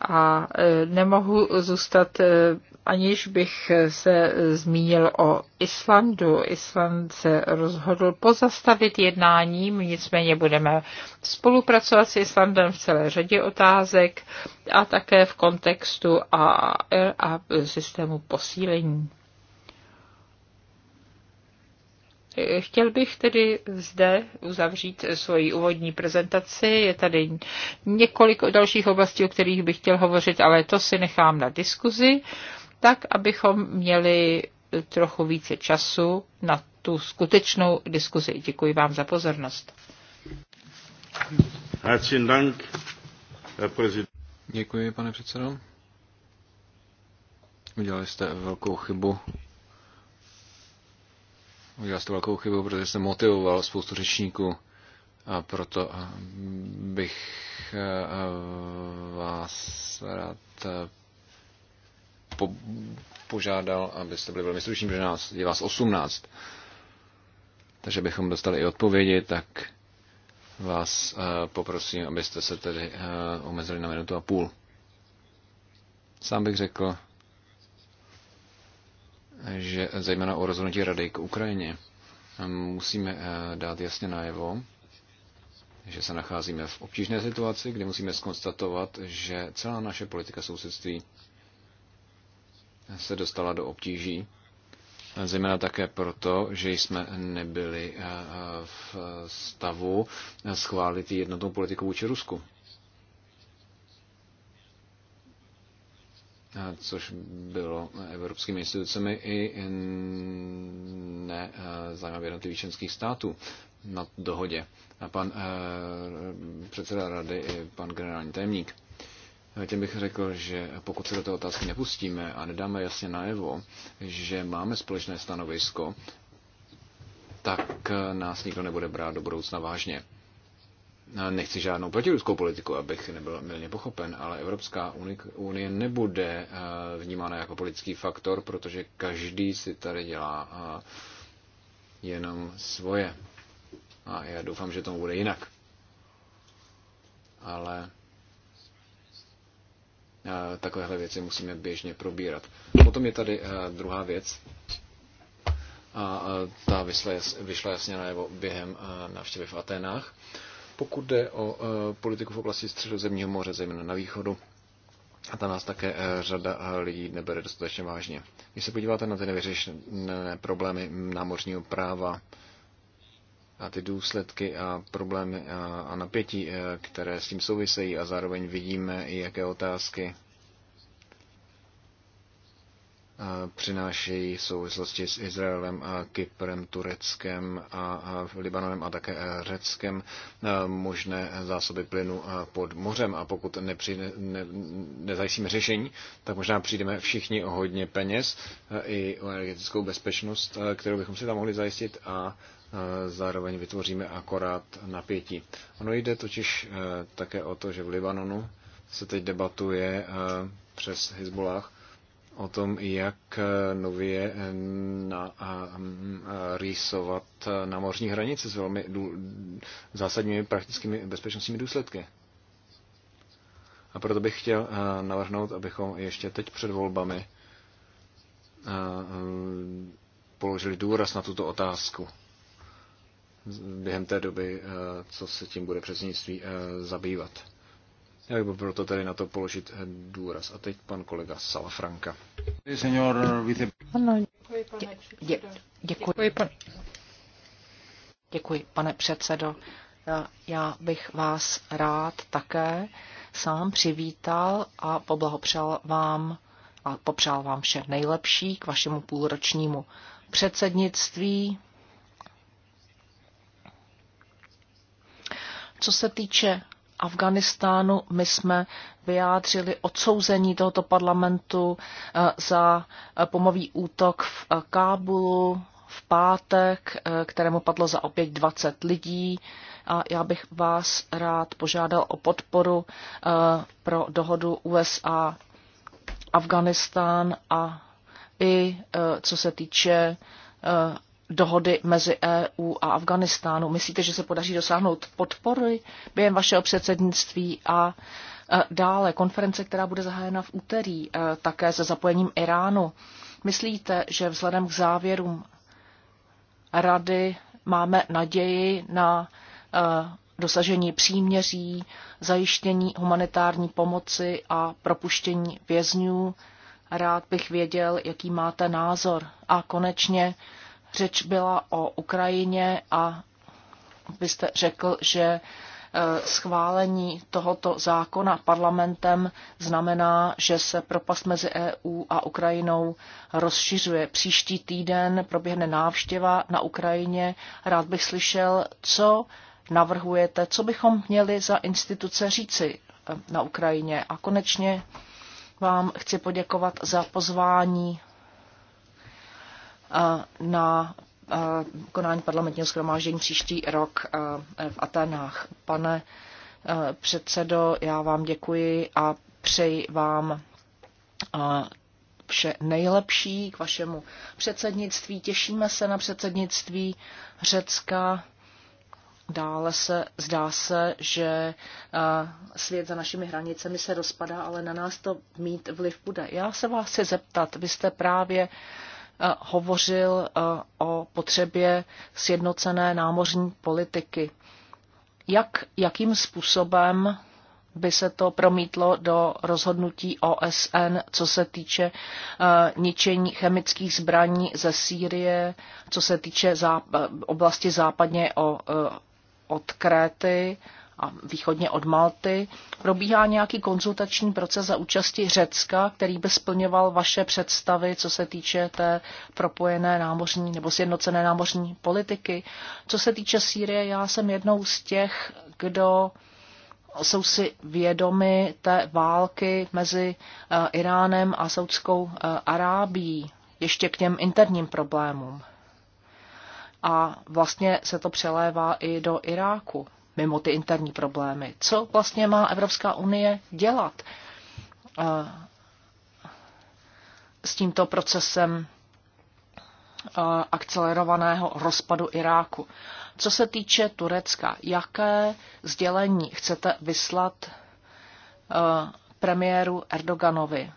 a e, nemohu zůstat, e, aniž bych se zmínil o Islandu. Island se rozhodl pozastavit jednáním, nicméně budeme spolupracovat s Islandem v celé řadě otázek a také v kontextu AAR a systému posílení. Chtěl bych tedy zde uzavřít svoji úvodní prezentaci. Je tady několik dalších oblastí, o kterých bych chtěl hovořit, ale to si nechám na diskuzi, tak abychom měli trochu více času na tu skutečnou diskuzi. Děkuji vám za pozornost.
Děkuji, pane předsedo. Udělali jste velkou chybu udělal jsem velkou chybu, protože jsem motivoval spoustu řečníků a proto eh, bych eh, vás rád eh, po, požádal, abyste byli velmi stručný, protože nás, je vás 18. Takže bychom dostali i odpovědi, tak vás poprosím, abyste se tedy omezili na minutu a půl. Sám bych řekl, že zejména o rozhodnutí Rady k Ukrajině musíme eh, dát jasně najevo, že se nacházíme v obtížné situaci, kdy musíme skonstatovat, že celá naše politika sousedství se dostala do obtíží, zejména také proto, že jsme nebyli eh, v stavu schválit jednotnou politiku vůči Rusku. což bylo evropskými institucemi i ne eh, zajímavě jednotlivých členských států na dohodě. A pan eh, předseda rady i pan generální tajemník. Eh, Těm bych řekl, že pokud se do té otázky nepustíme a nedáme jasně najevo, že máme společné stanovisko, tak nás nikdo nebude brát do budoucna vážně nechci žádnou protiruskou politiku, abych nebyl milně pochopen, ale Evropská unie nebude eh, vnímána jako politický faktor, protože každý si tady dělá eh, jenom svoje. A já doufám, že tomu bude jinak. Ale eh, takovéhle věci musíme běžně probírat. Potom je tady druhá věc, a ta vyšla, jasně najevo během návštěvy v Atenách. Pokud jde o eh, politiku v oblasti středozemního moře, zejména na východu, a ta nás také eh, řada eh, lidí nebere dostatečně vážně. Když se podíváte na ty nevyřešené problémy námořního práva a ty důsledky a problémy a napětí, které s tím souvisejí a zároveň vidíme i jaké otázky přinášejí v souvislosti s Izraelem, a Kyprem, Tureckem a Libanonem a také Řeckem možné zásoby plynu pod mořem. A pokud ne, nezajistíme řešení, tak možná přijdeme všichni o hodně peněz i o energetickou bezpečnost, kterou bychom si tam mohli zajistit a zároveň vytvoříme akorát napětí. Ono jde totiž také o to, že v Libanonu se teď debatuje přes Hezbollah o tom, jak eh, nově eh, na, a, a mm, eh, rýsovat mořní hranice s velmi dů, zásadními praktickými bezpečnostními důsledky. A proto bych chtěl navrhnout, abychom ještě teď před volbami položili důraz na tuto otázku během té doby, co se tím bude předsednictví zabývat. Já bych proto tady na to položit důraz. A teď pan kolega Salafranka. Ano, děkuji,
pane
dě, děkuji, děkuji, pane předsedo. Já bych vás rád také sám přivítal a poblahopřál vám a popřál vám vše nejlepší k vašemu půlročnímu předsednictví. Co se týče Afganistánu my jsme vyjádřili odsouzení tohoto parlamentu eh, za eh, pomový útok v eh, Kábulu v pátek, kterému padlo za opět 20 lidí. A já bych vás rád požádal o podporu pro dohodu USA Afganistán a i co se týče dohody mezi EU a Afganistánu. Myslíte, že se podaří dosáhnout podpory během vašeho předsednictví a e, dále konference, která bude zahájena v úterý, e, také se zapojením Iránu. Myslíte, že vzhledem k závěrům rady máme naději na e, dosažení příměří, zajištění humanitární pomoci a propuštění vězňů? Rád bych věděl, jaký máte názor. A konečně Řeč byla o Ukrajině a byste řekl, že e, schválení tohoto zákona parlamentem znamená, že se propast mezi EU a Ukrajinou rozšiřuje. Příští týden proběhne návštěva na Ukrajině. Rád bych slyšel, co navrhujete, co bychom měli za instituce říci e, na Ukrajině. A konečně vám chci poděkovat za pozvání na konání parlamentního schromáždění příští rok v Atenách. Pane předsedo, já vám děkuji a přeji vám vše nejlepší k vašemu předsednictví. Těšíme se na předsednictví Řecka. Dále se zdá se, že svět za našimi hranicemi se rozpadá, ale na nás to mít vliv bude. Já se vás chci zeptat, vy jste právě uh, Eh, hovořil eh, o potřebě sjednocené námořní politiky. Jak, jakým způsobem by se to promítlo do rozhodnutí OSN, co se týče uh, ničení chemických zbraní ze Sýrie, co se týče záp- oblasti západně o, uh, od Kréty a východně od Malty, probíhá nějaký konzultační proces za účasti Řecka, který by splňoval vaše představy, co se týče té propojené námořní nebo sjednocené námořní politiky. Co se týče Sýrie, já jsem jednou z těch, kdo jsou si vědomi té války mezi eh, Iránem a Saudskou eh, Arábií, ještě k těm interním problémům. A vlastně se to přelévá i do Iráku mimo ty interní problémy. Co vlastně má Evropská unie dělat eh, s tímto procesem eh, akcelerovaného rozpadu Iráku? Co se týče Turecka, jaké sdělení chcete vyslat eh, premiéru Erdoganovi?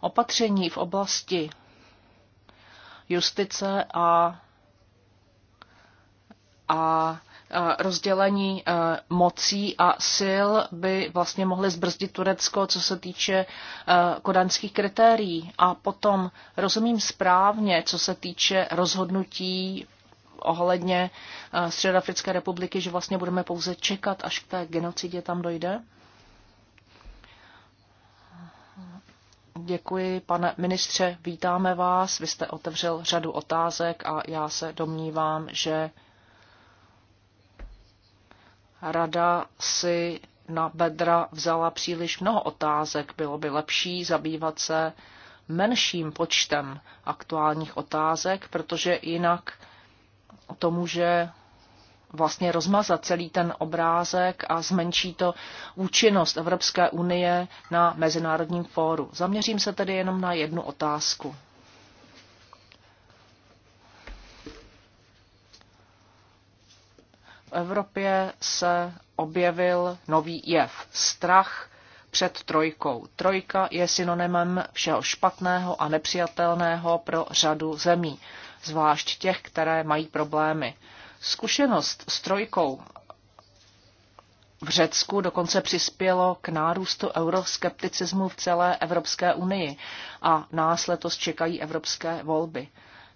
Opatření v oblasti justice a a rozdělení e, mocí a sil by vlastně mohly zbrzdit Turecko, co se týče e, kodanských kritérií. A potom rozumím správně, co se týče rozhodnutí ohledně e, Středoafrické republiky, že vlastně budeme pouze čekat, až k té genocidě tam dojde? Děkuji, pane ministře, vítáme vás. Vy jste otevřel řadu otázek a já se domnívám, že Rada si na bedra vzala příliš mnoho otázek. Bylo by lepší zabývat se menším počtem aktuálních otázek, protože jinak to může vlastně rozmazat celý ten obrázek a zmenší to účinnost Evropské unie na mezinárodním fóru. Zaměřím se tedy jenom na jednu otázku. V Evropě se objevil nový jev strach před trojkou. Trojka je synonymem všeho špatného a nepřijatelného pro řadu zemí, zvlášť těch, které mají problémy. Zkušenost s trojkou v Řecku dokonce přispělo k nárůstu euroskepticismu v celé Evropské unii a nás letos čekají evropské volby.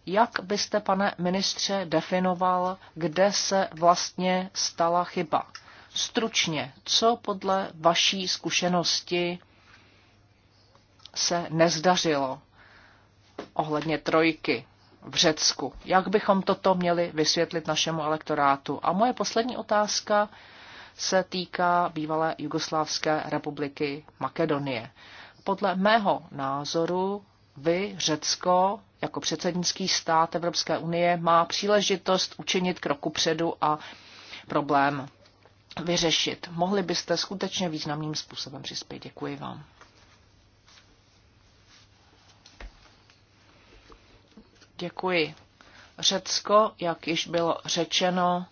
Jak byste, pane ministře, definoval, kde se vlastně stala chyba? Stručně, co podle vaší zkušenosti se nezdařilo ohledně trojky v Řecku? Jak bychom toto měli vysvětlit našemu elektorátu? A moje poslední otázka se týká bývalé Jugoslávské republiky Makedonie. Podle mého názoru vy, Řecko, jako předsednický stát Evropské unie, má příležitost učinit kroku předu a problém vyřešit. Mohli byste skutečně významným způsobem přispět. Děkuji vám. Děkuji. Řecko, jak již bylo řečeno,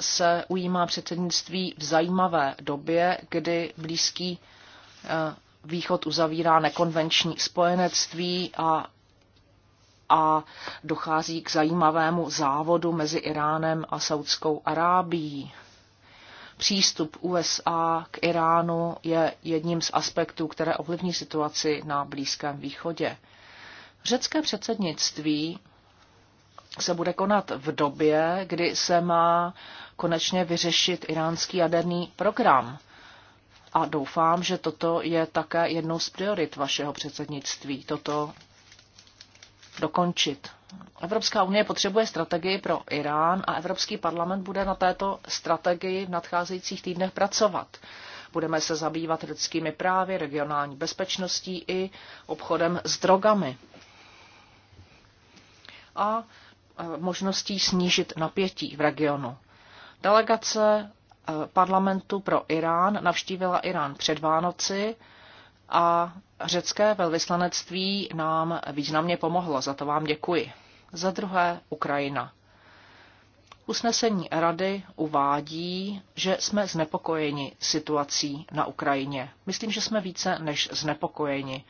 se ujímá předsednictví v zajímavé době, kdy Blízký eh, Východ uzavírá nekonvenční spojenectví a, a dochází k zajímavému závodu mezi Iránem a Saudskou Arábií. Přístup USA k Iránu je jedním z aspektů, které ovlivní situaci na Blízkém východě. Řecké předsednictví se bude konat v době, kdy se má konečně vyřešit iránský jaderný program a doufám, že toto je také jednou z priorit vašeho předsednictví, toto dokončit. Evropská unie potřebuje strategii pro Irán a Evropský parlament bude na této strategii v nadcházejících týdnech pracovat. Budeme se zabývat lidskými právy, regionální bezpečností i obchodem s drogami. A e, možností snížit napětí v regionu. Delegace parlamentu pro Irán navštívila Irán před Vánoci a řecké velvyslanectví nám významně pomohlo, za to vám děkuji. Za druhé Ukrajina. Usnesení Rady uvádí, že jsme znepokojeni situací na Ukrajině. Myslím, že jsme více než znepokojeni.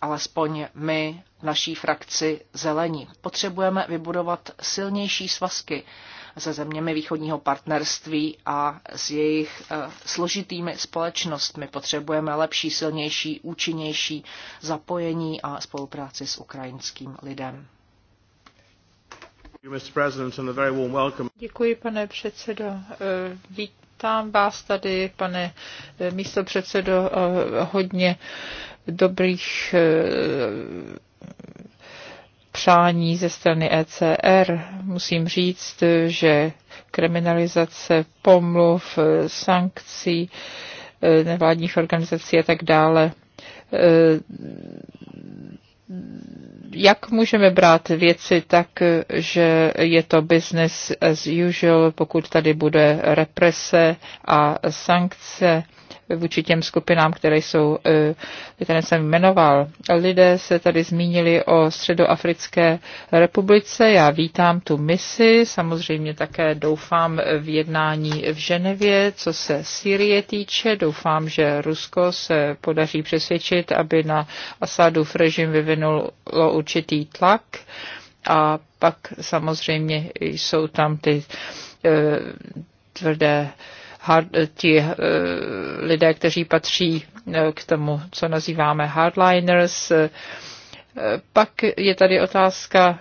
Alespoň my, naší frakci Zelení. Potřebujeme vybudovat silnější svazky se zeměmi východního partnerství a s jejich eh, složitými společnostmi. Potřebujeme lepší, silnější, účinnější zapojení a spolupráci s ukrajinským lidem.
Děkuji, pane předsedo. Eh, vítám vás tady, pane eh, místo předsedo, hodně dobrých přání ze strany ECR. Musím říct, že kriminalizace pomluv, sankcí eh, nevládních organizací a tak dále. Eh, jak můžeme brát věci tak, že je to business as usual, pokud tady bude represe a sankce? vůči těm skupinám, které jsou, eh, které jsem jmenoval. Lidé se tady zmínili o Středoafrické republice. Já vítám tu misi, samozřejmě také doufám v jednání v Ženevě, co se Syrie týče. Doufám, že Rusko se podaří přesvědčit, aby na Asadův režim vyvinulo určitý tlak. A pak samozřejmě jsou tam ty eh, tvrdé Eh, ti eh, lidé, kteří patří eh, k tomu, co nazýváme hardliners, pak je tady otázka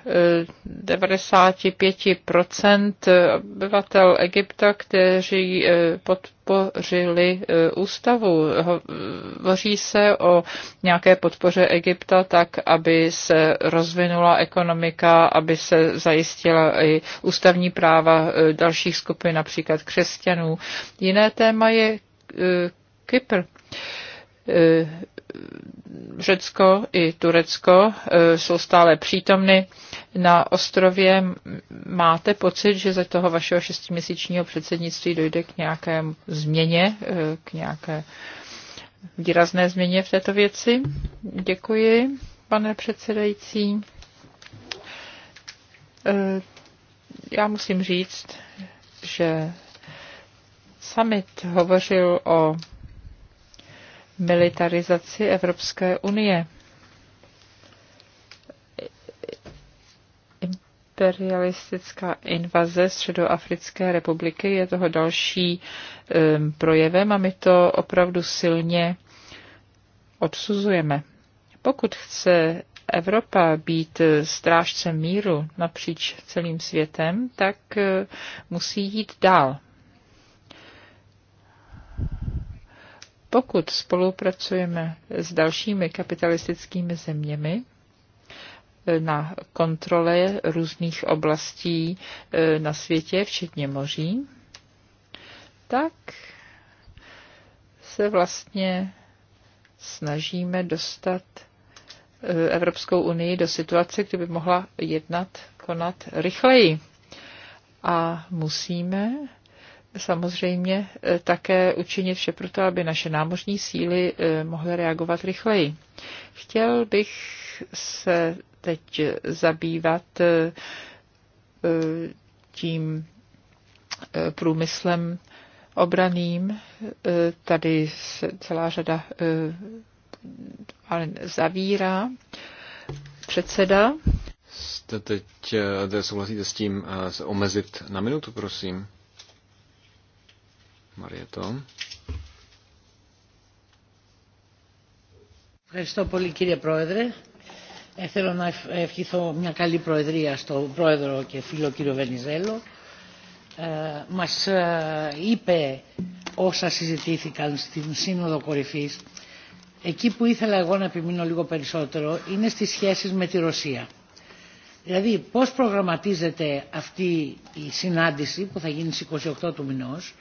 95% eh, obyvatel Egypta, kteří eh, podpořili eh, ústavu. Hovoří se o nějaké podpoře Egypta tak, aby se rozvinula ekonomika, aby se zajistila i ústavní práva dalších skupin, například křesťanů. Jiné téma je Kypr. Eh, Řecko i Turecko eh, jsou stále přítomny na ostrově. Máte pocit, že za toho vašeho šestiměsíčního předsednictví dojde k nějaké změně, eh, k nějaké výrazné změně v této věci? Děkuji, pane předsedající. Já musím říct, že summit hovořil o militarizaci Evropské unie. imperialistická invaze Středoafrické republiky je toho další um, projevem a my to opravdu silně odsuzujeme. Pokud chce Evropa být strážcem míru napříč celým světem, tak eh, musí jít dál. Pokud spolupracujeme s dalšími kapitalistickými zeměmi, e, na kontrole různých oblastí e, na světě, včetně moří, tak se vlastně snažíme dostat e, Evropskou unii do situace, kdy by mohla jednat, konat rychleji. A musíme samozřejmě e, také učinit vše proto, aby naše námořní síly e, mohly reagovat rychleji. Chtěl bych se teď zabývat e, tím průmyslem obraným. Tady se celá řada ale zavírá. Předseda.
Jste teď, souhlasíte s tím, se omezit na minutu, prosím? Marieto.
Ευχαριστώ πολύ κύριε Πρόεδρε. Ε, θέλω να ευχηθώ μια καλή προεδρία στον Πρόεδρο και φίλο κύριο Βενιζέλο. Ε, μας ε, είπε όσα συζητήθηκαν στην Σύνοδο Κορυφής. Εκεί που ήθελα εγώ να επιμείνω λίγο περισσότερο είναι στις σχέσεις με τη Ρωσία. Δηλαδή πώς προγραμματίζεται αυτή η συνάντηση που θα γίνει στις 28 του μηνός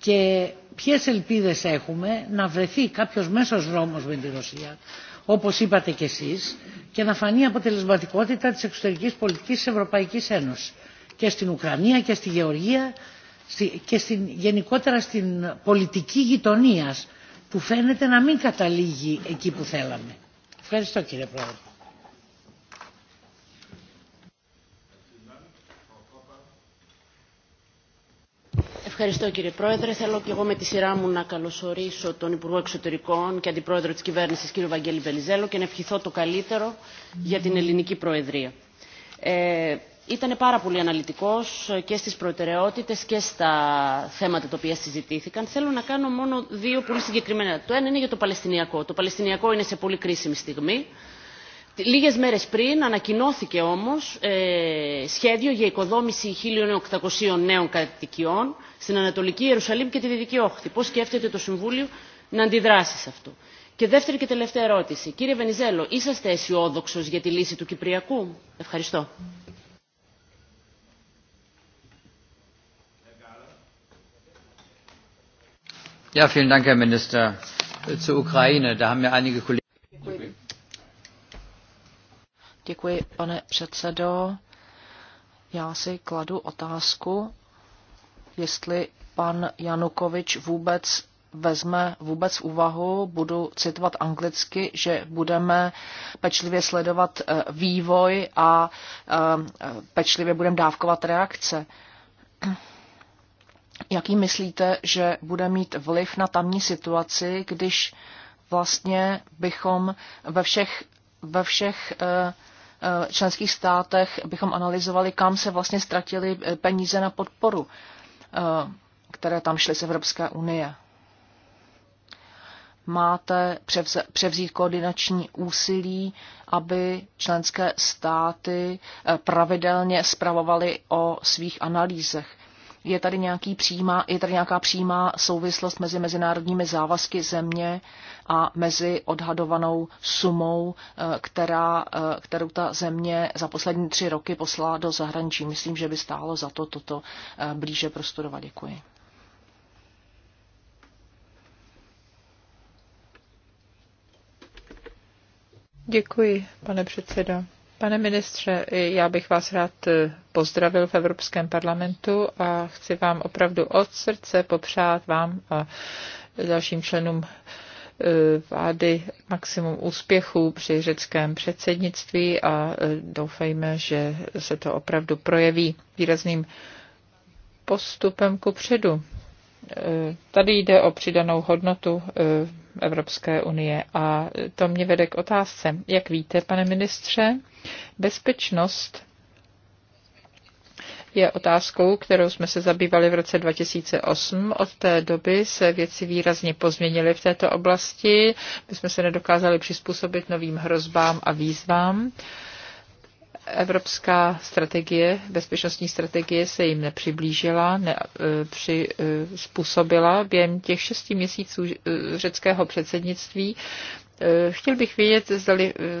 και ποιες ελπίδες έχουμε να βρεθεί κάποιος μέσος δρόμος με τη Ρωσία, όπως είπατε κι εσείς, και να φανεί αποτελεσματικότητα της εξωτερικής πολιτικής της Ευρωπαϊκής Ένωσης και στην Ουκρανία και στη Γεωργία και στην, γενικότερα στην πολιτική γειτονίας που φαίνεται να μην καταλήγει εκεί που θέλαμε. Ευχαριστώ κύριε Πρόεδρε. Ευχαριστώ κύριε Πρόεδρε. Θέλω και εγώ με τη σειρά μου να καλωσορίσω τον Υπουργό Εξωτερικών και Αντιπρόεδρο της Κυβέρνησης κύριο Βαγγέλη Βενιζέλο και να ευχηθώ το καλύτερο για την ελληνική Προεδρία. Ε, ήταν πάρα πολύ αναλυτικός και
στις προτεραιότητες και στα θέματα τα οποία συζητήθηκαν. Θέλω να κάνω μόνο δύο πολύ συγκεκριμένα. Το ένα είναι για το Παλαιστινιακό. Το Παλαιστινιακό είναι σε πολύ κρίσιμη στιγμή λίγες
μέρες πριν ανακοινώθηκε όμως ε, σχέδιο για οικοδόμηση 1.800 νέων κατοικιών στην Ανατολική Ιερουσαλήμ και τη Δυτική Όχθη. Πώς σκέφτεται το Συμβούλιο να αντιδράσει σε αυτό. Και δεύτερη και τελευταία ερώτηση. Κύριε Βενιζέλο, είσαστε αισιόδοξο
για τη λύση του Κυπριακού. Ευχαριστώ.
Ja, vielen Dank, Herr Minister. Zur Ukraine, da haben ja einige Kollegen
Děkuji, pane předsedo. Já si kladu otázku, jestli pan Janukovič vůbec vezme vůbec v úvahu, budu citovat anglicky, že budeme pečlivě sledovat eh, vývoj a eh, pečlivě budeme dávkovat reakce. Jaký myslíte, že bude mít vliv na tamní situaci, když vlastně bychom ve všech, ve všech uh, Eh, členských státech bychom analyzovali, kam se vlastně ztratily eh, peníze na podporu, eh, které tam šly z Evropské unie. Máte převzít koordinační úsilí, aby členské státy pravidelně zpravovaly o svých analýzech je tady, nějaký přímá, je tady nějaká přímá souvislost mezi mezinárodními závazky země a mezi odhadovanou sumou, eh, která, eh, kterou ta země za poslední tři roky poslala do zahraničí. Myslím, že by stálo za to toto eh, blíže prostudovat. Děkuji.
Děkuji, pane předsedo. Pane ministře, já bych vás rád e, pozdravil v Evropském parlamentu a chci vám opravdu od srdce popřát vám a dalším členům e, vlády maximum úspěchů při řeckém předsednictví a e, doufejme, že se to opravdu projeví výrazným postupem ku předu. Eh, tady jde o přidanou hodnotu eh, Evropské unie a to mě vede k otázce. Jak víte, pane ministře, bezpečnost je otázkou, kterou jsme se zabývali v roce 2008. Od té doby se věci výrazně pozměnily v této oblasti. My jsme se nedokázali přizpůsobit novým hrozbám a výzvám. Eh, Evropská strategie, bezpečnostní strategie se jim nepřiblížila, ne, e, při, způsobila během těch šesti měsíců e, řeckého předsednictví. E, chtěl bych vědět, zda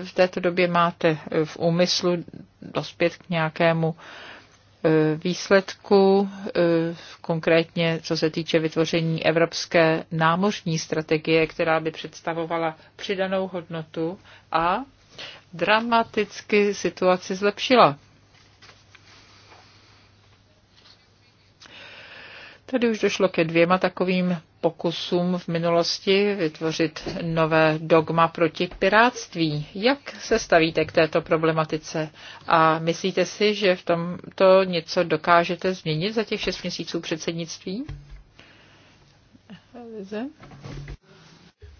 v této době máte v úmyslu dospět k nějakému výsledku, konkrétně co se týče vytvoření evropské námořní strategie, která by představovala přidanou hodnotu a dramaticky situaci zlepšila. Tady už došlo ke dvěma takovým pokusům v minulosti vytvořit nové dogma proti piráctví. Jak se stavíte k této problematice a myslíte si, že v tomto něco dokážete změnit za těch šest měsíců předsednictví?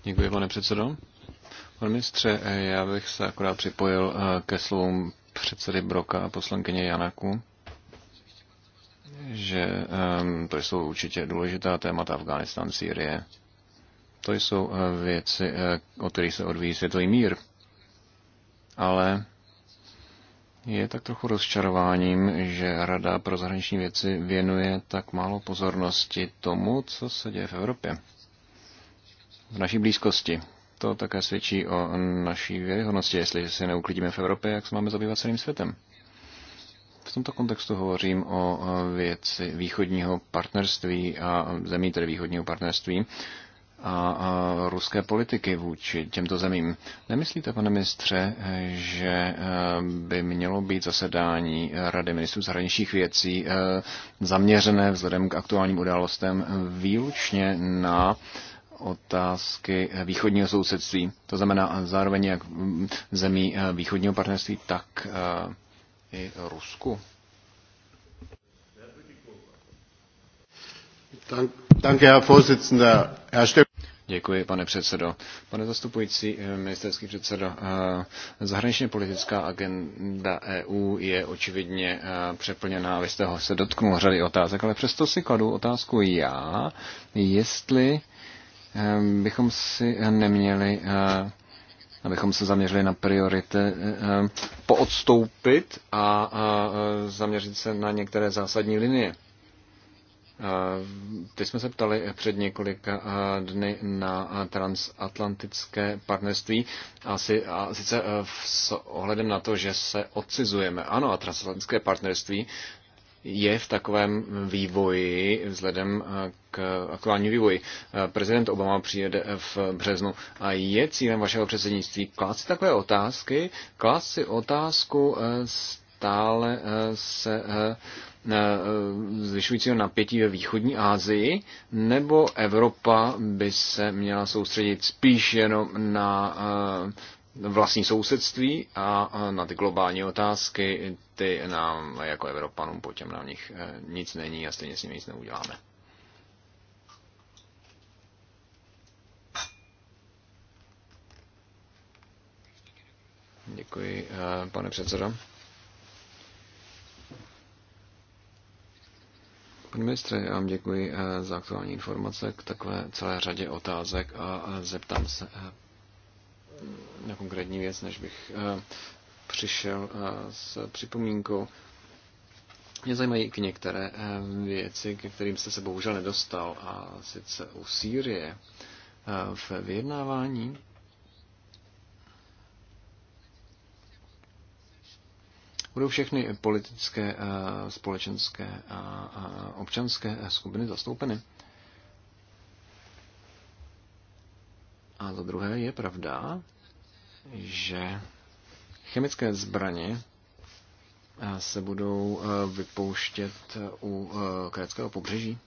Děkuji, pane předsedo. Pane ministře, eh, já bych se akorát připojil eh, ke slovům předsedy Broka a poslankyně Janaku, že ehm, to jsou určitě důležitá témata Afganistán, Sýrie. To jsou eh, věci, o kterých se odvíjí světový mír. Ale je tak trochu rozčarováním, že Rada pro zahraniční věci věnuje tak málo pozornosti tomu, co se děje v Evropě. V naší blízkosti to také svědčí o naší věryhodnosti, jestli se neuklidíme v Evropě, jak se máme zabývat celým světem. V tomto kontextu hovořím o věci východního partnerství a zemí tedy východního partnerství a, ruské politiky vůči těmto zemím. Nemyslíte, pane ministře, že e, by mělo být zasedání Rady ministrů zahraničních věcí e, zaměřené vzhledem k aktuálním událostem výlučně na otázky východního sousedství. To znamená zároveň jak zemí eh, východního partnerství, tak eh, i Rusku. Děkuji, pane předsedo. Pane zastupující eh, ministerský předsedo, zahraničně politická agenda EU je očividně přeplněná. Vy jste ho se dotknul řady otázek, ale přesto si kladu otázku já, jestli Ehm, bychom si eh, neměli, eh, abychom se zaměřili na priority, eh, ehm, poodstoupit a zaměřit se na některé zásadní linie. Ehm, Teď jsme se ptali před několika dny na transatlantické partnerství a, si, a sice s ohledem na to, že se odcizujeme. Ano, a transatlantické partnerství je v takovém vývoji vzhledem eh, k aktuálnímu vývoji. Eh, prezident Obama přijede eh, v březnu a je cílem vašeho předsednictví klást si takové otázky, klást si otázku stále se zvyšujícího napětí ve východní Asii, nebo Evropa by se měla soustředit spíš jenom na vlastní sousedství a na ty globální otázky, ty nám jako Evropanům potom na nich eh, nic není a stejně s nimi nic neuděláme. Děkuji, eh, pane předsedo. Pane ministře, já vám děkuji eh, za aktuální informace k takové celé řadě otázek a zeptám se na konkrétní věc, než bych eh, přišel eh, s připomínkou. Mě zajímají k některé eh, věci, ke kterým jste se bohužel nedostal, a sice u Sýrie v vyjednávání. Budou všechny politické, společenské a občanské skupiny zastoupeny? A za druhé je pravda, že chemické zbraně eh, se budou eh, vypouštět eh, u Kréckého pobřeží.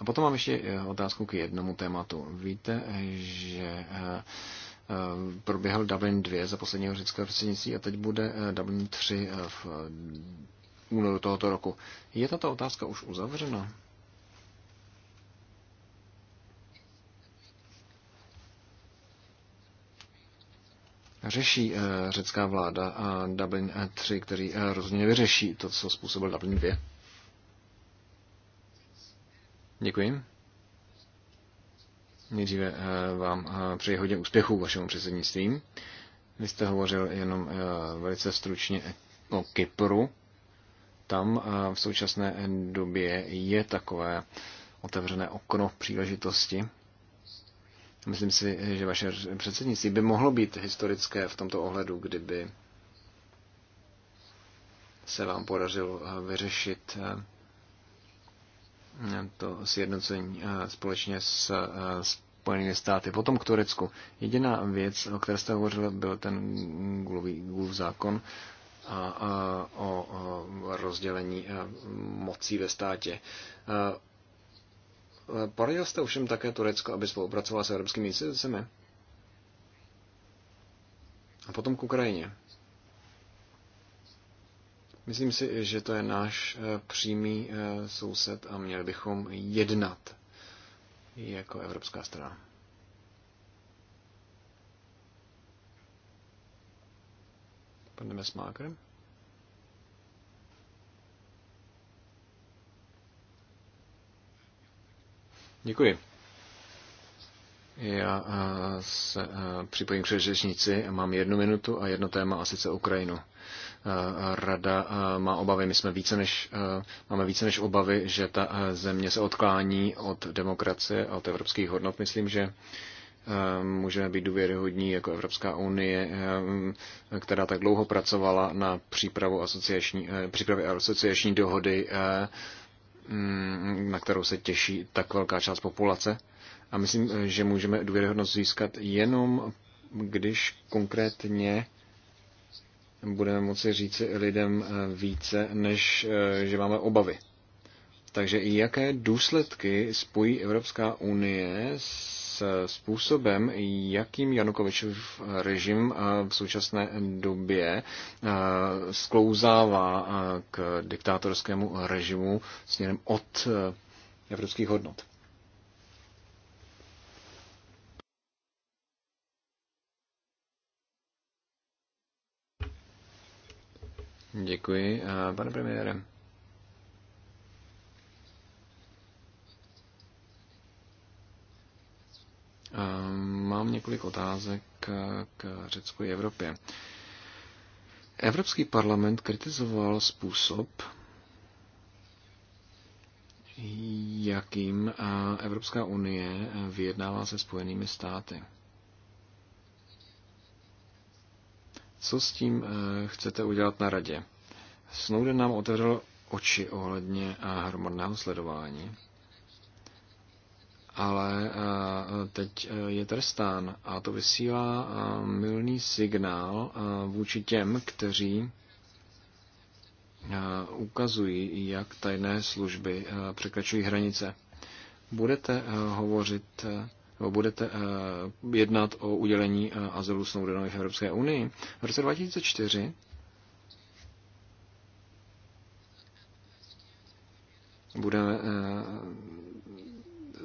A potom mám ještě otázku k jednomu tématu. Víte, že proběhl Dublin 2 za posledního řeckého předsednictví a teď bude Dublin 3 v únoru tohoto roku. Je tato otázka už uzavřena? řeší eh, řecká vláda a Dublin 3, který eh, rozhodně vyřeší to, co způsobil Dublin 2. Děkuji. Nejdříve eh, vám přeji hodně úspěchů vašemu předsednictví. Vy jste hovořil jenom velice stručně o Kypru. Tam v současné době je takové otevřené okno příležitosti Myslím si, že vaše předsednictví by mohlo být historické v tomto ohledu, kdyby se vám podařilo eh, vyřešit eh, to sjednocení eh, společně s Spojenými státy. Potom k Turecku. Jediná věc, o které jste hovořil, byl ten Gulův zákon a, a o, o rozdělení mocí ve státě. Poradil jste ovšem také Turecko, aby spolupracovalo s evropskými institucemi? A potom k Ukrajině. Myslím si, že to je náš eh, přímý eh, soused a měli bychom jednat jako evropská strana. Pane Mesmákrem? Děkuji. Já eh, se eh, připojím k řečnici. Mám jednu minutu a jedno téma, a sice Ukrajinu. Eh, Rada má obavy, my jsme více než, máme více než obavy, že ta země se odklání od demokracie a od evropských hodnot. Myslím, že můžeme být důvěryhodní jako Evropská unie, která tak dlouho pracovala na přípravu asociační, přípravě asociační dohody Mm, na kterou se těší tak velká část populace. A myslím, eh, že můžeme důvěryhodnost získat jenom, když konkrétně budeme moci říci lidem eh, více, než eh, že máme obavy. Takže i jaké důsledky spojí Evropská unie s způsobem, jakým Janukovičův režim eh, v současné době eh, sklouzává eh, k diktátorskému režimu směrem od evropských hodnot. Děkuji, pane premiére. Mám několik otázek k Řecku i Evropě. Evropský parlament kritizoval způsob, jakým Evropská unie vyjednává se Spojenými státy. Co s tím eh, chcete udělat na radě? Snowden nám otevřel oči ohledně eh, hromadného sledování ale eh, teď eh, je trestán a to vysílá eh, milný signál vůči těm, kteří ukazují, jak tajné služby překračují hranice. Budete hovořit nebo budete jednat o udělení azylu Snowdenovi v Evropské unii. V roce 2004 budeme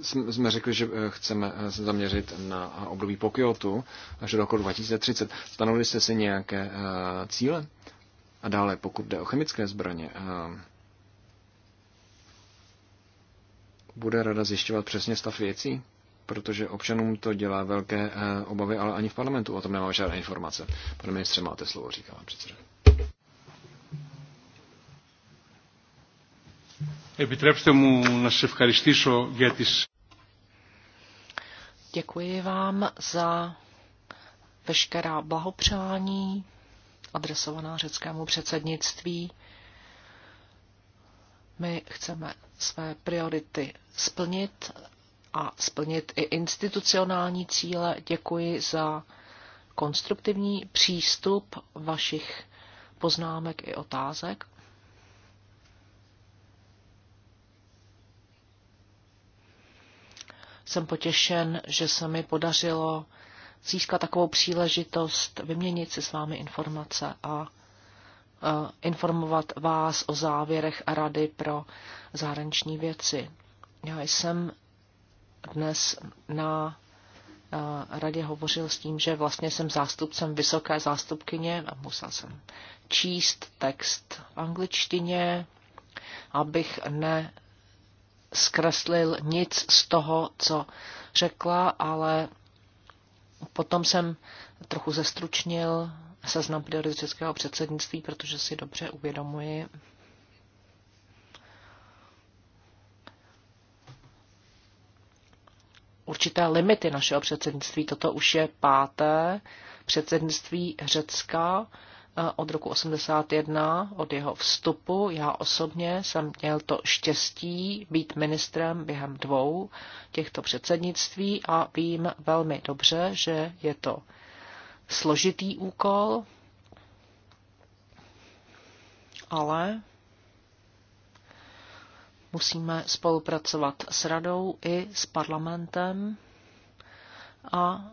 jsme řekli, že eh, chceme eh, se zaměřit na eh, období po Kyoto až do roku 2030. Stanovili jste si nějaké cíle? A dále, pokud jde o chemické zbraně, bude rada zjišťovat přesně stav věcí? Protože občanům to dělá velké obavy, ale ani v parlamentu o tom nemá žádné informace. Pane ministře, máte slovo, říká vám
předseda. Επιτρέψτε μου να σας ευχαριστήσω για τις...
Děkuji vám za veškerá blahopřání adresovaná řeckému předsednictví. My chceme své priority splnit a splnit i institucionální cíle. Děkuji za konstruktivní přístup vašich poznámek i otázek. jsem potěšen, že se mi podařilo získat takovou příležitost vyměnit si s vámi informace a informovat vás o závěrech a rady pro zahraniční věci. Já jsem dnes na radě hovořil s tím, že vlastně jsem zástupcem vysoké zástupkyně a musel jsem číst text v angličtině, abych ne zkreslil nic z toho, co řekla, ale potom jsem trochu zestručnil seznam priorit českého předsednictví, protože si dobře uvědomuji, určité limity našeho předsednictví. Toto už je páté předsednictví Řecka Eh, od roku 81, od jeho vstupu. Já osobně jsem měl to štěstí být ministrem během dvou těchto předsednictví a vím velmi dobře, že je to složitý úkol, ale musíme spolupracovat s radou i s parlamentem a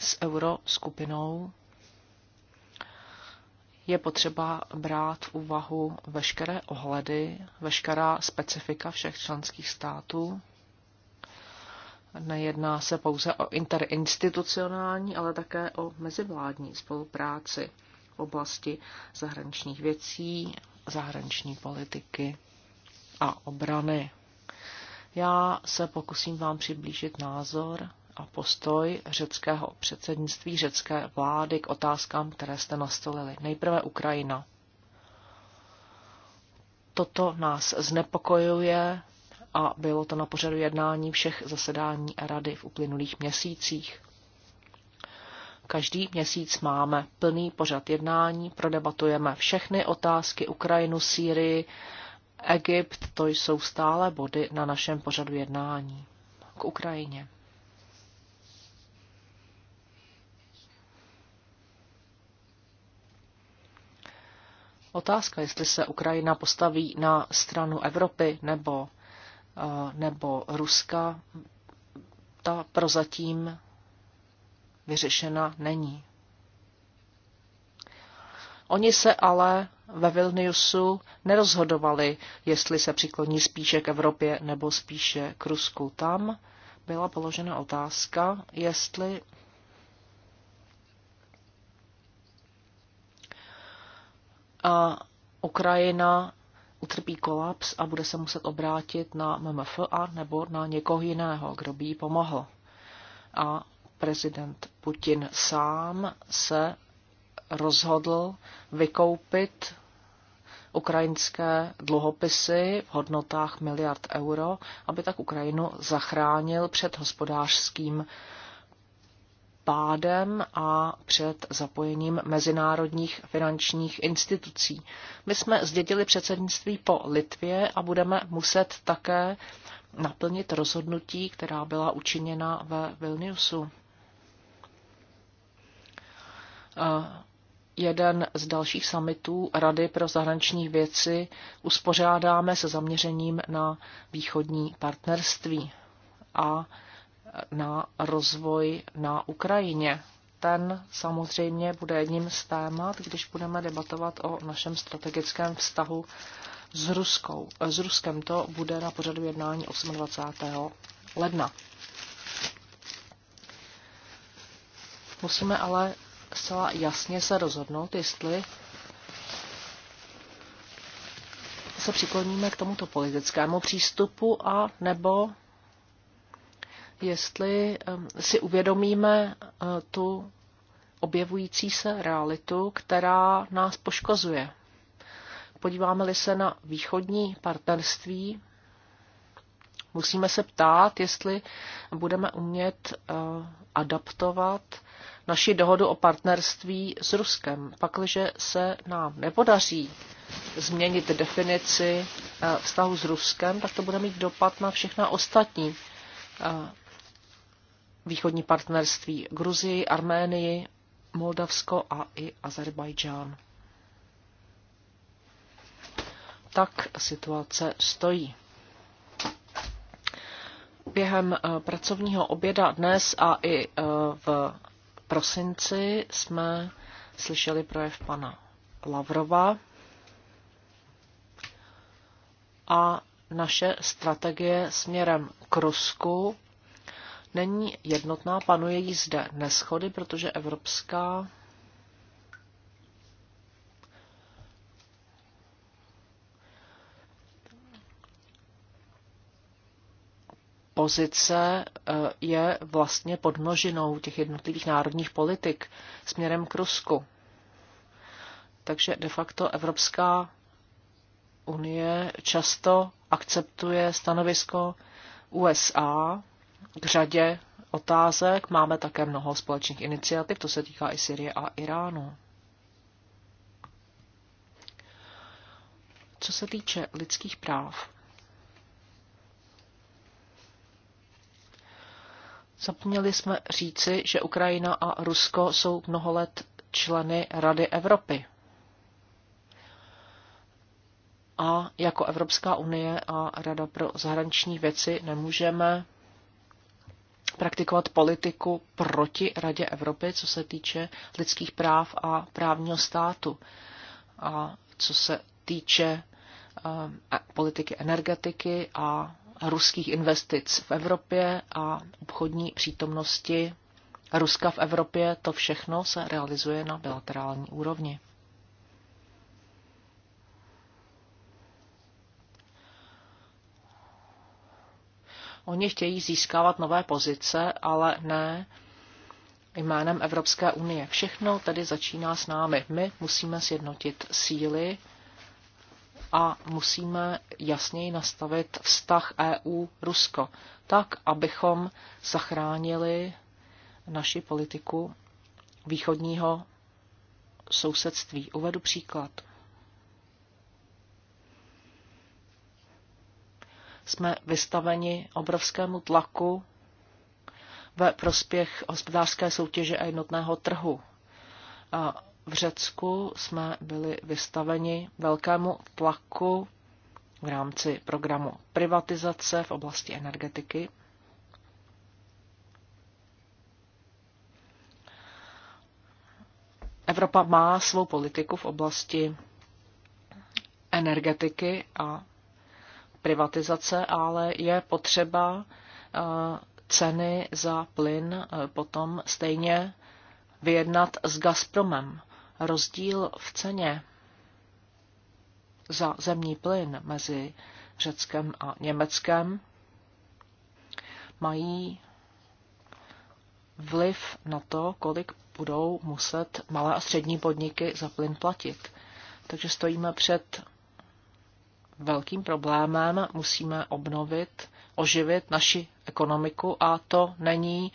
s euroskupinou je potřeba brát v úvahu veškeré ohledy, veškerá specifika všech členských států. Nejedná se pouze o interinstitucionální, ale také o mezivládní spolupráci v oblasti zahraničních věcí, zahraniční politiky a obrany. Já se pokusím vám přiblížit názor a postoj řeckého předsednictví, řecké vlády k otázkám, které jste nastolili. Nejprve Ukrajina. Toto nás znepokojuje a bylo to na pořadu jednání všech zasedání rady v uplynulých měsících. Každý měsíc máme plný pořad jednání, prodebatujeme všechny otázky Ukrajinu, Sýrii, Egypt, to jsou stále body na našem pořadu jednání. K Ukrajině. Otázka, jestli se Ukrajina postaví na stranu Evropy nebo, eh, nebo Ruska, ta prozatím vyřešena není. Oni se ale ve Vilniusu nerozhodovali, jestli se přikloní spíše k Evropě nebo spíše k Rusku. Tam byla položena otázka, jestli a Ukrajina utrpí kolaps a bude se muset obrátit na MMF a nebo na někoho jiného, kdo by jí pomohl. A prezident Putin sám se rozhodl vykoupit ukrajinské dluhopisy v hodnotách miliard euro, aby tak Ukrajinu zachránil před hospodářským pádem a před zapojením mezinárodních finančních institucí. My jsme zdědili předsednictví po Litvě a budeme muset také naplnit rozhodnutí, která byla učiněna ve Vilniusu. Jeden z dalších summitů Rady pro zahraniční věci uspořádáme se zaměřením na východní partnerství a na rozvoj na Ukrajině. Ten samozřejmě bude jedním z témat, když budeme debatovat o našem strategickém vztahu s, Ruskou. Eh, s Ruskem. To bude na pořadu jednání 28. ledna. Musíme ale zcela jasně se rozhodnout, jestli se přikloníme k tomuto politickému přístupu a nebo jestli si uvědomíme eh, tu objevující se realitu, která nás poškozuje. Podíváme-li se na východní partnerství, musíme se ptát, jestli budeme umět eh, adaptovat naši dohodu o partnerství s Ruskem. Pakliže se nám nepodaří změnit definici eh, vztahu s Ruskem, tak to bude mít dopad na všechna ostatní východní partnerství Gruzii, Arménii, Moldavsko a i Azerbajdžán. Tak situace stojí. Během eh, pracovního oběda dnes a i eh, v prosinci jsme slyšeli projev pana Lavrova a naše strategie směrem k Rusku není jednotná, panuje jí zde neschody, protože Evropská pozice eh, je vlastně podmnožinou těch jednotlivých národních politik směrem k Rusku. Takže de facto Evropská unie často akceptuje stanovisko USA, k řadě otázek. Máme také mnoho společných iniciativ, to se týká i Syrie a Iránu. Co se týče lidských práv, zapomněli jsme říci, že Ukrajina a Rusko jsou mnoho let členy Rady Evropy. A jako Evropská unie a Rada pro zahraniční věci nemůžeme praktikovat politiku proti Radě Evropy, co se týče lidských práv a právního státu. A co se týče eh, politiky energetiky a ruských investic v Evropě a obchodní přítomnosti Ruska v Evropě, to všechno se realizuje na bilaterální úrovni. Oni chtějí získávat nové pozice, ale ne jménem Evropské unie. Všechno tedy začíná s námi. My musíme sjednotit síly a musíme jasněji nastavit vztah EU-Rusko, tak, abychom zachránili naši politiku východního sousedství. Uvedu příklad. jsme vystaveni obrovskému tlaku ve prospěch hospodářské soutěže a jednotného trhu. A v Řecku jsme byli vystaveni velkému tlaku v rámci programu privatizace v oblasti energetiky. Evropa má svou politiku v oblasti energetiky a privatizace, ale je potřeba eh, ceny za plyn eh, potom stejně vyjednat s Gazpromem. Rozdíl v ceně za zemní plyn mezi Řeckem a Německem mají vliv na to, kolik budou muset malé a střední podniky za plyn platit. Takže stojíme před velkým problémem. Musíme obnovit, oživit naši ekonomiku a to není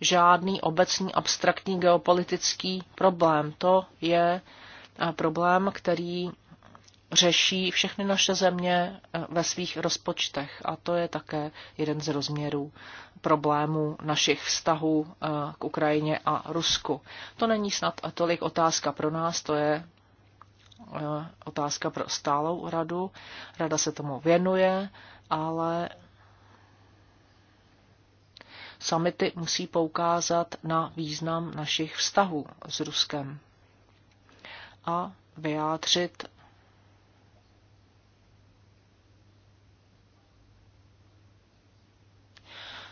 žádný obecný abstraktní geopolitický problém. To je eh, problém, který řeší všechny naše země eh, ve svých rozpočtech a to je také jeden z rozměrů problémů našich vztahů eh, k Ukrajině a Rusku. To není snad tolik otázka pro nás, to je Eh, otázka pro stálou radu. Rada se tomu věnuje, ale samity musí poukázat na význam našich vztahů s Ruskem a vyjádřit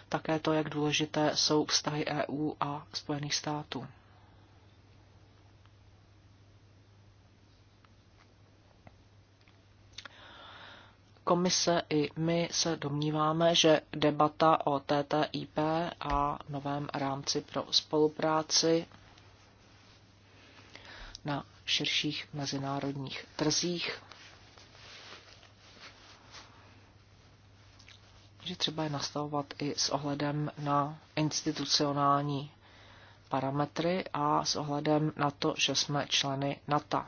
také to, jak důležité jsou vztahy EU a Spojených států. Komise i my se domníváme, že debata o TTIP a novém rámci pro spolupráci na širších mezinárodních trzích, že třeba je nastavovat i s ohledem na institucionální parametry a s ohledem na to, že jsme členy NATO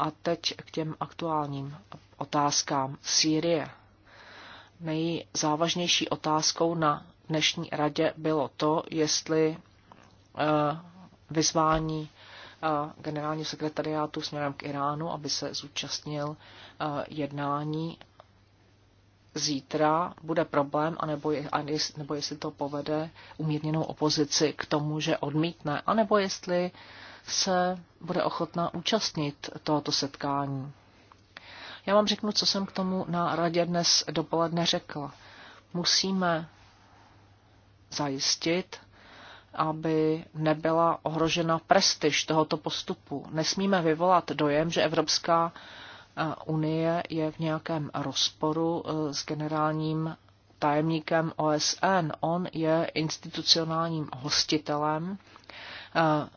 a teď k těm aktuálním otázkám. Sýrie. Nejzávažnější otázkou na dnešní radě bylo to, jestli eh, vyzvání eh, generálního sekretariátu směrem k Iránu, aby se zúčastnil eh, jednání zítra bude problém, anebo, je, nebo jestli to povede umírněnou opozici k tomu, že odmítne, anebo jestli uh, se bude ochotná účastnit tohoto setkání. Já vám řeknu, co jsem k tomu na radě dnes dopoledne řekla. Musíme zajistit, aby nebyla ohrožena prestiž tohoto postupu. Nesmíme vyvolat dojem, že Evropská eh, unie je v nějakém rozporu eh, s generálním tajemníkem OSN. On je institucionálním hostitelem eh,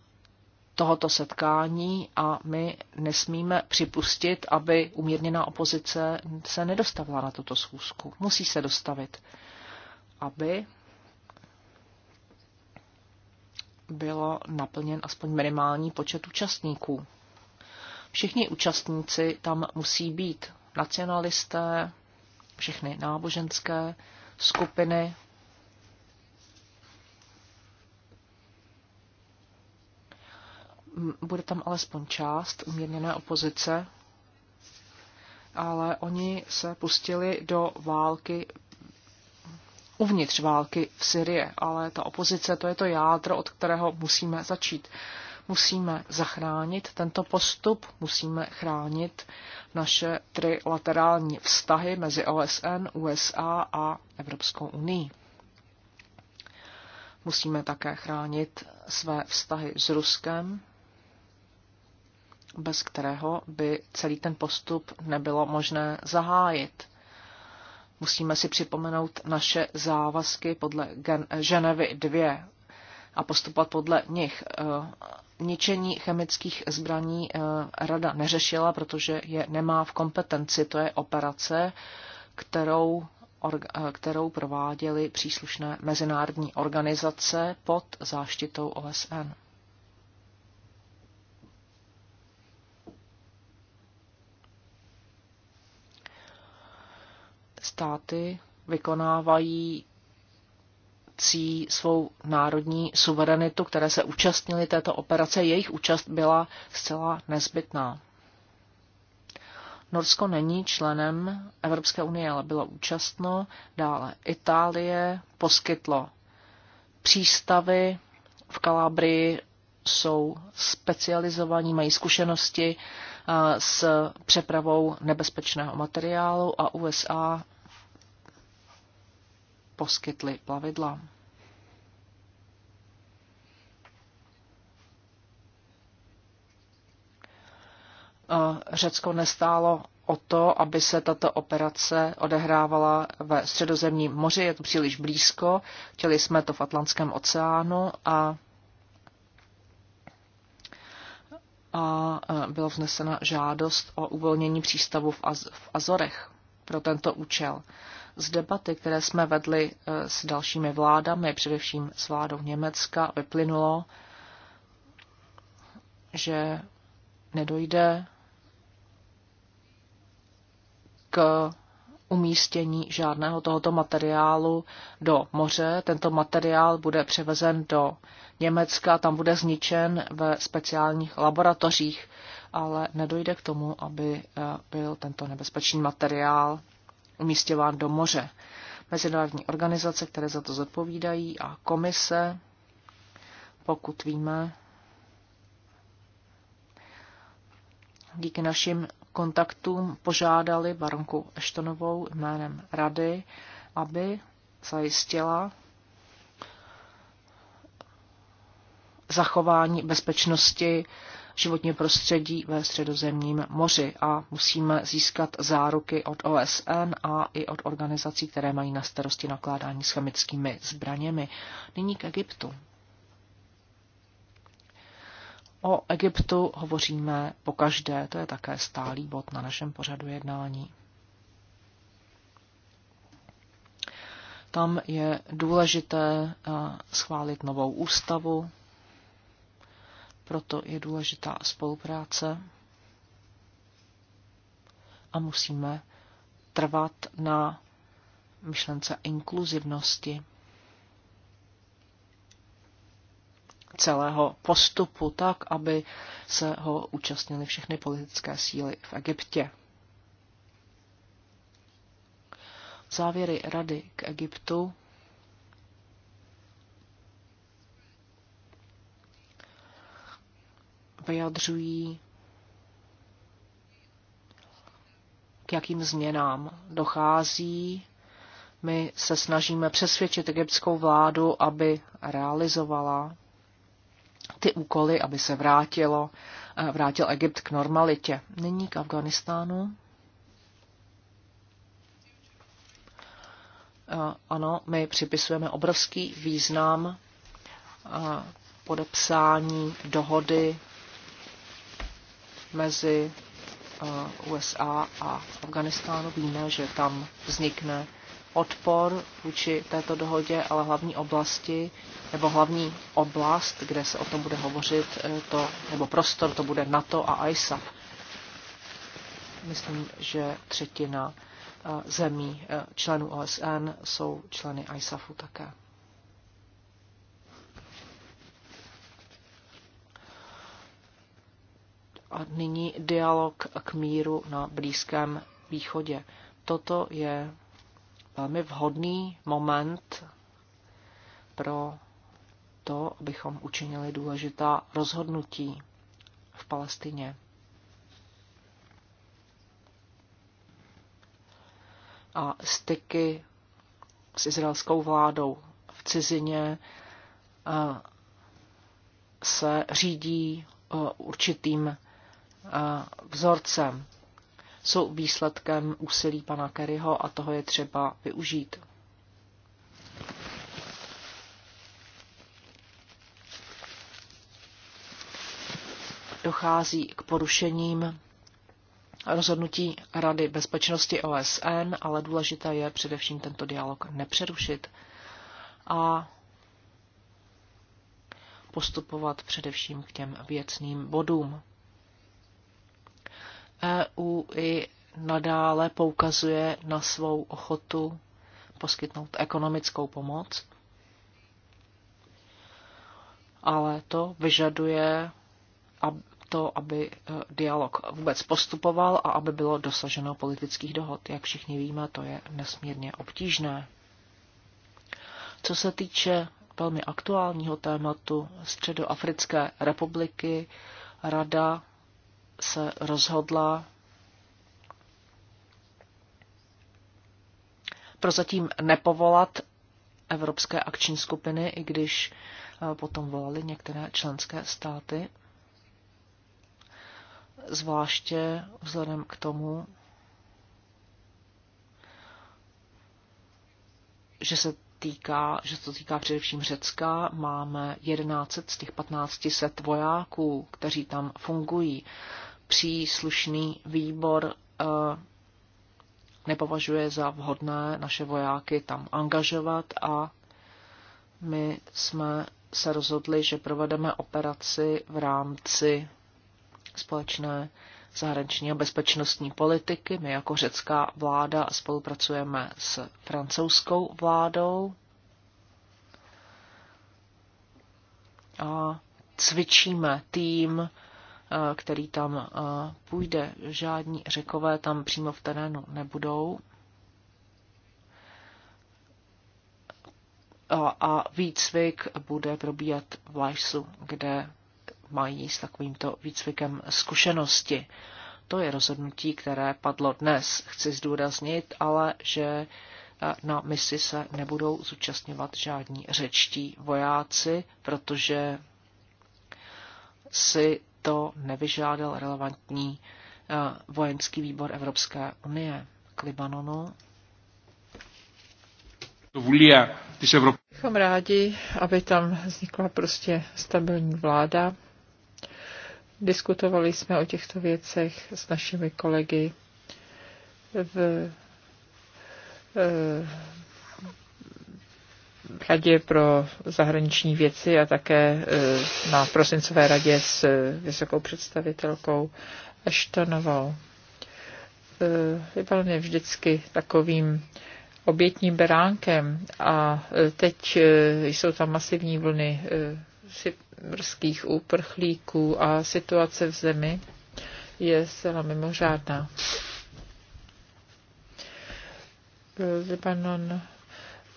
tohoto setkání a my nesmíme připustit, aby umírněná opozice se nedostavila na tuto schůzku. Musí se dostavit, aby bylo naplněn aspoň minimální počet účastníků. Všichni účastníci tam musí být nacionalisté, všechny náboženské skupiny, bude tam alespoň část umírněné opozice, ale oni se pustili do války uvnitř války v Syrii, ale ta opozice to je to jádro, od kterého musíme začít. Musíme zachránit tento postup, musíme chránit naše trilaterální vztahy mezi OSN, USA a Evropskou unii. Musíme také chránit své vztahy s Ruskem, bez kterého by celý ten postup nebylo možné zahájit. Musíme si připomenout naše závazky podle Ženevy 2 a postupovat podle nich. Eh, ničení chemických zbraní eh, rada neřešila, protože je nemá v kompetenci. To je operace, kterou, eh, kterou prováděly příslušné mezinárodní organizace pod záštitou OSN. státy vykonávají cí svou národní suverenitu, které se účastnili této operace, jejich účast byla zcela nezbytná. Norsko není členem Evropské unie, ale bylo účastno. Dále Itálie poskytlo přístavy v Kalábrii, jsou specializovaní, mají zkušenosti eh, s přepravou nebezpečného materiálu a USA poskytli plavidla. Řecko nestálo o to, aby se tato operace odehrávala ve středozemním moři. Je to příliš blízko, chtěli jsme to v Atlantském oceánu a, a byla vznesena žádost o uvolnění přístavu v, Az- v Azorech pro tento účel z debaty, které jsme vedli eh, s dalšími vládami, především s vládou Německa, vyplynulo, že nedojde k umístění žádného tohoto materiálu do moře. Tento materiál bude převezen do Německa, tam bude zničen ve speciálních laboratořích, ale nedojde k tomu, aby eh, byl tento nebezpečný materiál umístěván do moře. Mezinárodní organizace, které za to zodpovídají, a komise, pokud víme, díky našim kontaktům požádali baronku Eštonovou jménem rady, aby zajistila zachování bezpečnosti životní prostředí ve středozemním moři a musíme získat záruky od OSN a i od organizací, které mají na starosti nakládání s chemickými zbraněmi. Nyní k Egyptu. O Egyptu hovoříme po každé, to je také stálý bod na našem pořadu jednání. Tam je důležité eh, schválit novou ústavu, proto je důležitá spolupráce a musíme trvat na myšlence inkluzivnosti celého postupu tak, aby se ho účastnily všechny politické síly v Egyptě. Závěry rady k Egyptu vyjadřují, k jakým změnám dochází. My se snažíme přesvědčit egyptskou vládu, aby realizovala ty úkoly, aby se vrátilo, eh, vrátil Egypt k normalitě. Nyní k Afganistánu. Eh, ano, my připisujeme obrovský význam eh, podepsání dohody mezi eh, USA a Afganistánu. Víme, že tam vznikne odpor vůči této dohodě, ale hlavní oblasti, nebo hlavní oblast, kde se o tom bude hovořit, eh, to, nebo prostor, to bude NATO a ISAF. Myslím, že třetina eh, zemí členů OSN jsou členy ISAFu také. a nyní dialog k míru na Blízkém východě. Toto je velmi vhodný moment pro to, abychom učinili důležitá rozhodnutí v Palestině. A styky s izraelskou vládou v cizině eh, se řídí eh, určitým vzorcem. Jsou výsledkem úsilí pana Kerryho a toho je třeba využít. Dochází k porušením rozhodnutí Rady bezpečnosti OSN, ale důležité je především tento dialog nepřerušit a postupovat především k těm věcným bodům. EU i nadále poukazuje na svou ochotu poskytnout ekonomickou pomoc, ale to vyžaduje to, aby e, dialog vůbec postupoval a aby bylo dosaženo politických dohod. Jak všichni víme, to je nesmírně obtížné. Co se týče velmi aktuálního tématu Středoafrické republiky, Rada se rozhodla prozatím nepovolat Evropské akční skupiny, i když eh, potom volali některé členské státy, zvláště vzhledem k tomu, že se týká, že se to týká především Řecka. Máme 11 z těch 1500 vojáků, kteří tam fungují. Příslušný výbor eh, nepovažuje za vhodné naše vojáky tam angažovat a my jsme se rozhodli, že provedeme operaci v rámci společné zahraniční a bezpečnostní politiky. My jako řecká vláda spolupracujeme s francouzskou vládou a cvičíme tým, eh, který tam eh, půjde. Žádní řekové tam přímo v terénu nebudou. A výcvik bude probíhat v Lajsu, kde mají s takovýmto výcvikem zkušenosti. To je rozhodnutí, které padlo dnes. Chci zdůraznit, ale že eh, na misi se nebudou zúčastňovat žádní řečtí vojáci, protože si to nevyžádal relevantní eh, vojenský výbor Evropské unie k Libanonu. Bychom rádi,
aby tam vznikla prostě stabilní vláda, Diskutovali jsme o těchto věcech s našimi kolegy v eh, radě pro zahraniční věci a také eh, na prosincové radě s eh, vysokou představitelkou Eštonovou. Libanon je vždycky takovým obětním beránkem a teď jsou tam masivní vlny brzkých úprchlíků a situace v zemi je zcela mimořádná. Libanon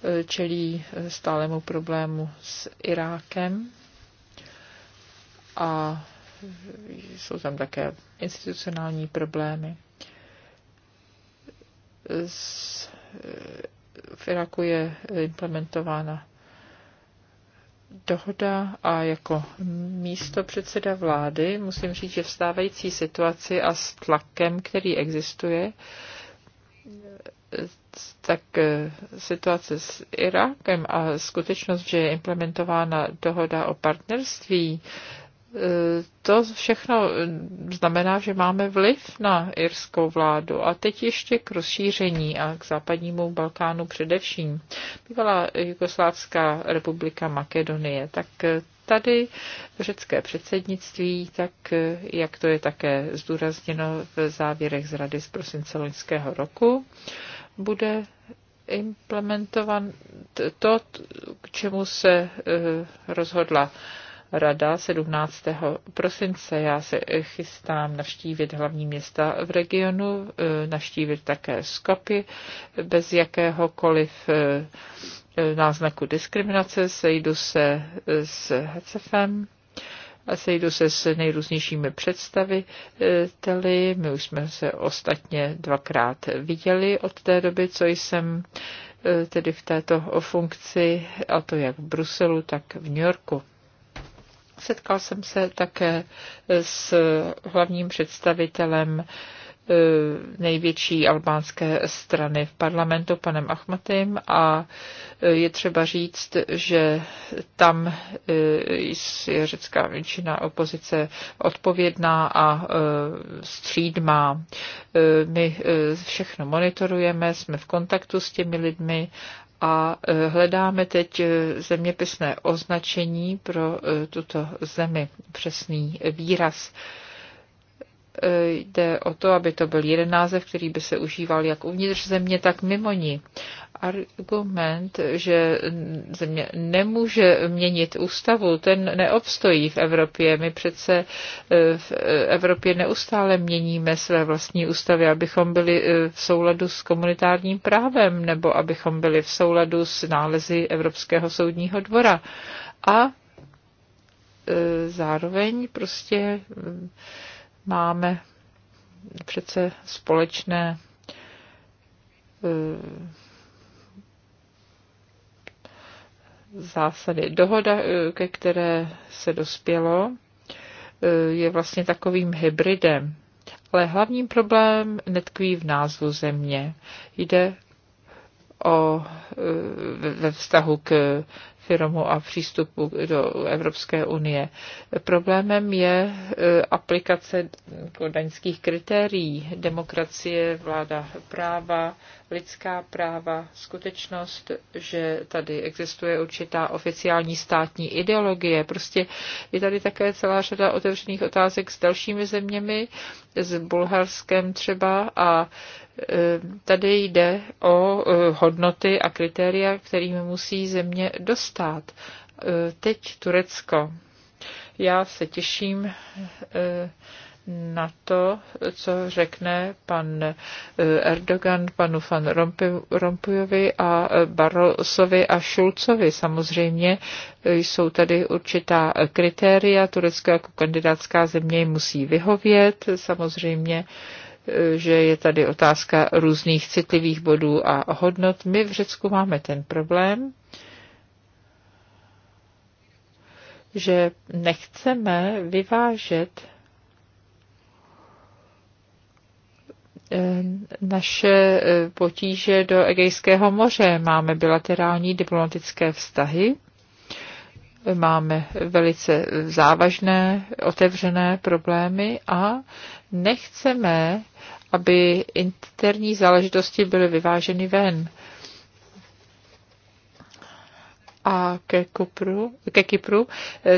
eh, čelí eh, stálemu problému s Irákem a jsou tam také institucionální problémy. Eh, v Iraku je implementována dohoda a jako místo předseda vlády musím říct, že v stávající situaci a s tlakem, který existuje, tak eh, situace s Irákem a skutečnost, že je implementována dohoda o partnerství, to všechno znamená, že máme vliv na irskou vládu. A teď ještě k rozšíření a k západnímu Balkánu především. Bývalá Jugoslávská republika Makedonie, tak tady řecké předsednictví, tak jak to je také zdůrazněno v závěrech z Rady z prosince loňského roku, bude implementovan to, k čemu se eh, rozhodla rada 17. prosince. Já se chystám navštívit hlavní města v regionu, eh, navštívit také Skopy bez jakéhokoliv eh, náznaku diskriminace. Sejdu se eh, s HCFem a sejdu se s nejrůznějšími představiteli. My už jsme se ostatně dvakrát viděli od té doby, co jsem tedy v této funkci, a to jak v Bruselu, tak v New Yorku. Setkal jsem se také s hlavním představitelem eh, největší albánské strany v parlamentu, panem Ahmatim, a eh, je třeba říct, že tam eh, je řecká většina opozice odpovědná a střídmá. My všechno monitorujeme, jsme v kontaktu s těmi lidmi a e, hledáme teď e, zeměpisné označení pro e, tuto zemi, přesný výraz. E, jde o to, aby to byl jeden název, který by se užíval jak uvnitř země, tak mimo ní. Argument, že země nemůže měnit ústavu, ten neobstojí v Evropě. My přece e, v Evropě neustále měníme své vlastní ústavy, abychom byli e, v souladu s komunitárním právem nebo abychom byli v souladu s nálezy Evropského soudního dvora. A zároveň prostě Máme přece společné eh, zásady. Dohoda, eh, ke které se dospělo, eh, je vlastně takovým hybridem. Ale hlavní problém netkví v názvu země. Jde o, ve vztahu k firmu a přístupu do Evropské unie. Problémem je e, aplikace daňských kritérií, demokracie, vláda práva, lidská práva, skutečnost, že tady existuje určitá oficiální státní ideologie. Prostě je tady také celá řada otevřených otázek s dalšími zeměmi, s Bulharskem třeba a Tady jde o e, hodnoty a kritéria, kterými musí země dostat. E, teď Turecko. Já se těším e, na to, co řekne pan Erdogan, panu Van Rompuyovi a Barrosovi a Šulcovi. Samozřejmě jsou tady určitá kritéria. Turecko jako kandidátská země musí vyhovět. Samozřejmě že je tady otázka různých citlivých bodů a hodnot. My v Řecku máme ten problém, že nechceme vyvážet eh, naše eh, potíže do Egejského moře. Máme bilaterální diplomatické vztahy máme velice závažné, otevřené problémy a nechceme, aby interní záležitosti byly vyváženy ven. A ke, Kupru, ke Kypru,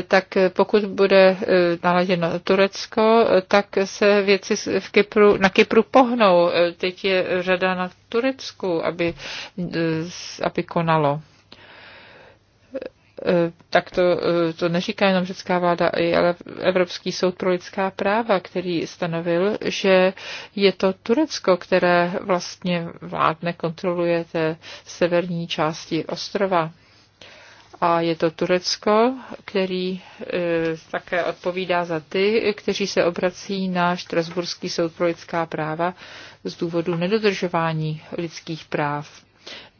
tak pokud bude e, naladěno Turecko, tak se věci v Kypru, na Kypru pohnou. E, teď je řada na Turecku, aby, e, aby konalo. E, tak to, e, to neříká jenom řecká vláda, ale Evropský soud pro lidská práva, který stanovil, že je to Turecko, které vlastně vládne, kontroluje té severní části ostrova. A je to Turecko, který e, také odpovídá za ty, kteří se obrací na Štrasburský soud pro lidská práva z důvodu nedodržování lidských práv.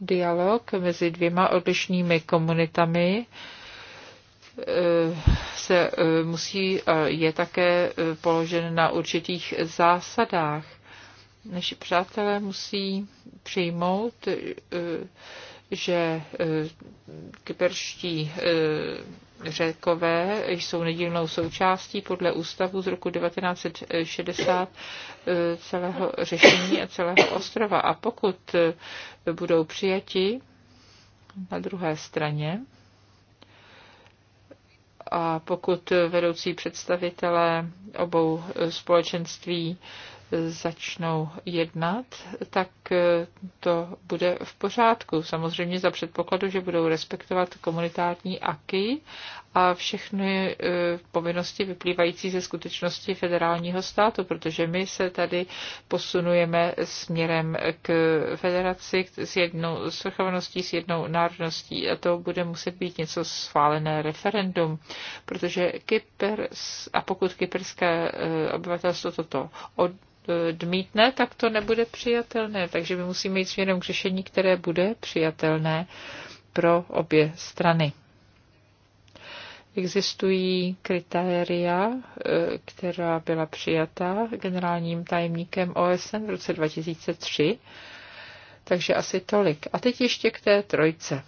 Dialog mezi dvěma odlišnými komunitami eh, se eh, musí, eh, je také položen na určitých zásadách. Naši přátelé musí přijmout, že kyperští Řekové jsou nedílnou součástí podle ústavu z roku 1960 eh, celého řešení a celého ostrova. A pokud eh, budou přijati na druhé straně, a pokud vedoucí představitelé obou eh, společenství začnou jednat, tak e, to bude v pořádku. Samozřejmě za předpokladu, že budou respektovat komunitární aky a všechny e, povinnosti vyplývající ze skutečnosti federálního státu, protože my se tady posunujeme směrem k federaci s jednou svrchovaností, s jednou národností a to bude muset být něco schválené referendum, protože Kypr, a pokud kyperské e, obyvatelstvo toto od E, dmítne, tak to nebude přijatelné. Takže my musíme jít směrem k řešení, které bude přijatelné pro obě strany. Existují kritéria, e, která byla přijata generálním tajemníkem OSN v roce 2003, takže asi tolik. A teď ještě k té trojce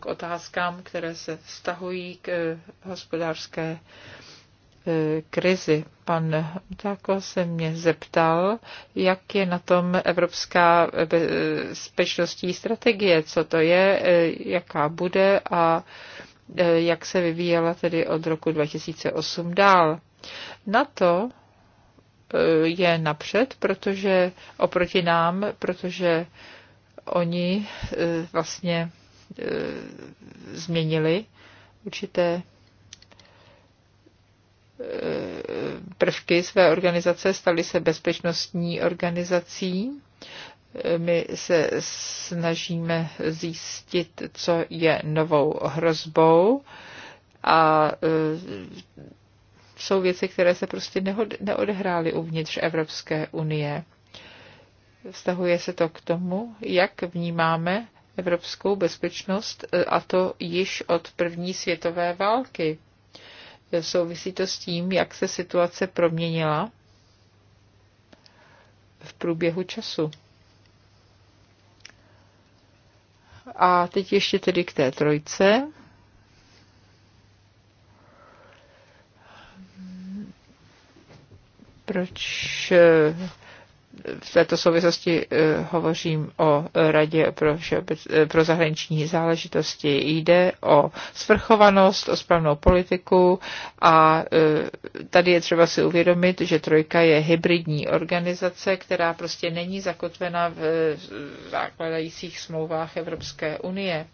k otázkám, které se vztahují k e, hospodářské E, krizi. Pan Tako se mě zeptal, jak je na tom evropská bezpečnostní strategie, co to je, e, jaká bude a e, jak se vyvíjela tedy od roku 2008 dál. Na to je napřed, protože oproti nám, protože oni vlastně změnili určité prvky své organizace, staly se bezpečnostní organizací. My se snažíme zjistit, co je novou hrozbou a e, jsou věci, které se prostě neodehrály uvnitř Evropské unie. Vztahuje se to k tomu, jak vnímáme evropskou bezpečnost, e, a to již od první světové války. Souvisí to s tím, jak se situace proměnila v průběhu času. A teď ještě tedy k té trojce. Proč eh, v této souvislosti eh, hovořím o Radě pro, pro zahraniční záležitosti. Jde o svrchovanost, o správnou politiku a eh, tady je třeba si uvědomit, že Trojka je hybridní organizace, která prostě není zakotvena v základajících smlouvách Evropské unie.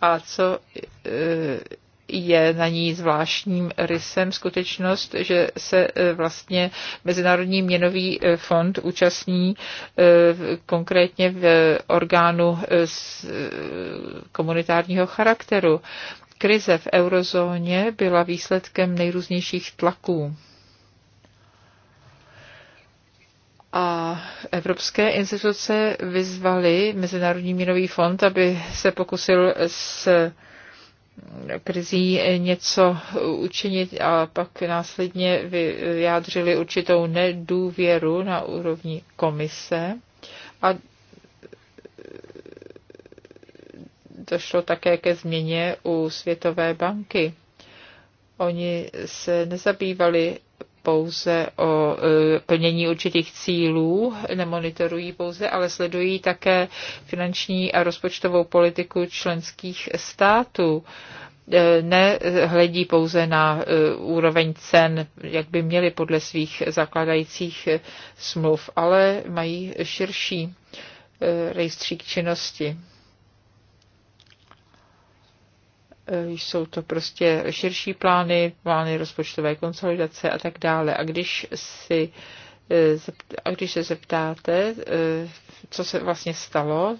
A co eh, je na ní zvláštním rysem skutečnost, že se e, vlastně Mezinárodní měnový e, fond účastní e, konkrétně v orgánu komunitárního charakteru. Krize v eurozóně byla výsledkem nejrůznějších tlaků. a evropské instituce vyzvaly Mezinárodní měnový fond, aby se pokusil s krizí něco učinit a pak následně vyjádřili určitou nedůvěru na úrovni komise a došlo také ke změně u Světové banky. Oni se nezabývali pouze o e, plnění určitých cílů, nemonitorují pouze, ale sledují také finanční a rozpočtovou politiku členských států e, nehledí pouze na e, úroveň cen, jak by měli podle svých zakladajících smluv, ale mají širší rejstřík činnosti. Eh, jsou to prostě širší plány, plány rozpočtové konsolidace a tak dále. A když si eh, a když se zeptáte, eh, co se vlastně stalo,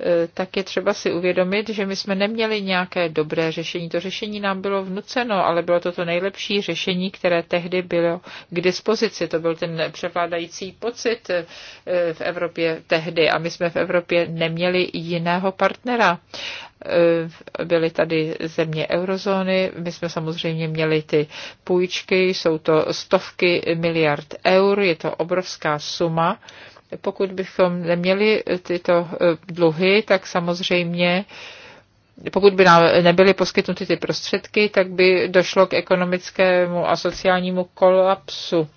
E, tak je třeba si uvědomit, že my jsme neměli nějaké dobré řešení. To řešení nám bylo vnuceno, ale bylo to to nejlepší řešení, které tehdy bylo k dispozici. To byl ten převládající pocit e, v Evropě tehdy a my jsme v Evropě neměli jiného partnera e, byly tady země eurozóny. My jsme samozřejmě měli ty půjčky, jsou to stovky miliard eur, je to obrovská suma pokud bychom neměli eh, tyto eh, dluhy, tak samozřejmě pokud by nám nebyly poskytnuty ty prostředky, tak by došlo k ekonomickému a sociálnímu kolapsu.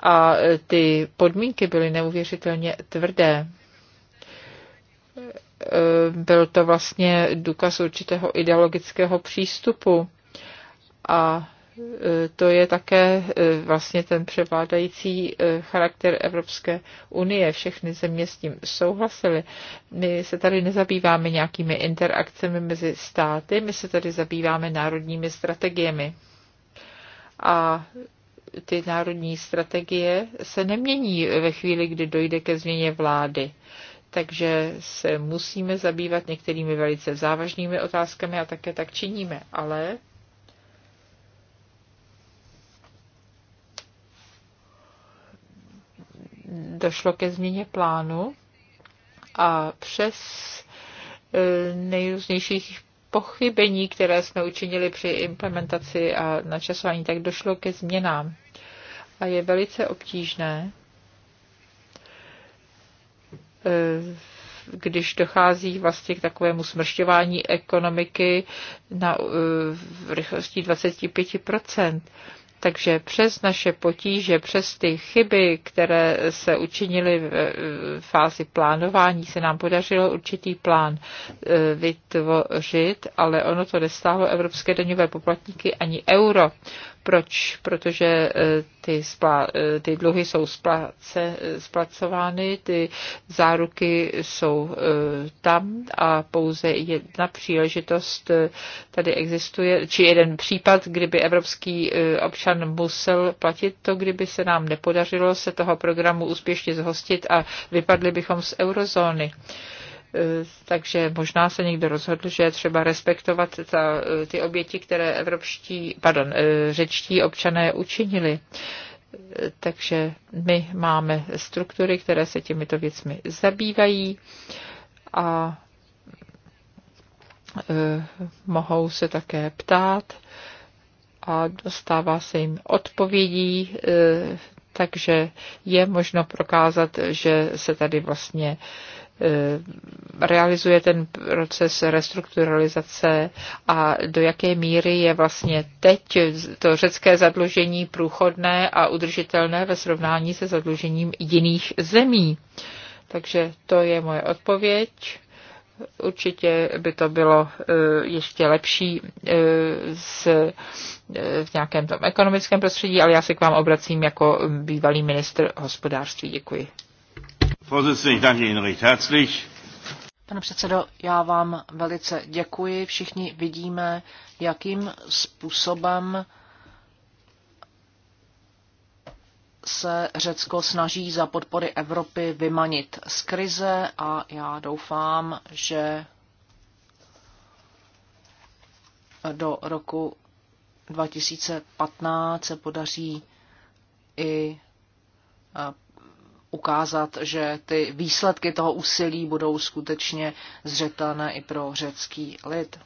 A eh, ty podmínky byly neuvěřitelně tvrdé. Byl to vlastně důkaz určitého ideologického přístupu. A E, to je také e, vlastně ten převládající e, charakter Evropské unie. Všechny země s tím souhlasily. My se tady nezabýváme nějakými interakcemi mezi státy, my se tady zabýváme národními strategiemi. A ty národní strategie se nemění ve chvíli, kdy dojde ke změně vlády takže se musíme zabývat některými velice závažnými otázkami a také tak činíme. Ale došlo ke změně plánu a přes e, nejrůznějších pochybení, které jsme učinili při implementaci a načasování, tak došlo ke změnám. A je velice obtížné, e, když dochází vlastně k takovému smršťování ekonomiky na e, rychlosti 25 takže přes naše potíže, přes ty chyby, které se učinily v fázi plánování, se nám podařilo určitý plán e, vytvořit, ale ono to nestálo evropské daňové poplatníky ani euro. Proč? Protože eh, ty, spla, eh, ty dluhy jsou splace, eh, splacovány, ty záruky jsou tam a pouze jedna příležitost tady existuje, či jeden případ, kdyby evropský občan musel platit to, kdyby se nám nepodařilo se toho programu úspěšně zhostit a vypadli bychom z eurozóny. Uh, Eh, takže možná se někdo rozhodl, že je třeba respektovat ta, eh, ty oběti, které evropští, pardon, eh, řečtí občané učinili. Takže my máme struktury, které se těmito věcmi zabývají a mohou se také ptát a dostává se jim odpovědí, takže je možno prokázat, že se tady vlastně Eh, realizuje ten proces restrukturalizace a do jaké míry je vlastně teď to řecké zadlužení průchodné a udržitelné ve srovnání se zadlužením jiných zemí. Takže to je moje odpověď. Určitě by to bylo eh, ještě lepší eh, s, v nějakém tom ekonomickém prostředí, ale já se k vám obracím jako bývalý ministr hospodářství. Děkuji.
Pane
předsedo, já vám velice děkuji. Všichni vidíme, jakým způsobem se Řecko snaží za podpory Evropy vymanit z krize a já doufám, že do roku 2015 se podaří i ukázat, že ty výsledky toho úsilí budou skutečně zřetelné i pro řecký lid.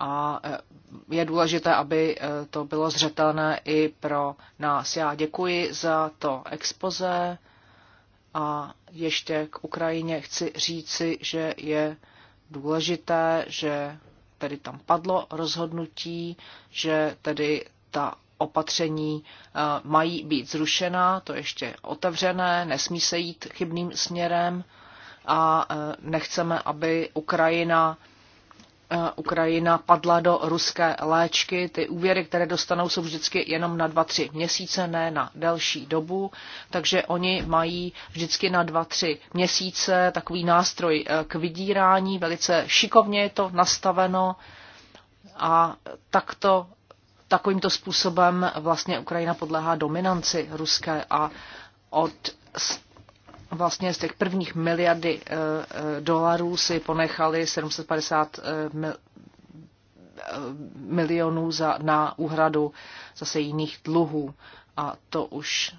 A eh, je důležité, aby eh, to bylo zřetelné i pro nás. Já děkuji za to expoze a ještě k Ukrajině chci říci, že je důležité, že tedy tam padlo rozhodnutí, že tedy ta opatření eh, mají být zrušena, to ještě otevřené, nesmí se jít chybným směrem a eh, nechceme, aby Ukrajina eh, Ukrajina padla do ruské léčky. Ty úvěry, které dostanou, jsou vždycky jenom na 2-3 měsíce, ne na delší dobu, takže oni mají vždycky na 2-3 měsíce takový nástroj k vydírání, velice šikovně je to nastaveno a takto Takovýmto způsobem vlastně Ukrajina podléhá dominanci ruské a od vlastně z těch prvních miliardy eh, eh, dolarů si ponechali 750 eh, mil, milionů za, na úhradu zase jiných dluhů. A to už,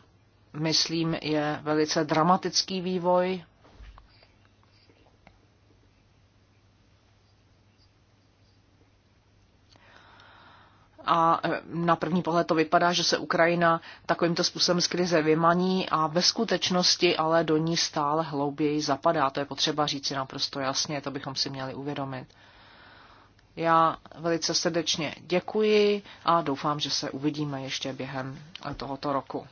myslím, je velice dramatický vývoj a e, na první pohled to vypadá, že se Ukrajina takovýmto způsobem z krize vymaní a ve skutečnosti ale do ní stále hlouběji zapadá. To je potřeba říci naprosto jasně, to bychom si měli uvědomit. Já velice srdečně děkuji a doufám, že se uvidíme ještě během tohoto roku.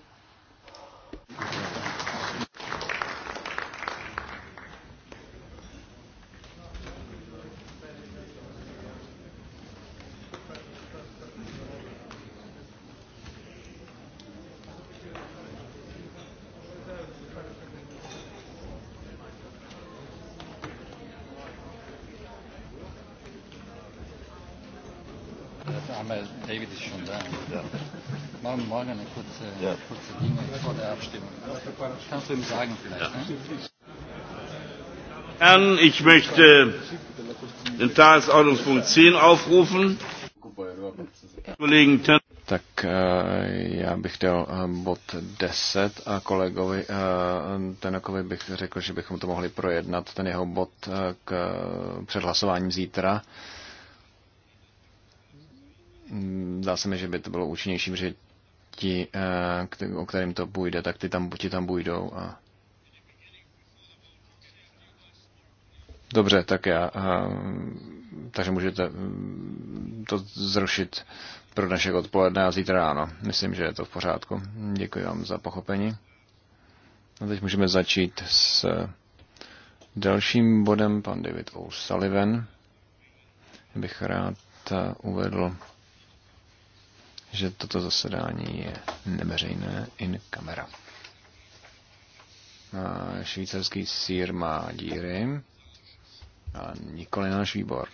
David ist schon da.
Ja. Morgen, morgen eine kurze, ja. kurze Dinge vor der Abstimmung. Kannst du ihm sagen vielleicht? Ja. Ne? Herren, ich möchte den Tagesordnungspunkt 10 aufrufen. Kollegen
tak eh, já bych chtěl eh, bod 10 a kolegovi eh, Tenakovi bych řekl, že bychom to mohli projednat, ten jeho bod k předhlasování zítra. Mm, zdá se mi, že by to bylo účinnější, že ti, eh, o kterým to půjde, tak ty tam, ti tam půjdou. A... Dobře, tak já. Eh, takže můžete mm, to zrušit pro dnešek odpoledne a zítra ráno. Myslím, že je to v pořádku. Děkuji vám za pochopení. A teď můžeme začít s eh, dalším bodem, pan David O'Sullivan. Bych rád uvedl že toto zasedání je neveřejné in kamera. Švýcarský sír má díry, a nikoli náš výbor.